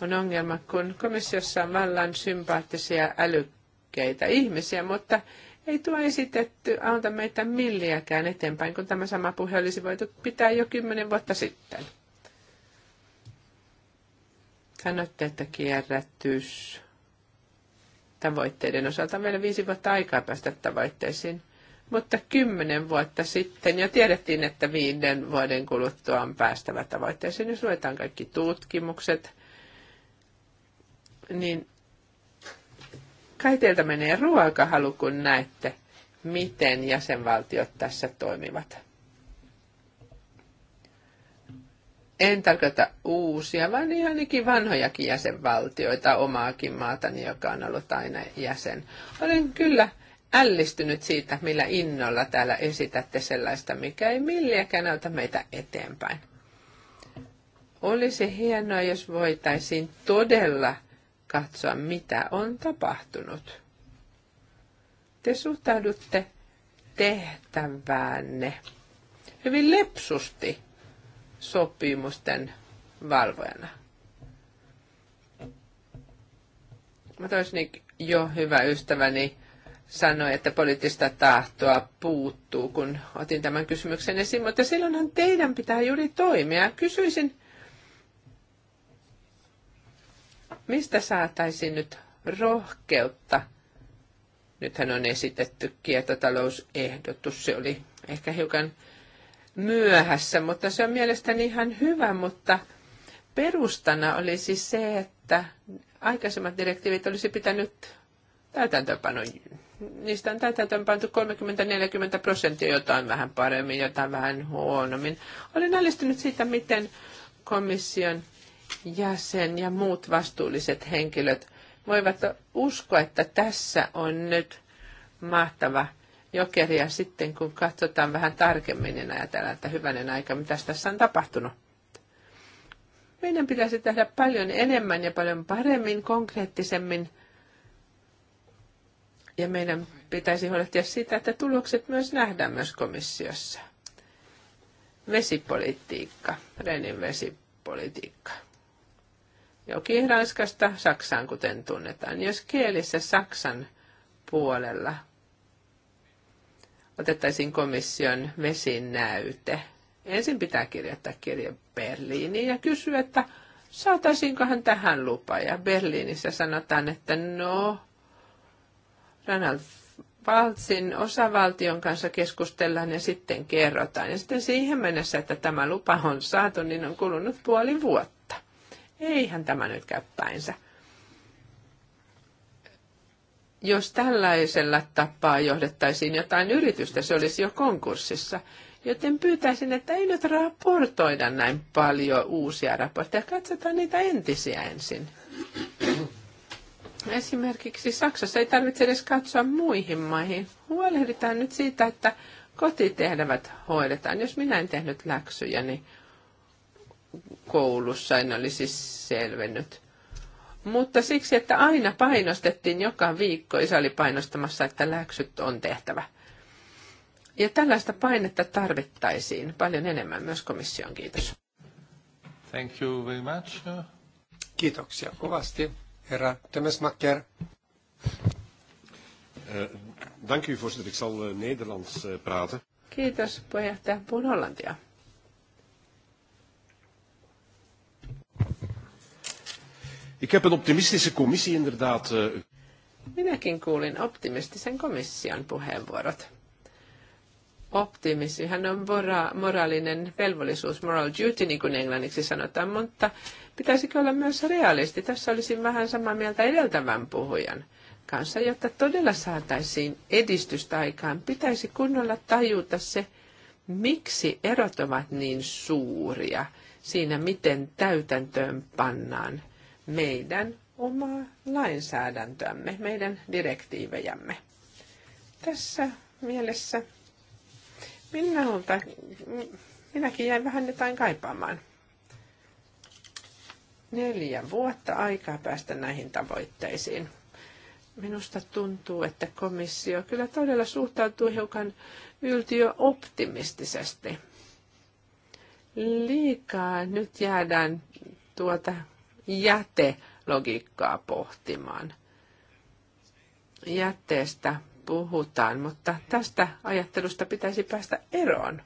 on ongelma, kun komissiossa on vallan sympaattisia älykkeitä ihmisiä, mutta ei tuo esitetty auta meitä milliäkään eteenpäin, kun tämä sama puhe olisi voitu pitää jo kymmenen vuotta sitten. Sanotte, että kierrätys tavoitteiden osalta on vielä viisi vuotta aikaa päästä tavoitteisiin. Mutta kymmenen vuotta sitten jo tiedettiin, että viiden vuoden kuluttua on päästävä tavoitteeseen, jos luetaan kaikki tutkimukset, niin kai teiltä menee ruokahalu, kun näette, miten jäsenvaltiot tässä toimivat. En tarkoita uusia, vaan ihan vanhojakin jäsenvaltioita, omaakin maatani, joka on ollut aina jäsen. Olen kyllä ällistynyt siitä, millä innolla täällä esitätte sellaista, mikä ei milliäkään auta meitä eteenpäin. Olisi hienoa, jos voitaisiin todella – katsoa, mitä on tapahtunut. Te suhtaudutte tehtäväänne hyvin lepsusti sopimusten valvojana. niin, jo hyvä ystäväni, sanoi, että poliittista tahtoa puuttuu, kun otin tämän kysymyksen esiin, mutta silloinhan teidän pitää juuri toimia. Kysyisin, Mistä saataisiin nyt rohkeutta? Nythän on esitetty kiertotalousehdotus. Se oli ehkä hiukan myöhässä, mutta se on mielestäni ihan hyvä, mutta perustana olisi siis se, että aikaisemmat direktiivit olisi pitänyt täytäntöönpanon. Niistä on täytäntöönpantu 30-40 prosenttia, jotain vähän paremmin, jotain vähän huonommin. Olen älistynyt siitä, miten komission jäsen ja muut vastuulliset henkilöt voivat uskoa, että tässä on nyt mahtava jokeri. Ja sitten kun katsotaan vähän tarkemmin, niin ajatellaan, että hyvänen aika, mitä tässä on tapahtunut. Meidän pitäisi tehdä paljon enemmän ja paljon paremmin, konkreettisemmin. Ja meidän pitäisi huolehtia siitä, että tulokset myös nähdään myös komissiossa. Vesipolitiikka, Renin vesipolitiikka. Jokin Ranskasta Saksaan, kuten tunnetaan. Jos kielissä Saksan puolella otettaisiin komission vesinäyte, ensin pitää kirjoittaa kirje Berliiniin ja kysyä, että saataisiinkohan tähän lupa. Ja Berliinissä sanotaan, että no, Ranald Valtsin osavaltion kanssa keskustellaan ja sitten kerrotaan. Ja sitten siihen mennessä, että tämä lupa on saatu, niin on kulunut puoli vuotta. Eihän tämä nyt käy päinsä. Jos tällaisella tapaa johdettaisiin jotain yritystä, se olisi jo konkurssissa. Joten pyytäisin, että ei nyt raportoida näin paljon uusia raportteja. Katsotaan niitä entisiä ensin. Esimerkiksi Saksassa ei tarvitse edes katsoa muihin maihin. Huolehditaan nyt siitä, että kotitehtävät hoidetaan. Jos minä en tehnyt läksyjä, niin koulussa en olisi selvennyt. Mutta siksi, että aina painostettiin joka viikko, isä oli painostamassa, että läksyt on tehtävä. Ja tällaista painetta tarvittaisiin paljon enemmän myös komission. Kiitos. Thank you very much. Kiitoksia kovasti, herra Temesmakker. Eh, dank u, voorzitter. Ik zal eh, Nederlands eh, praten. Kiitos, puheenjohtaja. Puhun hollantia. Ik heb een optimistische commissie inderdaad. Eh, Minäkin kuulin optimistisen komission puheenvuorot. hän on mora- moraalinen velvollisuus, moral duty, niin kuin englanniksi sanotaan, mutta pitäisikö olla myös realisti? Tässä olisin vähän samaa mieltä edeltävän puhujan kanssa, jotta todella saataisiin edistystä aikaan. Pitäisi kunnolla tajuta se, miksi erot ovat niin suuria siinä, miten täytäntöön pannaan meidän omaa lainsäädäntöämme, meidän direktiivejämme. Tässä mielessä minulta, minäkin jäin vähän jotain kaipaamaan. Neljä vuotta aikaa päästä näihin tavoitteisiin. Minusta tuntuu, että komissio kyllä todella suhtautuu hiukan yltiöoptimistisesti. Liikaa nyt jäädään tuota jätelogiikkaa pohtimaan. Jätteestä puhutaan, mutta tästä ajattelusta pitäisi päästä eroon,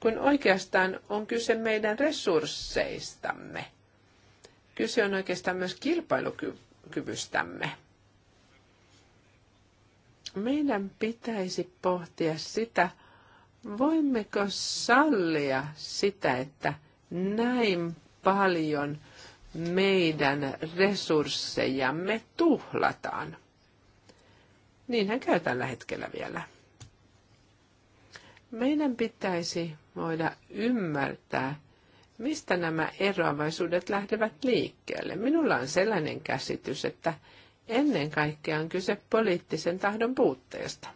kun oikeastaan on kyse meidän resursseistamme. Kyse on oikeastaan myös kilpailukyvystämme. Meidän pitäisi pohtia sitä, voimmeko sallia sitä, että näin paljon – meidän resurssejamme tuhlataan. Niinhän käy tällä hetkellä vielä. Meidän pitäisi voida ymmärtää, mistä nämä eroavaisuudet lähtevät liikkeelle. Minulla on sellainen käsitys, että ennen kaikkea on kyse poliittisen tahdon puutteesta.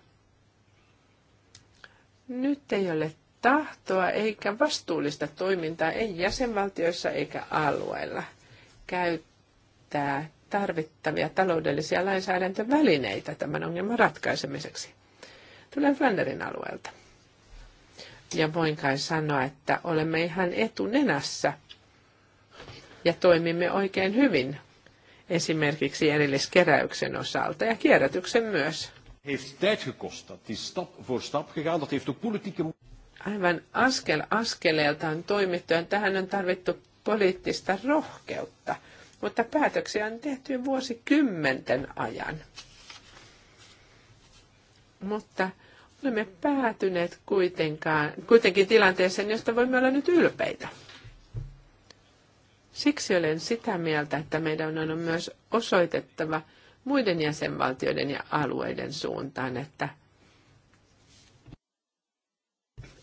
Nyt ei ole tahtoa eikä vastuullista toimintaa, ei jäsenvaltioissa eikä alueilla – käyttää tarvittavia taloudellisia lainsäädäntövälineitä tämän ongelman ratkaisemiseksi. Tulen Flanderin alueelta. Ja voin kai sanoa, että olemme ihan etunenässä ja toimimme oikein hyvin esimerkiksi erilliskeräyksen osalta ja kierrätyksen myös. aivan askel on toimittu ja tähän on tarvittu poliittista rohkeutta, mutta päätöksiä on tehty vuosikymmenten ajan. Mutta olemme päätyneet kuitenkaan, kuitenkin tilanteeseen, josta voimme olla nyt ylpeitä. Siksi olen sitä mieltä, että meidän on myös osoitettava muiden jäsenvaltioiden ja alueiden suuntaan, että –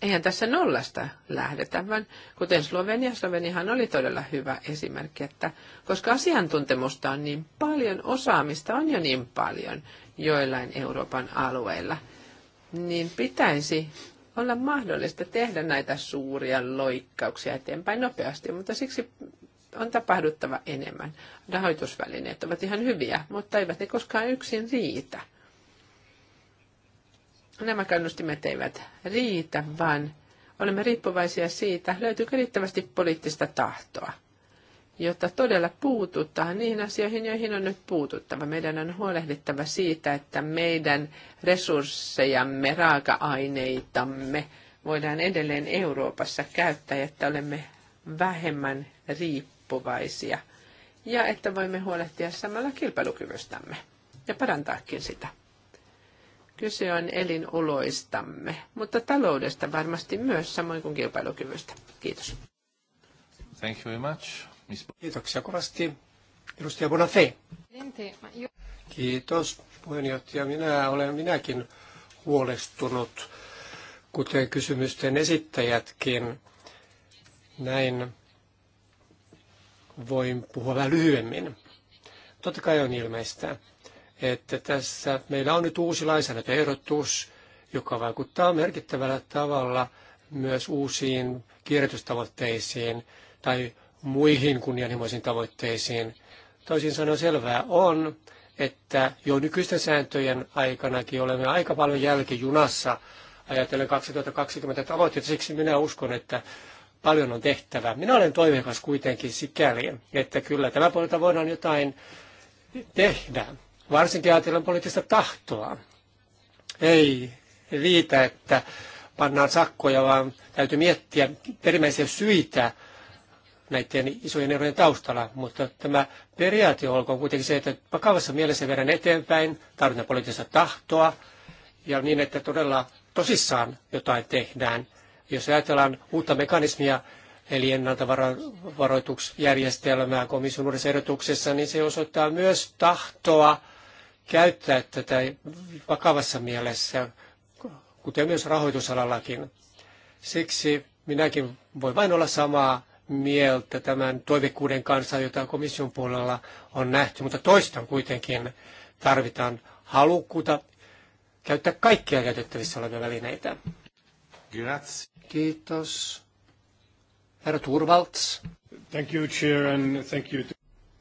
eihän tässä nollasta lähdetä, vaan kuten Slovenia, Sloveniahan oli todella hyvä esimerkki, että koska asiantuntemusta on niin paljon, osaamista on jo niin paljon joillain Euroopan alueilla, niin pitäisi olla mahdollista tehdä näitä suuria loikkauksia eteenpäin nopeasti, mutta siksi on tapahduttava enemmän. Rahoitusvälineet ovat ihan hyviä, mutta eivät ne koskaan yksin riitä – nämä kannustimet eivät riitä, vaan olemme riippuvaisia siitä, löytyykö riittävästi poliittista tahtoa, jotta todella puututaan niihin asioihin, joihin on nyt puututtava. Meidän on huolehdittava siitä, että meidän resurssejamme, raaka-aineitamme voidaan edelleen Euroopassa käyttää, että olemme vähemmän riippuvaisia ja että voimme huolehtia samalla kilpailukyvystämme ja parantaakin sitä. Kyse on elinoloistamme, mutta taloudesta varmasti myös, samoin kuin kilpailukyvystä. Kiitos. Thank you very much. Miss... Kiitoksia kovasti. Edustaja Bonafé. Kiitos puheenjohtaja. Minä olen minäkin huolestunut, kuten kysymysten esittäjätkin. Näin voin puhua vähän lyhyemmin. Totta kai on ilmeistä, että tässä meillä on nyt uusi lainsäädäntöehdotus, joka vaikuttaa merkittävällä tavalla myös uusiin kierrätystavoitteisiin tai muihin kunnianhimoisiin tavoitteisiin. Toisin sanoen selvää on, että jo nykyisten sääntöjen aikanakin olemme aika paljon jälkijunassa ajatellen 2020 tavoitteita. Siksi minä uskon, että paljon on tehtävää. Minä olen toiveikas kuitenkin sikäli, että kyllä tämä puolelta voidaan jotain tehdä varsinkin ajatellen poliittista tahtoa. Ei riitä, että pannaan sakkoja, vaan täytyy miettiä perimmäisiä syitä näiden isojen erojen taustalla. Mutta tämä periaate olkoon kuitenkin se, että vakavassa mielessä viedään eteenpäin, tarvitaan poliittista tahtoa ja niin, että todella tosissaan jotain tehdään. Jos ajatellaan uutta mekanismia, eli ennaltavaroituksjärjestelmää komission uudessa erotuksessa, niin se osoittaa myös tahtoa käyttää tätä vakavassa mielessä, kuten myös rahoitusalallakin. Siksi minäkin voi vain olla samaa mieltä tämän toivekuuden kanssa, jota komission puolella on nähty, mutta toistan kuitenkin tarvitaan halukkuutta käyttää kaikkia käytettävissä olevia välineitä. Grazie. Kiitos. Herra Turvalts. Thank you, Chair, and thank you.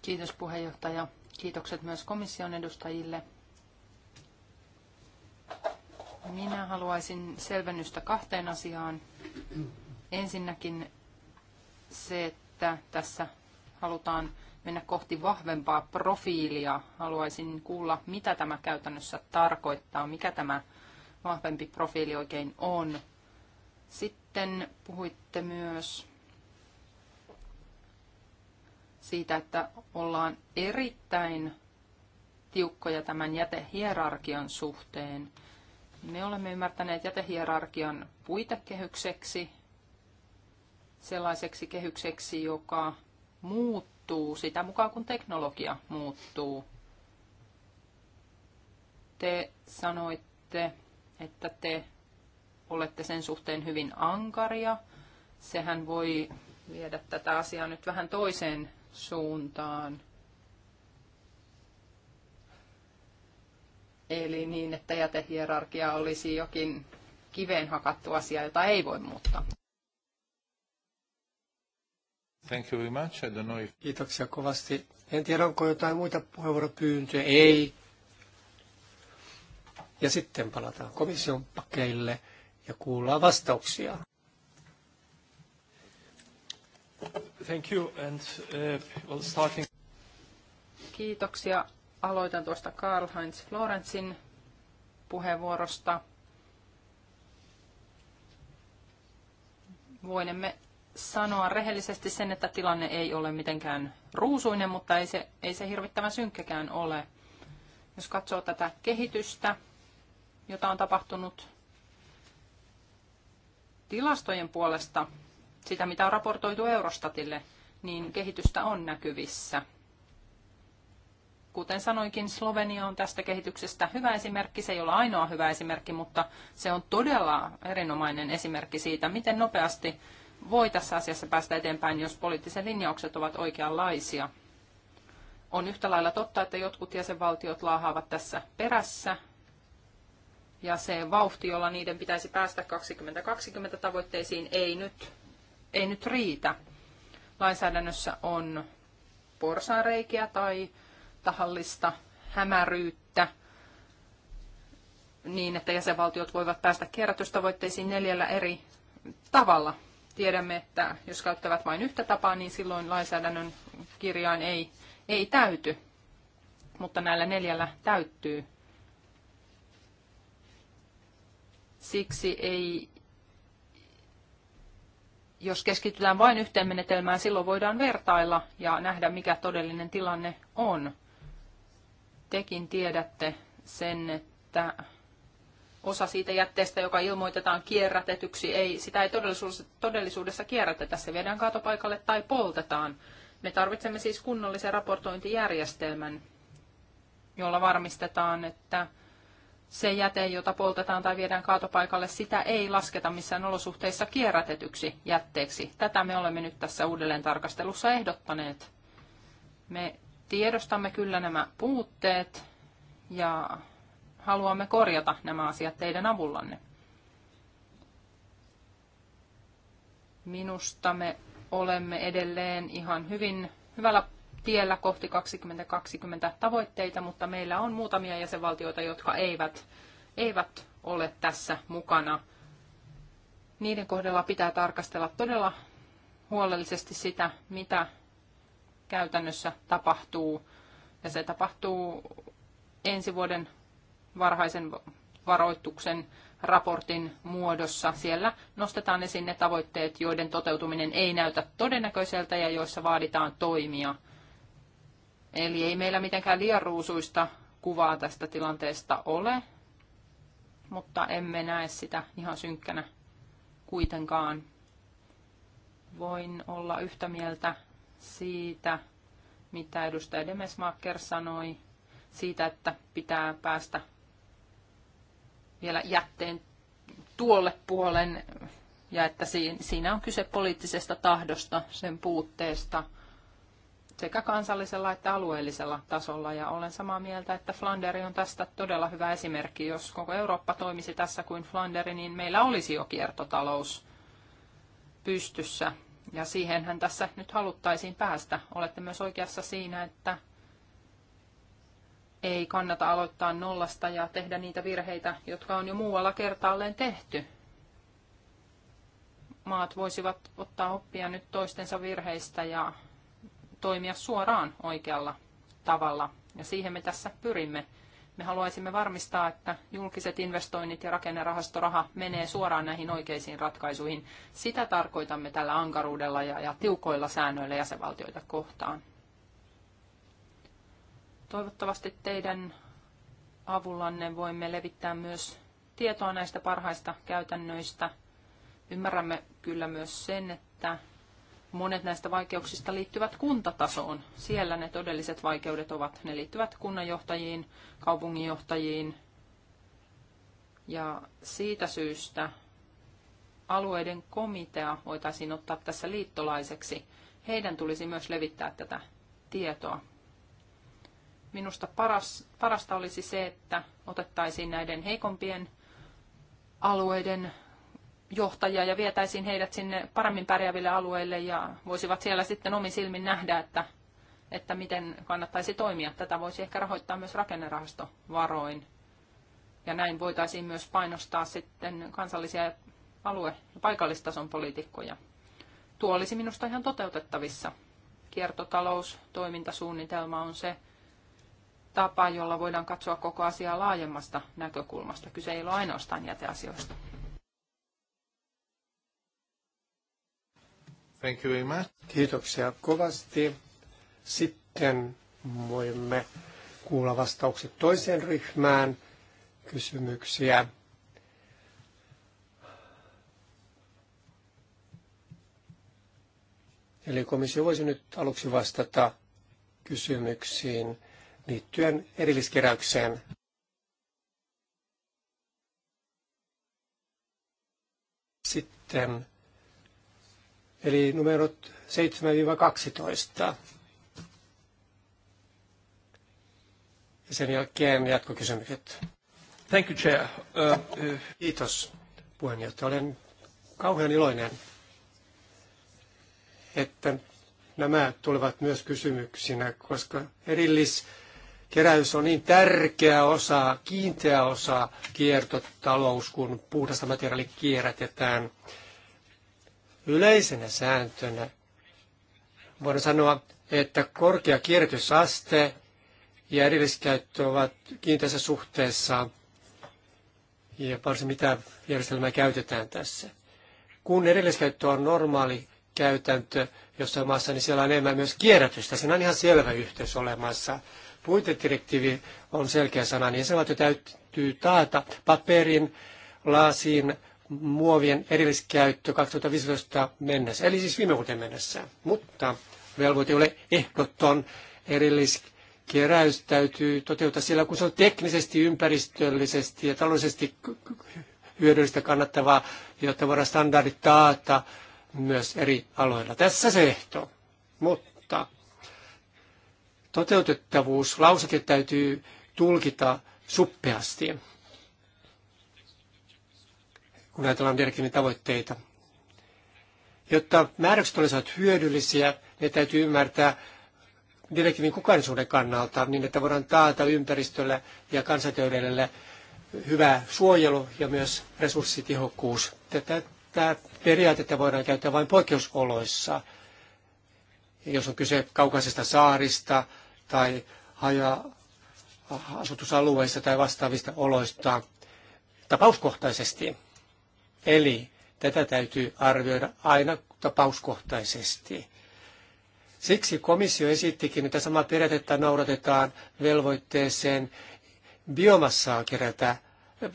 Kiitos puheenjohtaja. Kiitokset myös komission edustajille. Minä haluaisin selvennystä kahteen asiaan. Ensinnäkin se, että tässä halutaan mennä kohti vahvempaa profiilia. Haluaisin kuulla, mitä tämä käytännössä tarkoittaa, mikä tämä vahvempi profiili oikein on. Sitten puhuitte myös siitä, että ollaan erittäin tiukkoja tämän jätehierarkian suhteen. Me olemme ymmärtäneet jätehierarkian puitekehykseksi, sellaiseksi kehykseksi, joka muuttuu sitä mukaan, kun teknologia muuttuu. Te sanoitte, että te olette sen suhteen hyvin ankaria. Sehän voi viedä tätä asiaa nyt vähän toiseen suuntaan. Eli niin, että jätehierarkia olisi jokin kiveen hakattu asia, jota ei voi muuttaa. Thank you very much. I don't know if... Kiitoksia kovasti. En tiedä, onko jotain muita puheenvuoropyyntöjä. Ei. Ja sitten palataan komission pakeille ja kuullaan vastauksia. Thank you. And, uh, well, starting... Kiitoksia. Aloitan tuosta Karl-Heinz Florensin puheenvuorosta. Voinemme sanoa rehellisesti sen, että tilanne ei ole mitenkään ruusuinen, mutta ei se, ei se hirvittävän synkkäkään ole. Jos katsoo tätä kehitystä, jota on tapahtunut tilastojen puolesta sitä, mitä on raportoitu Eurostatille, niin kehitystä on näkyvissä. Kuten sanoinkin, Slovenia on tästä kehityksestä hyvä esimerkki. Se ei ole ainoa hyvä esimerkki, mutta se on todella erinomainen esimerkki siitä, miten nopeasti voi tässä asiassa päästä eteenpäin, jos poliittiset linjaukset ovat oikeanlaisia. On yhtä lailla totta, että jotkut jäsenvaltiot laahaavat tässä perässä, ja se vauhti, jolla niiden pitäisi päästä 2020 tavoitteisiin, ei nyt ei nyt riitä. Lainsäädännössä on porsaareikiä tai tahallista hämäryyttä niin, että jäsenvaltiot voivat päästä kierrätystavoitteisiin neljällä eri tavalla. Tiedämme, että jos käyttävät vain yhtä tapaa, niin silloin lainsäädännön kirjain ei, ei täyty, mutta näillä neljällä täyttyy. Siksi ei jos keskitytään vain yhteen menetelmään, silloin voidaan vertailla ja nähdä, mikä todellinen tilanne on. Tekin tiedätte sen, että osa siitä jätteestä, joka ilmoitetaan kierrätetyksi, ei, sitä ei todellisuudessa, todellisuudessa kierrätetä. Se viedään kaatopaikalle tai poltetaan. Me tarvitsemme siis kunnollisen raportointijärjestelmän, jolla varmistetaan, että se jäte, jota poltetaan tai viedään kaatopaikalle, sitä ei lasketa missään olosuhteissa kierrätetyksi jätteeksi. Tätä me olemme nyt tässä uudelleen tarkastelussa ehdottaneet. Me tiedostamme kyllä nämä puutteet ja haluamme korjata nämä asiat teidän avullanne. Minusta me olemme edelleen ihan hyvin hyvällä tiellä kohti 2020 tavoitteita, mutta meillä on muutamia jäsenvaltioita, jotka eivät, eivät ole tässä mukana. Niiden kohdalla pitää tarkastella todella huolellisesti sitä, mitä käytännössä tapahtuu. Ja se tapahtuu ensi vuoden varhaisen varoituksen raportin muodossa. Siellä nostetaan esiin ne tavoitteet, joiden toteutuminen ei näytä todennäköiseltä ja joissa vaaditaan toimia. Eli ei meillä mitenkään liian ruusuista kuvaa tästä tilanteesta ole, mutta emme näe sitä ihan synkkänä kuitenkaan. Voin olla yhtä mieltä siitä, mitä edustaja Demesmaker sanoi, siitä, että pitää päästä vielä jätteen tuolle puolen ja että siinä on kyse poliittisesta tahdosta, sen puutteesta – sekä kansallisella että alueellisella tasolla. Ja olen samaa mieltä, että Flanderi on tästä todella hyvä esimerkki. Jos koko Eurooppa toimisi tässä kuin Flanderi, niin meillä olisi jo kiertotalous pystyssä. Ja siihenhän tässä nyt haluttaisiin päästä. Olette myös oikeassa siinä, että ei kannata aloittaa nollasta ja tehdä niitä virheitä, jotka on jo muualla kertaalleen tehty. Maat voisivat ottaa oppia nyt toistensa virheistä ja toimia suoraan oikealla tavalla. Ja siihen me tässä pyrimme. Me haluaisimme varmistaa, että julkiset investoinnit ja rakennerahastoraha menee suoraan näihin oikeisiin ratkaisuihin. Sitä tarkoitamme tällä ankaruudella ja, ja tiukoilla säännöillä jäsenvaltioita kohtaan. Toivottavasti teidän avullanne voimme levittää myös tietoa näistä parhaista käytännöistä. Ymmärrämme kyllä myös sen, että Monet näistä vaikeuksista liittyvät kuntatasoon. Siellä ne todelliset vaikeudet ovat. Ne liittyvät kunnanjohtajiin, kaupunginjohtajiin. Ja siitä syystä alueiden komitea voitaisiin ottaa tässä liittolaiseksi. Heidän tulisi myös levittää tätä tietoa. Minusta paras, parasta olisi se, että otettaisiin näiden heikompien alueiden johtajia ja vietäisiin heidät sinne paremmin pärjääville alueille ja voisivat siellä sitten omin silmin nähdä, että, että miten kannattaisi toimia. Tätä voisi ehkä rahoittaa myös rakennerahastovaroin. Ja näin voitaisiin myös painostaa sitten kansallisia alue- ja paikallistason poliitikkoja. Tuo olisi minusta ihan toteutettavissa. Kiertotalous, toimintasuunnitelma on se tapa, jolla voidaan katsoa koko asiaa laajemmasta näkökulmasta. Kyse ei ole ainoastaan jäteasioista. Thank you very much. Kiitoksia kovasti. Sitten voimme kuulla vastaukset toiseen ryhmään kysymyksiä. Eli komissio voisi nyt aluksi vastata kysymyksiin liittyen erilliskeräykseen. Sitten eli numerot 7-12. Ja sen jälkeen jatkokysymykset. Thank you, Chair. Uh, uh... Kiitos, puheenjohtaja. Olen kauhean iloinen, että nämä tulevat myös kysymyksinä, koska erilliskeräys on niin tärkeä osa, kiinteä osa kiertotalous, kun puhdasta materiaalia kierrätetään. Yleisenä sääntönä voidaan sanoa, että korkea kierrätysaste ja erilliskäyttö ovat kiinteässä suhteessa ja varsin mitä järjestelmää käytetään tässä. Kun erilliskäyttö on normaali käytäntö jossain maassa, niin siellä on enemmän myös kierrätystä. Siinä on ihan selvä yhteys olemassa. Puitedirektiivi on selkeä sana, niin se täytyy taata paperin, lasin, muovien erilliskäyttö 2015 mennessä, eli siis viime vuoteen mennessä. Mutta velvoite ei ole ehdoton erilliskeräys täytyy toteuttaa sillä, kun se on teknisesti, ympäristöllisesti ja taloudellisesti hyödyllistä kannattavaa, jotta voidaan standardit taata myös eri aloilla. Tässä se ehto. Mutta toteutettavuus, lauseke täytyy tulkita suppeasti kun ajatellaan direktiivin tavoitteita. Jotta määräykset olisivat hyödyllisiä, ne täytyy ymmärtää direktiivin kokonaisuuden kannalta, niin että voidaan taata ympäristölle ja kansanterveydelle hyvä suojelu ja myös resurssitehokkuus. Tätä, tätä periaatetta voidaan käyttää vain poikkeusoloissa, jos on kyse kaukaisista saarista tai haja-asutusalueista tai vastaavista oloista tapauskohtaisesti. Eli tätä täytyy arvioida aina tapauskohtaisesti. Siksi komissio esittikin, että sama periaatetta noudatetaan velvoitteeseen biomassaa kerätä,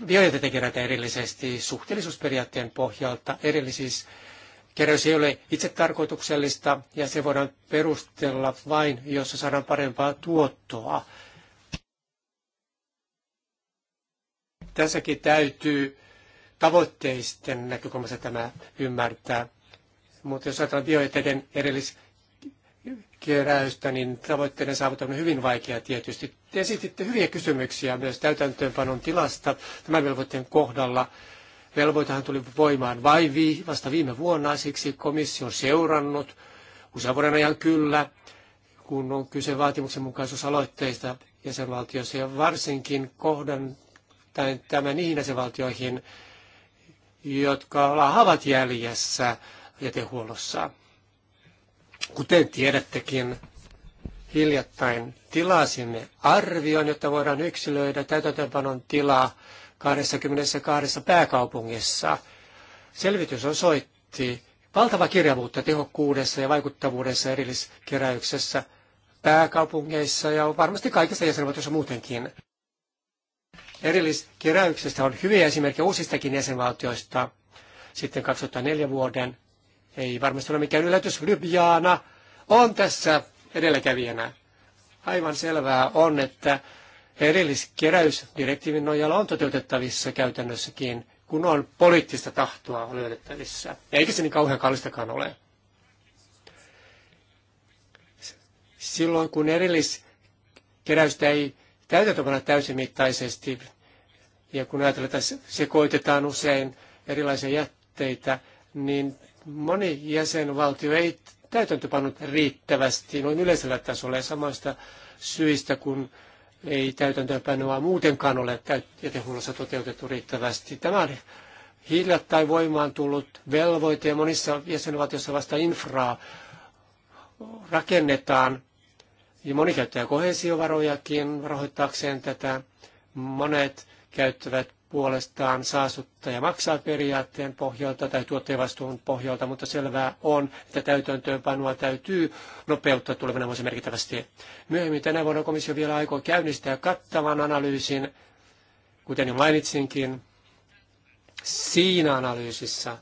biojätettä kerätä erillisesti suhteellisuusperiaatteen pohjalta. Erillisis keräys ei ole itse tarkoituksellista ja se voidaan perustella vain, jos saadaan parempaa tuottoa. Tässäkin täytyy tavoitteisten näkökulmasta tämä ymmärtää. Mutta jos ajatellaan biojätteiden erilliskeräystä, niin tavoitteiden saavuttaminen on hyvin vaikeaa tietysti. Te esititte hyviä kysymyksiä myös täytäntöönpanon tilasta tämän velvoitteen kohdalla. Velvoitehan tuli voimaan vai vi, vasta viime vuonna, siksi komissio on seurannut usean vuoden ajan kyllä, kun on kyse vaatimuksenmukaisuusaloitteista jäsenvaltioissa ja varsinkin kohdan tämän niihin jäsenvaltioihin, jotka lahavat jäljessä jätehuollossa. Kuten tiedättekin, hiljattain tilasimme arvion, jotta voidaan yksilöidä täytäntöönpanon tilaa 22 pääkaupungissa. Selvitys osoitti valtava kirjavuutta tehokkuudessa ja vaikuttavuudessa erilliskeräyksessä pääkaupungeissa ja varmasti kaikissa jäsenvaltioissa muutenkin. Erilliskeräyksestä on hyviä esimerkkejä uusistakin jäsenvaltioista. Sitten 2004 vuoden, ei varmasti ole mikään yllätys, Ljubljana on tässä edelläkävijänä. Aivan selvää on, että erilliskeräysdirektiivin nojalla on toteutettavissa käytännössäkin, kun on poliittista tahtoa löydettävissä. Eikä se niin kauhean kallistakaan ole. Silloin kun erilliskeräystä ei täytäntöpana täysimittaisesti, ja kun ajatellaan, että sekoitetaan usein erilaisia jätteitä, niin moni jäsenvaltio ei täytäntöpannut riittävästi noin yleisellä tasolla ja samoista syistä, kun ei täytäntöönpanoa muutenkaan ole jätehuollossa toteutettu riittävästi. Tämä on hiljattain voimaan tullut velvoite ja monissa jäsenvaltioissa vasta infraa rakennetaan ja moni käyttää kohesiovarojakin rahoittaakseen tätä. Monet käyttävät puolestaan saastuttaja maksaa periaatteen pohjalta tai tuottajavastuun pohjalta, mutta selvää on, että täytäntöönpanoa täytyy nopeuttaa tulevina vuosina merkittävästi. Myöhemmin tänä vuonna komissio vielä aikoo käynnistää kattavan analyysin, kuten jo mainitsinkin. Siinä analyysissä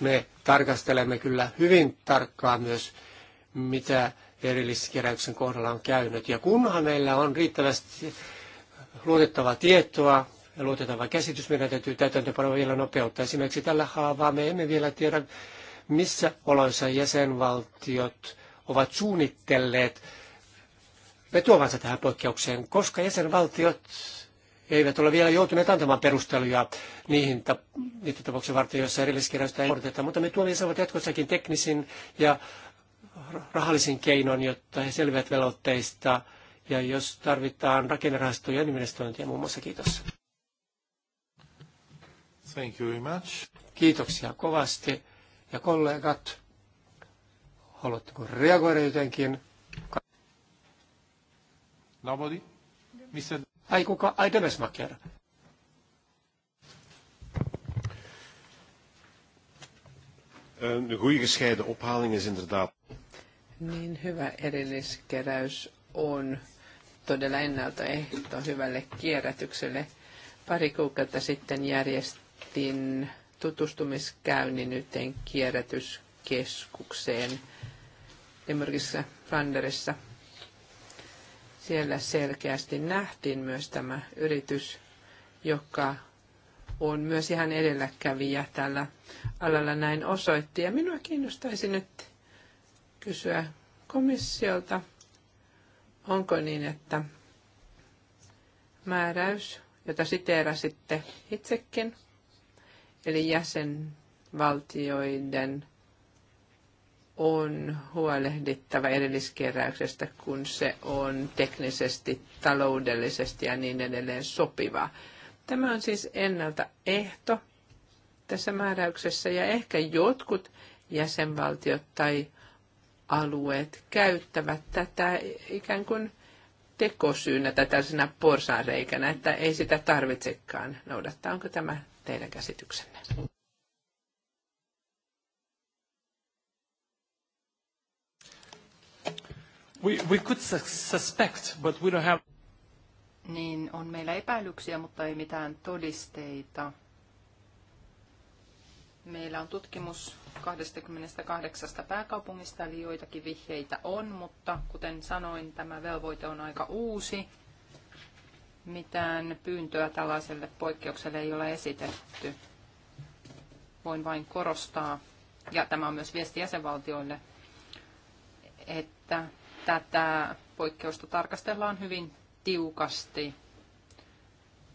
me tarkastelemme kyllä hyvin tarkkaan myös, mitä erilliskeräyksen kohdalla on käynyt. Ja kunhan meillä on riittävästi luotettavaa tietoa ja luotettava käsitys. Meidän täytyy täytäntöönpanoa vielä nopeuttaa. Esimerkiksi tällä haavaa me emme vielä tiedä, missä oloissa jäsenvaltiot ovat suunnitelleet vetoavansa tähän poikkeukseen, koska jäsenvaltiot eivät ole vielä joutuneet antamaan perusteluja niihin ta- niitä tapauksia varten, joissa erilliskirjausta ei noudateta, mutta me tuomme saavat jatkossakin teknisin ja rahallisin keinon, jotta he selviävät velvoitteista ja jos tarvitaan niin investointeja muun muassa. Kiitos. Thank you very much. Kiitoksia kovasti. Ja kollegat, haluatteko reagoida jotenkin? Nobody? Missä? Ai kuka? Ai Demesmaker. Een goede gescheiden ophaling is inderdaad. Niin hyvä erilliskeräys on todella ennaltaehto hyvälle kierrätykselle. Pari kuukautta sitten järjestin tutustumiskäynnin yhteen kierrätyskeskukseen Limburgissa, Flanderissa. Siellä selkeästi nähtiin myös tämä yritys, joka on myös ihan edelläkävijä tällä alalla näin osoitti. Ja minua kiinnostaisi nyt kysyä komissiolta, Onko niin, että määräys, jota siteerasitte itsekin, eli jäsenvaltioiden on huolehdittava edelliskeräyksestä, kun se on teknisesti, taloudellisesti ja niin edelleen sopiva. Tämä on siis ennalta ehto tässä määräyksessä ja ehkä jotkut jäsenvaltiot tai alueet käyttävät tätä ikään kuin tekosyynä tätä sinä porsaanreikänä, että ei sitä tarvitsekaan noudattaa. Onko tämä teidän käsityksenne? We, we could suspect, but we don't have... Niin on meillä epäilyksiä, mutta ei mitään todisteita. Meillä on tutkimus 28 pääkaupungista, eli joitakin vihjeitä on, mutta kuten sanoin, tämä velvoite on aika uusi. Mitään pyyntöä tällaiselle poikkeukselle ei ole esitetty. Voin vain korostaa, ja tämä on myös viesti jäsenvaltioille, että tätä poikkeusta tarkastellaan hyvin tiukasti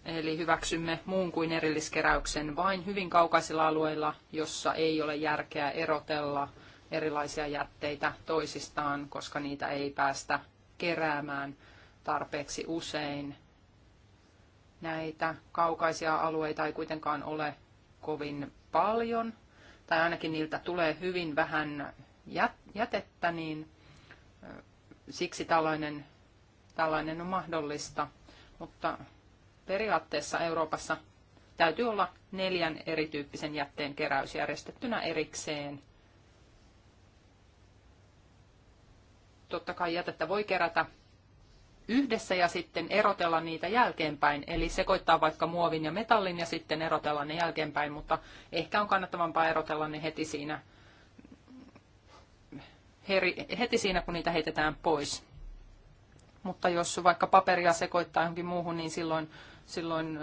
Eli hyväksymme muun kuin erilliskeräyksen vain hyvin kaukaisilla alueilla, jossa ei ole järkeä erotella erilaisia jätteitä toisistaan, koska niitä ei päästä keräämään tarpeeksi usein. Näitä kaukaisia alueita ei kuitenkaan ole kovin paljon, tai ainakin niiltä tulee hyvin vähän jätettä, niin siksi tällainen, tällainen on mahdollista. Mutta periaatteessa Euroopassa täytyy olla neljän erityyppisen jätteen keräys järjestettynä erikseen. Totta kai jätettä voi kerätä yhdessä ja sitten erotella niitä jälkeenpäin. Eli sekoittaa vaikka muovin ja metallin ja sitten erotella ne jälkeenpäin, mutta ehkä on kannattavampaa erotella ne heti siinä, heti siinä kun niitä heitetään pois. Mutta jos vaikka paperia sekoittaa johonkin muuhun, niin silloin silloin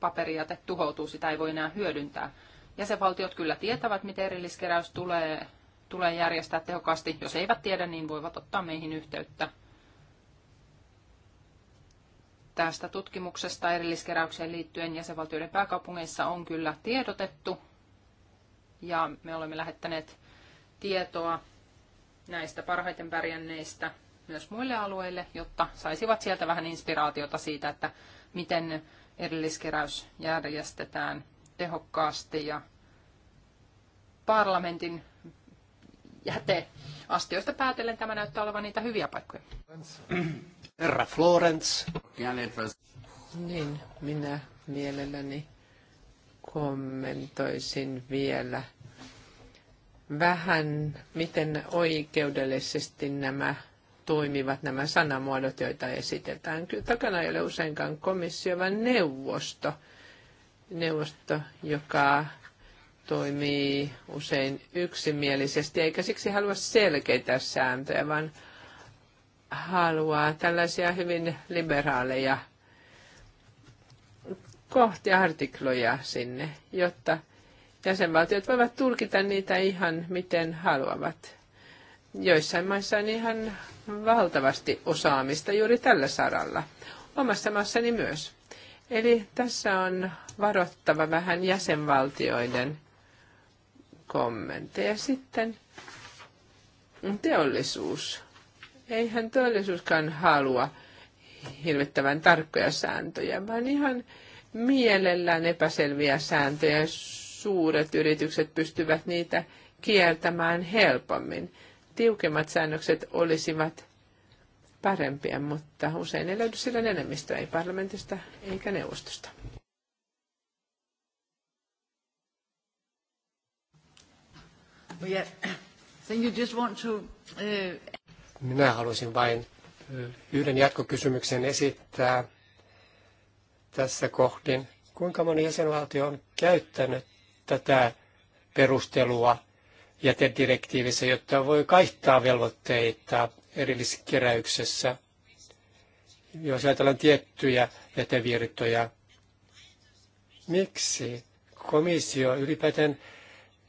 paperijäte tuhoutuu, sitä ei voi enää hyödyntää. Jäsenvaltiot kyllä tietävät, miten erilliskeräys tulee, tulee järjestää tehokkaasti. Jos eivät tiedä, niin voivat ottaa meihin yhteyttä. Tästä tutkimuksesta erilliskeräykseen liittyen jäsenvaltioiden pääkaupungeissa on kyllä tiedotettu ja me olemme lähettäneet tietoa näistä parhaiten pärjänneistä myös muille alueille, jotta saisivat sieltä vähän inspiraatiota siitä, että miten erilliskeräys järjestetään tehokkaasti ja parlamentin jäteastioista päätellen tämä näyttää olevan niitä hyviä paikkoja. Herra Florence. Niin, minä mielelläni kommentoisin vielä vähän, miten oikeudellisesti nämä toimivat nämä sanamuodot, joita esitetään. Kyllä takana ei ole useinkaan komissio, vaan neuvosto. Neuvosto, joka toimii usein yksimielisesti, eikä siksi halua selkeitä sääntöjä, vaan haluaa tällaisia hyvin liberaaleja kohtia artikloja sinne, jotta jäsenvaltiot voivat tulkita niitä ihan miten haluavat. Joissain maissa on ihan valtavasti osaamista juuri tällä saralla. Omassa maassani myös. Eli tässä on varottava vähän jäsenvaltioiden kommentteja. Sitten teollisuus. Eihän teollisuuskaan halua hirvittävän tarkkoja sääntöjä, vaan ihan mielellään epäselviä sääntöjä. Suuret yritykset pystyvät niitä kiertämään helpommin tiukemmat säännökset olisivat parempia, mutta usein ei löydy silloin enemmistöä, ei parlamentista eikä neuvostosta. Uh, Minä halusin vain uh, yhden jatkokysymyksen esittää tässä kohdin. Kuinka moni jäsenvaltio on käyttänyt tätä perustelua jätedirektiivissä, jotta voi kaihtaa velvoitteita erilliskeräyksessä, jos ajatellaan tiettyjä jätevirtoja. Miksi komissio ylipäätään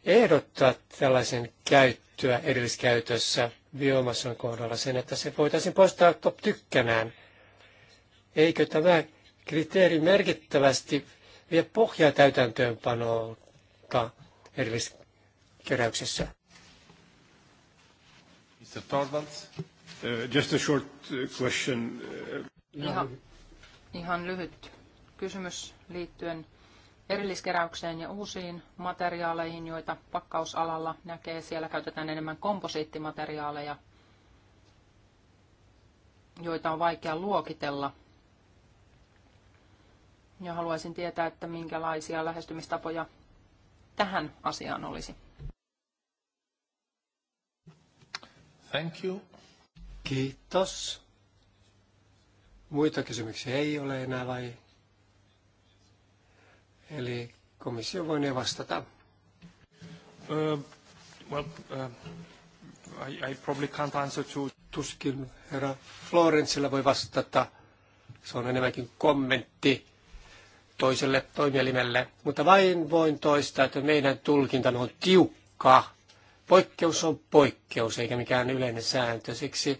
ehdottaa tällaisen käyttöä erilliskäytössä biomassan kohdalla sen, että se voitaisiin poistaa top tykkänään? Eikö tämä kriteeri merkittävästi vie pohjaa täytäntöönpanolta erillis keräyksessä. Mr. Torvalds. Uh, just a short uh, question. Uh, ihan, ihan lyhyt kysymys liittyen erilliskeräykseen ja uusiin materiaaleihin, joita pakkausalalla näkee. Siellä käytetään enemmän komposiittimateriaaleja, joita on vaikea luokitella. Ja haluaisin tietää, että minkälaisia lähestymistapoja tähän asiaan olisi. Thank you. Kiitos. Muita kysymyksiä ei ole enää vai? Eli komissio voi ne vastata. Uh, well, uh, I, I probably can't answer to... Tuskin herra Florentsilla voi vastata. Se on enemmänkin kommentti toiselle toimielimelle. Mutta vain voin toistaa, että meidän tulkinta on tiukka Poikkeus on poikkeus, eikä mikään yleinen sääntö. Siksi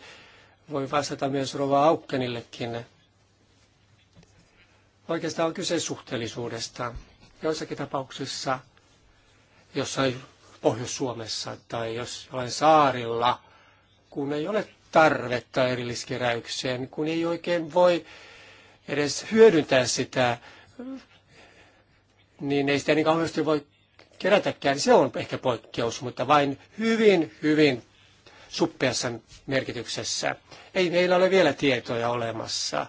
voi vastata myös Rova Aukkenillekin. Oikeastaan on kyse suhteellisuudesta. Joissakin tapauksissa, jossain Pohjois-Suomessa tai jos olen saarilla, kun ei ole tarvetta erilliskeräykseen, kun ei oikein voi edes hyödyntää sitä, niin ei sitä niin kauheasti voi kerätäkään, niin se on ehkä poikkeus, mutta vain hyvin, hyvin suppeassa merkityksessä. Ei meillä ole vielä tietoja olemassa,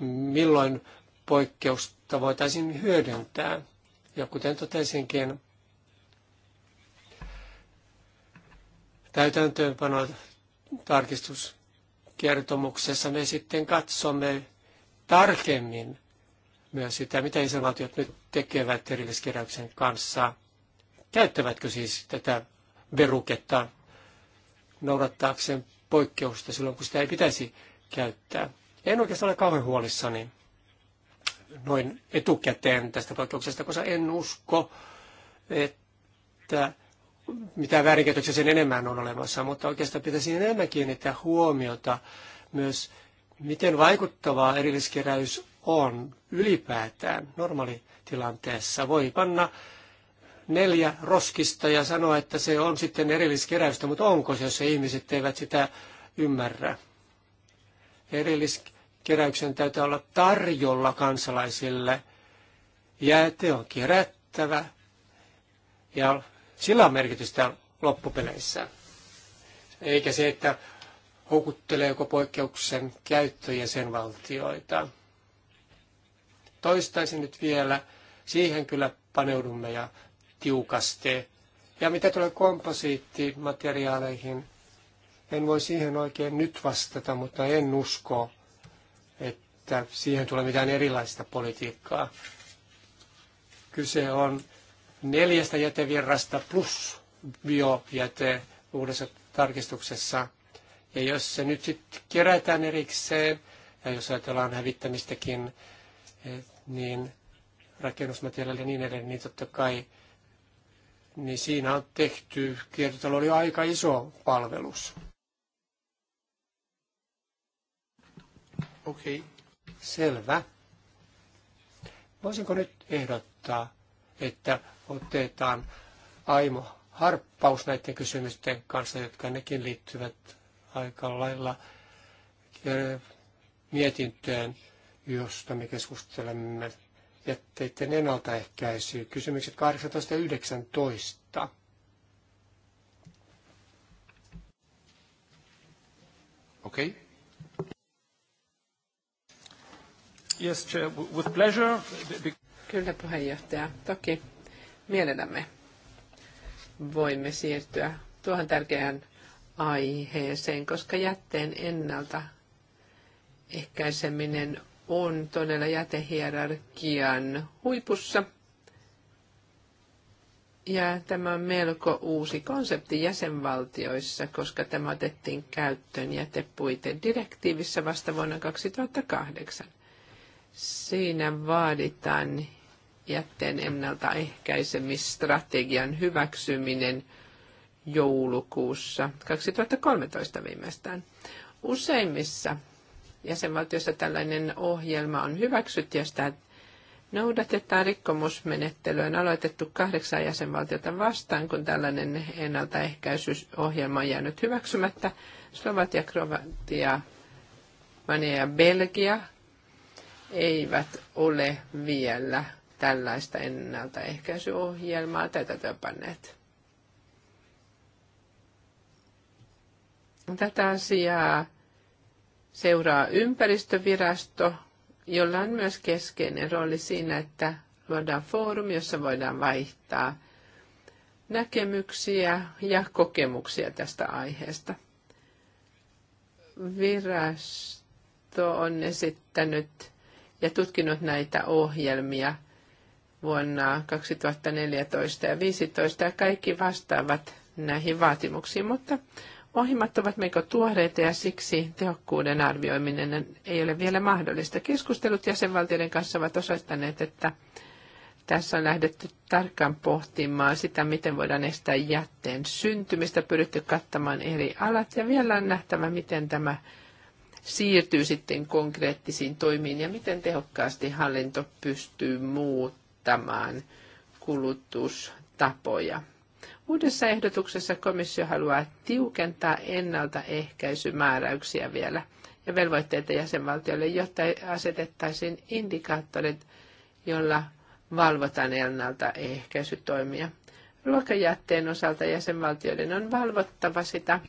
milloin poikkeusta voitaisiin hyödyntää. Ja kuten totesinkin, täytäntöönpano tarkistuskertomuksessa me sitten katsomme tarkemmin myös sitä, mitä isänvaltiot nyt tekevät erilliskeräyksen kanssa – käyttävätkö siis tätä veruketta noudattaakseen poikkeusta silloin, kun sitä ei pitäisi käyttää. En oikeastaan ole kauhean huolissani noin etukäteen tästä poikkeuksesta, koska en usko, että mitä väärinkäytöksiä sen enemmän on olemassa, mutta oikeastaan pitäisi enemmän kiinnittää huomiota myös, miten vaikuttavaa erilliskeräys on ylipäätään normaalitilanteessa. Voi panna neljä roskista ja sanoa, että se on sitten erilliskeräystä, mutta onko se, jos ihmiset eivät sitä ymmärrä? Erilliskeräyksen täytyy olla tarjolla kansalaisille. Jäte on kerättävä ja sillä on merkitystä loppupeleissä. Eikä se, että houkutteleeko poikkeuksen käyttö jäsenvaltioita. Toistaisin nyt vielä, siihen kyllä paneudumme ja tiukasti. Ja mitä tulee komposiittimateriaaleihin, en voi siihen oikein nyt vastata, mutta en usko, että siihen tulee mitään erilaista politiikkaa. Kyse on neljästä jätevirrasta plus biojäte uudessa tarkistuksessa. Ja jos se nyt sitten kerätään erikseen, ja jos ajatellaan hävittämistäkin, eh, niin rakennusmateriaalia ja niin edelleen, niin totta kai niin siinä on tehty oli aika iso palvelus. Okei. Okay. Selvä. Voisinko nyt ehdottaa, että otetaan Aimo harppaus näiden kysymysten kanssa, jotka nekin liittyvät aika lailla eh, mietintöön, josta me keskustelemme jätteiden ennaltaehkäisyyn. Kysymykset 18 ja 19. Okei. Okay. Yes, Chair, with pleasure. Kyllä puheenjohtaja, toki mielellämme voimme siirtyä tuohon tärkeään aiheeseen, koska jätteen ennalta ehkäiseminen on todella jätehierarkian huipussa. Ja tämä on melko uusi konsepti jäsenvaltioissa, koska tämä otettiin käyttöön direktiivissä vasta vuonna 2008. Siinä vaaditaan jätteen ennaltaehkäisemistrategian hyväksyminen joulukuussa 2013 viimeistään. Useimmissa jäsenvaltiossa tällainen ohjelma on hyväksytty ja sitä noudatetaan. Rikkomusmenettely on aloitettu kahdeksan jäsenvaltiota vastaan, kun tällainen ennaltaehkäisyohjelma on jäänyt hyväksymättä. Slovakia, Kroatia, Mania ja Belgia eivät ole vielä tällaista ennaltaehkäisyohjelmaa täytäntöönpanneet. Tätä asiaa seuraa ympäristövirasto, jolla on myös keskeinen rooli siinä, että luodaan foorumi, jossa voidaan vaihtaa näkemyksiä ja kokemuksia tästä aiheesta. Virasto on esittänyt ja tutkinut näitä ohjelmia vuonna 2014 ja 2015 ja kaikki vastaavat näihin vaatimuksiin, mutta Ohimmat ovat melko tuoreita ja siksi tehokkuuden arvioiminen ei ole vielä mahdollista. Keskustelut jäsenvaltioiden kanssa ovat osoittaneet, että tässä on lähdetty tarkkaan pohtimaan sitä, miten voidaan estää jätteen syntymistä, pyritty kattamaan eri alat ja vielä on nähtävä, miten tämä siirtyy sitten konkreettisiin toimiin ja miten tehokkaasti hallinto pystyy muuttamaan kulutustapoja. Uudessa ehdotuksessa komissio haluaa tiukentaa ennaltaehkäisymääräyksiä vielä ja velvoitteita jäsenvaltioille, jotta asetettaisiin indikaattorit, joilla valvotaan ennaltaehkäisytoimia. Ruokajätteen osalta jäsenvaltioiden on valvottava sitä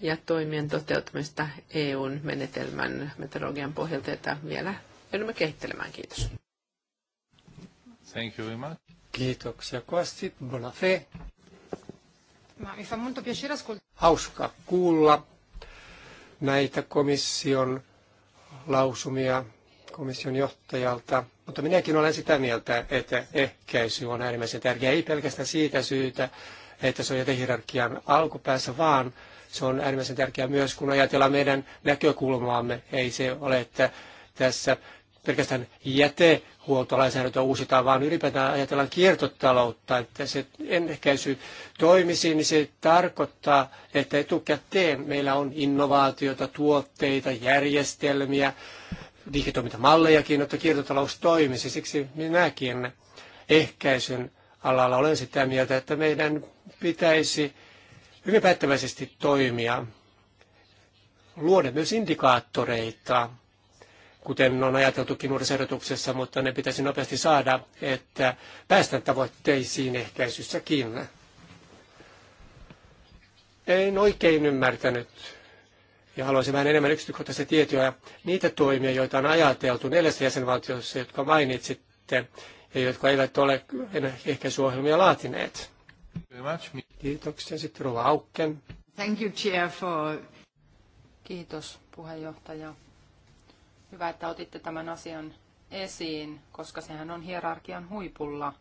ja toimien toteutumista EUn menetelmän metodologian pohjalta, jota vielä joudumme kehittelemään. Kiitos. Thank you very much. Kiitoksia kovasti. bona fe. Hauska kuulla näitä komission lausumia komission johtajalta. Mutta minäkin olen sitä mieltä, että ehkäisy on äärimmäisen tärkeä Ei pelkästään siitä syytä, että se on jätehierarkian alkupäässä, vaan se on äärimmäisen tärkeää myös, kun ajatellaan meidän näkökulmaamme. Ei se ole, että tässä pelkästään jäte huoltolainsäädäntöä uusitaan, vaan ylipäätään ajatellaan kiertotaloutta, että se ennehkäisy toimisi, niin se tarkoittaa, että etukäteen meillä on innovaatiota, tuotteita, järjestelmiä, liiketoimintamallejakin, jotta kiertotalous toimisi. Siksi minäkin ehkäisyn alalla olen sitä mieltä, että meidän pitäisi hyvin päättäväisesti toimia, luoda myös indikaattoreita, kuten on ajateltukin nuorisoehdotuksessa, mutta ne pitäisi nopeasti saada, että päästään tavoitteisiin ehkäisyssäkin. En oikein ymmärtänyt ja haluaisin vähän enemmän yksityiskohtaisia tietoja niitä toimia, joita on ajateltu neljässä jäsenvaltiossa, jotka mainitsitte ja jotka eivät ole ehkäisyohjelmia laatineet. Kiitoksia. Sitten Aukken. Thank you, Chair, for... Kiitos puheenjohtaja Hyvä, että otitte tämän asian esiin, koska sehän on hierarkian huipulla.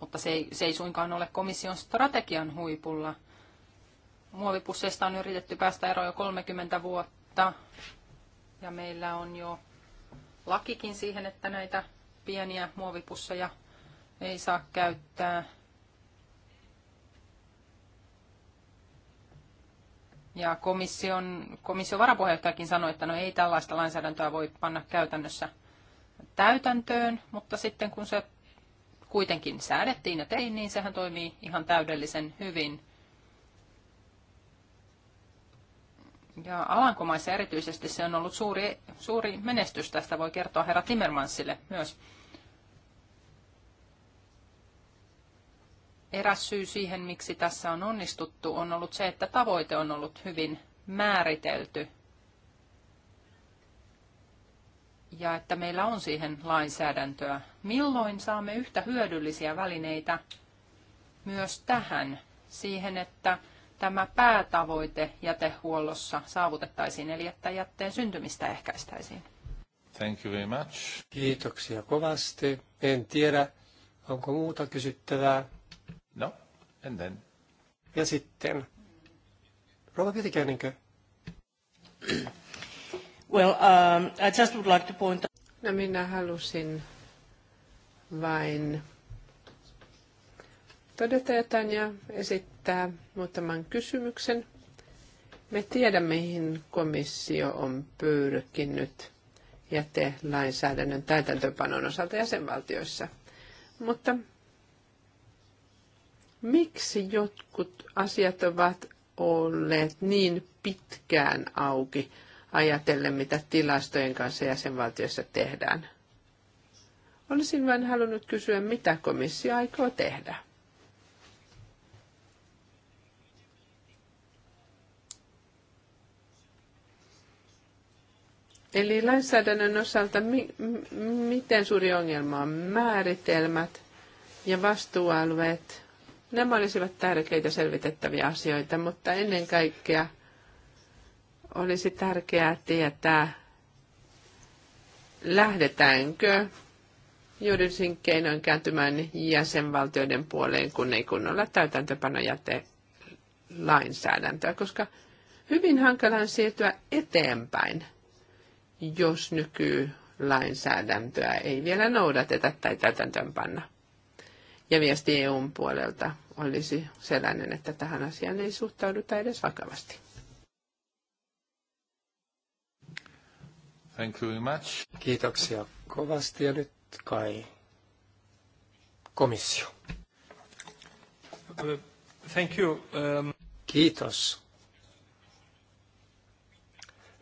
Mutta se ei, se ei suinkaan ole komission strategian huipulla. Muovipusseista on yritetty päästä eroon jo 30 vuotta. Ja meillä on jo lakikin siihen, että näitä pieniä muovipusseja ei saa käyttää. Ja komission, komission varapuheenjohtajakin sanoi, että no ei tällaista lainsäädäntöä voi panna käytännössä täytäntöön, mutta sitten kun se kuitenkin säädettiin ja tein, niin sehän toimii ihan täydellisen hyvin. Ja Alankomaissa erityisesti se on ollut suuri, suuri menestys. Tästä voi kertoa herra Timmermansille myös. Eräs syy siihen, miksi tässä on onnistuttu, on ollut se, että tavoite on ollut hyvin määritelty ja että meillä on siihen lainsäädäntöä. Milloin saamme yhtä hyödyllisiä välineitä myös tähän, siihen, että tämä päätavoite jätehuollossa saavutettaisiin, eli että jätteen syntymistä ehkäistäisiin? Thank you very much. Kiitoksia kovasti. En tiedä, onko muuta kysyttävää. No, and then. Ja sitten, Rova Pietikäinenkö? Well, um, I just would like to point out... No minä halusin vain todeta jotain ja esittää muutaman kysymyksen. Me tiedämme, mihin komissio on pyrkinyt jätelainsäädännön täytäntöpanon osalta jäsenvaltioissa. Mutta Miksi jotkut asiat ovat olleet niin pitkään auki ajatellen, mitä tilastojen kanssa jäsenvaltiossa tehdään? Olisin vain halunnut kysyä, mitä komissio aikoo tehdä. Eli lainsäädännön osalta, mi- miten suuri ongelma on määritelmät ja vastuualueet Nämä olisivat tärkeitä selvitettäviä asioita, mutta ennen kaikkea olisi tärkeää tietää, lähdetäänkö juridisin keinoin kääntymään jäsenvaltioiden puoleen, kun ei kunnolla täytäntöpano jäte lainsäädäntöä, koska hyvin hankala on siirtyä eteenpäin, jos nykylainsäädäntöä ei vielä noudateta tai täytäntöönpanna. Ja viesti EUn puolelta olisi sellainen, että tähän asiaan ei suhtauduta edes vakavasti. Thank you very much. Kiitoksia kovasti ja nyt kai komissio. Thank you. Um... Kiitos.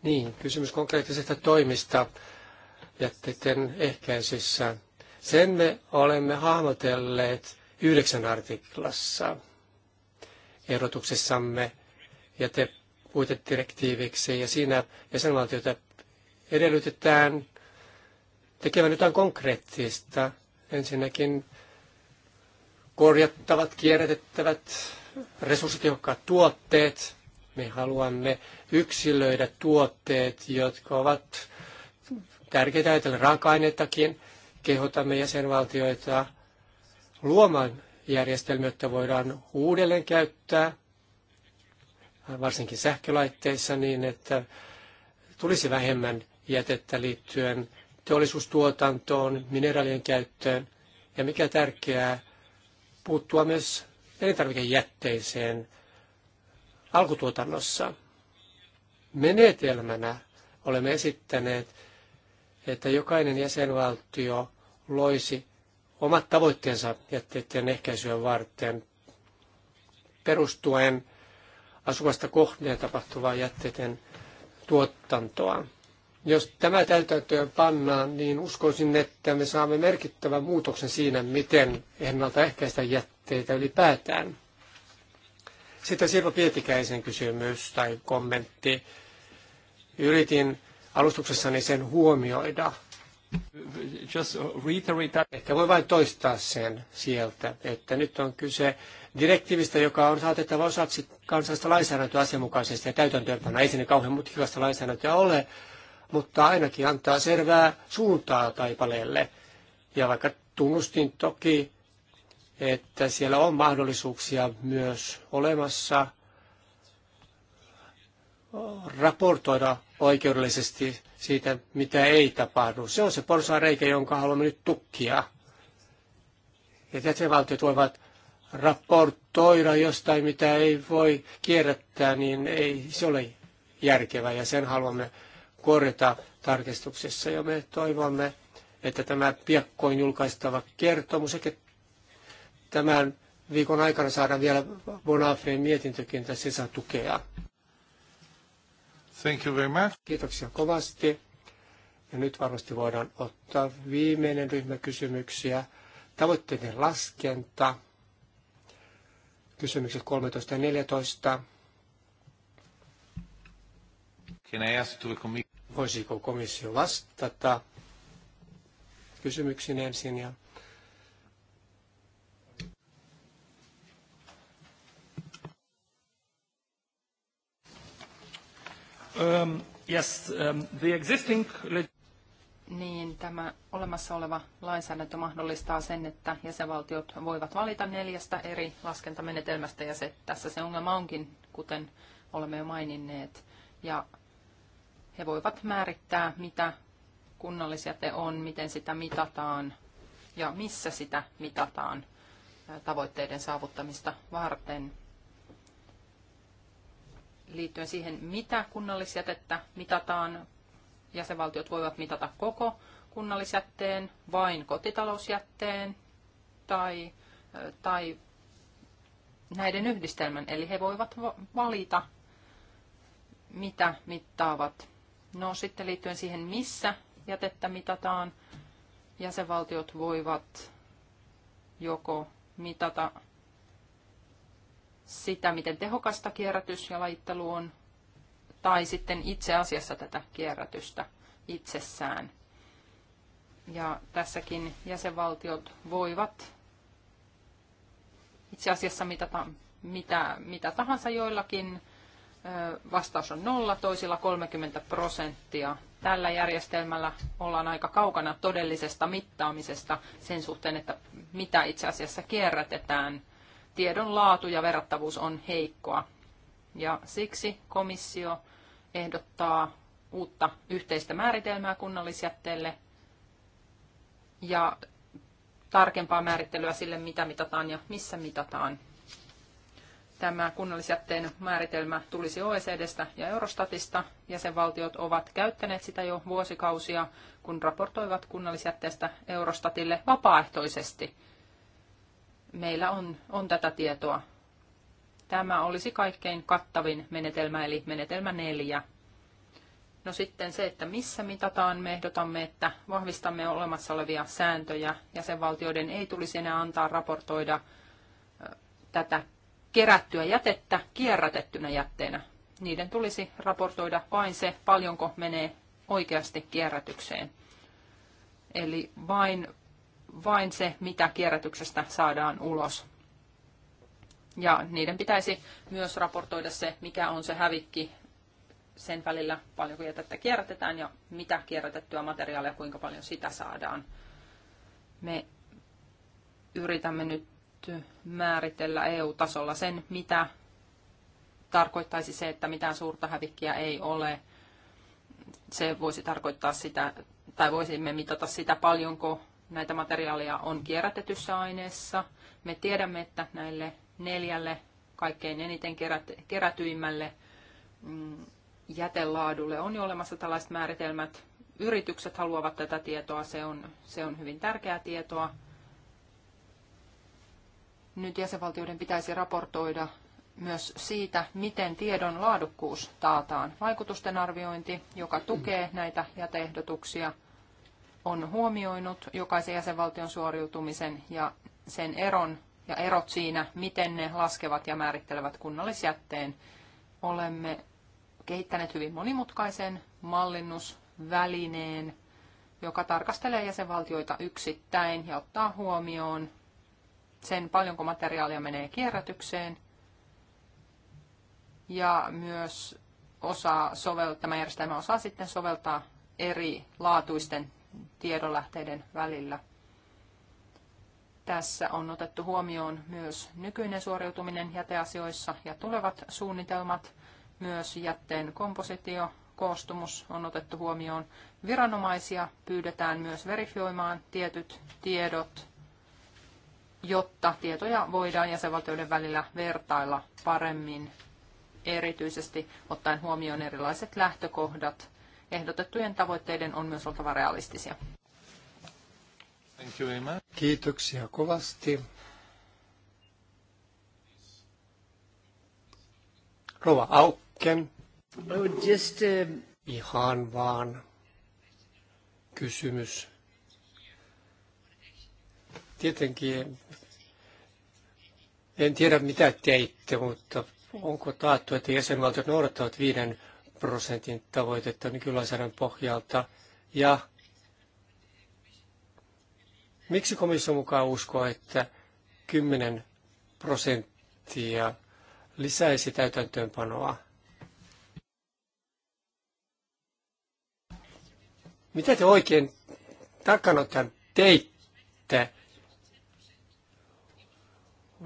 Niin, kysymys konkreettisesta toimista jätteiden ehkäisyssä. Sen me olemme hahmotelleet 9 artiklassa ehdotuksessamme jätepuitedirektiiviksi ja siinä jäsenvaltioita edellytetään tekevän jotain konkreettista. Ensinnäkin korjattavat, kierrätettävät, resurssitehokkaat tuotteet. Me haluamme yksilöidä tuotteet, jotka ovat tärkeitä ajatella raaka-ainettakin. Kehotamme jäsenvaltioita luomaan järjestelmä, jotta voidaan uudelleen käyttää, varsinkin sähkölaitteissa, niin että tulisi vähemmän jätettä liittyen teollisuustuotantoon, mineraalien käyttöön ja mikä tärkeää, puuttua myös elintarvikejätteeseen alkutuotannossa. Menetelmänä olemme esittäneet, että jokainen jäsenvaltio loisi omat tavoitteensa jätteiden ehkäisyä varten perustuen asuvasta kohteen tapahtuvaa jätteiden tuotantoa. Jos tämä täytäntöön pannaan, niin uskoisin, että me saamme merkittävän muutoksen siinä, miten ennaltaehkäistä jätteitä ylipäätään. Sitten Sirpa Pietikäisen kysymys tai kommentti. Yritin alustuksessani sen huomioida, Just reiterate Ehkä voi vain toistaa sen sieltä, että nyt on kyse direktiivistä, joka on saatettava osaksi kansallista lainsäädäntöä asianmukaisesti ja täytäntöönpanoa. Ei sinne kauhean mutkikasta lainsäädäntöä ole, mutta ainakin antaa selvää suuntaa taipaleelle. Ja vaikka tunnustin toki, että siellä on mahdollisuuksia myös olemassa – raportoida oikeudellisesti siitä, mitä ei tapahdu. Se on se porsaanreikä, jonka haluamme nyt tukkia. Ja jäsenvaltiot voivat raportoida jostain, mitä ei voi kierrättää, niin ei se ole järkevää ja sen haluamme korjata tarkistuksessa. Ja me toivomme, että tämä piakkoin julkaistava kertomus, että tämän viikon aikana saadaan vielä Bonafeen mietintökin tässä saa tukea. Thank you very much. Kiitoksia kovasti. Ja nyt varmasti voidaan ottaa viimeinen ryhmä kysymyksiä. Tavoitteiden laskenta. Kysymykset 13 ja 14. Can I ask to Voisiko komissio vastata kysymyksiin ensin ja Um, yes, um, the existing... Niin, tämä olemassa oleva lainsäädäntö mahdollistaa sen, että jäsenvaltiot voivat valita neljästä eri laskentamenetelmästä, ja se, tässä se ongelma onkin, kuten olemme jo maininneet. Ja he voivat määrittää, mitä te on, miten sitä mitataan ja missä sitä mitataan tavoitteiden saavuttamista varten liittyen siihen, mitä kunnallisjätettä mitataan. Jäsenvaltiot voivat mitata koko kunnallisjätteen, vain kotitalousjätteen tai, tai näiden yhdistelmän. Eli he voivat valita, mitä mittaavat. No sitten liittyen siihen, missä jätettä mitataan, jäsenvaltiot voivat joko mitata sitä, miten tehokasta kierrätys ja lajittelu on, tai sitten itse asiassa tätä kierrätystä itsessään. Ja tässäkin jäsenvaltiot voivat itse asiassa mitata mitä, mitä tahansa joillakin. Vastaus on nolla, toisilla 30 prosenttia. Tällä järjestelmällä ollaan aika kaukana todellisesta mittaamisesta sen suhteen, että mitä itse asiassa kierrätetään – tiedon laatu ja verrattavuus on heikkoa. Ja siksi komissio ehdottaa uutta yhteistä määritelmää kunnallisjätteelle ja tarkempaa määrittelyä sille, mitä mitataan ja missä mitataan. Tämä kunnallisjätteen määritelmä tulisi OECDstä ja Eurostatista. Jäsenvaltiot ovat käyttäneet sitä jo vuosikausia, kun raportoivat kunnallisjätteestä Eurostatille vapaaehtoisesti – meillä on, on tätä tietoa. Tämä olisi kaikkein kattavin menetelmä, eli menetelmä neljä. No sitten se, että missä mitataan, me ehdotamme, että vahvistamme olemassa olevia sääntöjä. Jäsenvaltioiden ei tulisi enää antaa raportoida tätä kerättyä jätettä kierrätettynä jätteenä. Niiden tulisi raportoida vain se, paljonko menee oikeasti kierrätykseen. Eli vain vain se, mitä kierrätyksestä saadaan ulos. Ja niiden pitäisi myös raportoida se, mikä on se hävikki sen välillä, paljonko jätettä kierrätetään ja mitä kierrätettyä materiaalia, kuinka paljon sitä saadaan. Me yritämme nyt määritellä EU-tasolla sen, mitä tarkoittaisi se, että mitään suurta hävikkiä ei ole. Se voisi tarkoittaa sitä, tai voisimme mitata sitä, paljonko näitä materiaaleja on kierrätetyssä aineessa. Me tiedämme, että näille neljälle kaikkein eniten kerätyimmälle mm, jätelaadulle on jo olemassa tällaiset määritelmät. Yritykset haluavat tätä tietoa, se on, se on hyvin tärkeää tietoa. Nyt jäsenvaltioiden pitäisi raportoida myös siitä, miten tiedon laadukkuus taataan. Vaikutusten arviointi, joka tukee näitä jäteehdotuksia – on huomioinut jokaisen jäsenvaltion suoriutumisen ja sen eron ja erot siinä, miten ne laskevat ja määrittelevät kunnallisjätteen. Olemme kehittäneet hyvin monimutkaisen mallinnusvälineen, joka tarkastelee jäsenvaltioita yksittäin ja ottaa huomioon sen, paljonko materiaalia menee kierrätykseen ja myös osaa soveltaa, tämä järjestelmä osaa sitten soveltaa eri laatuisten tiedonlähteiden välillä. Tässä on otettu huomioon myös nykyinen suoriutuminen jäteasioissa ja tulevat suunnitelmat. Myös jätteen kompositio, koostumus on otettu huomioon. Viranomaisia pyydetään myös verifioimaan tietyt tiedot, jotta tietoja voidaan jäsenvaltioiden välillä vertailla paremmin, erityisesti ottaen huomioon erilaiset lähtökohdat ehdotettujen tavoitteiden on myös oltava realistisia. Kiitoksia kovasti. Rova Aukken. just, uh... Ihan vaan kysymys. Tietenkin en tiedä mitä teitte, mutta onko taattu, että jäsenvaltiot noudattavat viiden prosentin tavoitetta nykylainsäädännön pohjalta ja miksi komissio mukaan uskoa, että 10 prosenttia lisäisi täytäntöönpanoa? Mitä te oikein takanotan teitte?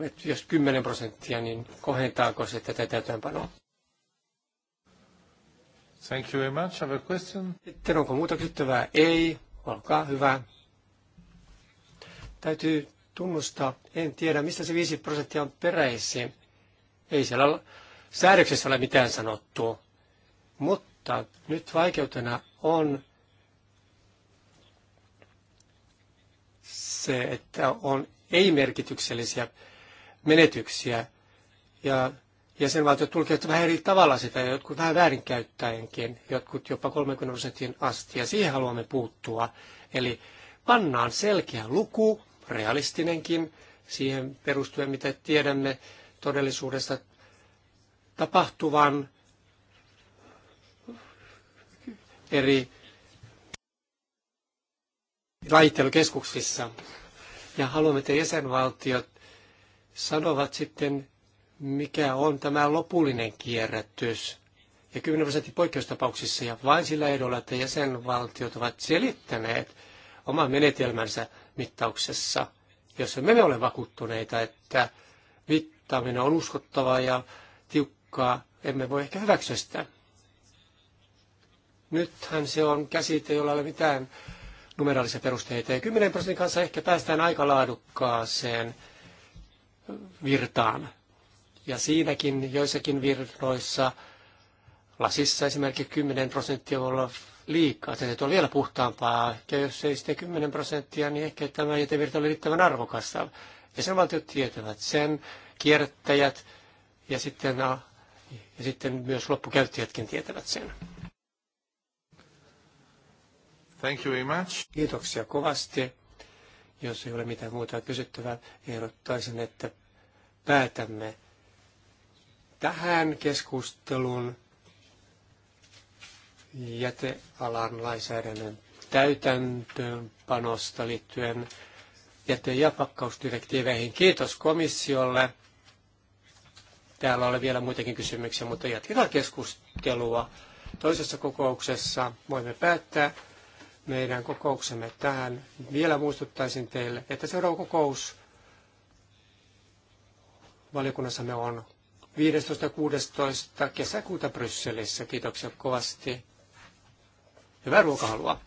Et jos 10 prosenttia, niin kohentaako se tätä täytäntöönpanoa? Thank you very much. Have a question? Sitten onko muuta kysyttävää? Ei. Olkaa hyvä. Täytyy tunnustaa, en tiedä mistä se 5 prosenttia on peräisin. Ei siellä säädöksessä ole mitään sanottua. Mutta nyt vaikeutena on se, että on ei-merkityksellisiä menetyksiä. Ja jäsenvaltiot tulkivat vähän eri tavalla sitä, ja jotkut vähän väärinkäyttäenkin, jotkut jopa 30 prosentin asti, ja siihen haluamme puuttua. Eli pannaan selkeä luku, realistinenkin, siihen perustuen, mitä tiedämme todellisuudesta tapahtuvan eri laittelukeskuksissa. Ja haluamme, että jäsenvaltiot sanovat sitten mikä on tämä lopullinen kierrätys. Ja 10 prosentin poikkeustapauksissa ja vain sillä ehdolla, että jäsenvaltiot ovat selittäneet oman menetelmänsä mittauksessa, jos emme ole vakuuttuneita, että mittaaminen on uskottavaa ja tiukkaa, emme voi ehkä hyväksyä sitä. Nythän se on käsite, jolla ei ole mitään numeraalisia perusteita. Ja 10 prosentin kanssa ehkä päästään aika laadukkaaseen virtaan ja siinäkin joissakin virroissa, lasissa esimerkiksi 10 prosenttia voi olla liikaa, että se on vielä puhtaampaa. Ja jos ei sitten 10 prosenttia, niin ehkä tämä jätevirta oli riittävän arvokasta. Ja sen valtiot tietävät sen, kierrättäjät ja sitten, ja sitten myös loppukäyttäjätkin tietävät sen. Thank you very much. Kiitoksia kovasti. Jos ei ole mitään muuta kysyttävää, ehdottaisin, että päätämme tähän keskusteluun jätealan lainsäädännön täytäntöönpanosta liittyen jäte- ja pakkausdirektiiveihin. Kiitos komissiolle. Täällä oli vielä muitakin kysymyksiä, mutta jatketaan keskustelua. Toisessa kokouksessa voimme päättää meidän kokouksemme tähän. Vielä muistuttaisin teille, että seuraava kokous valiokunnassamme on 15.16. kesäkuuta Brysselissä. Kiitoksia kovasti. Hyvää ruokahalua.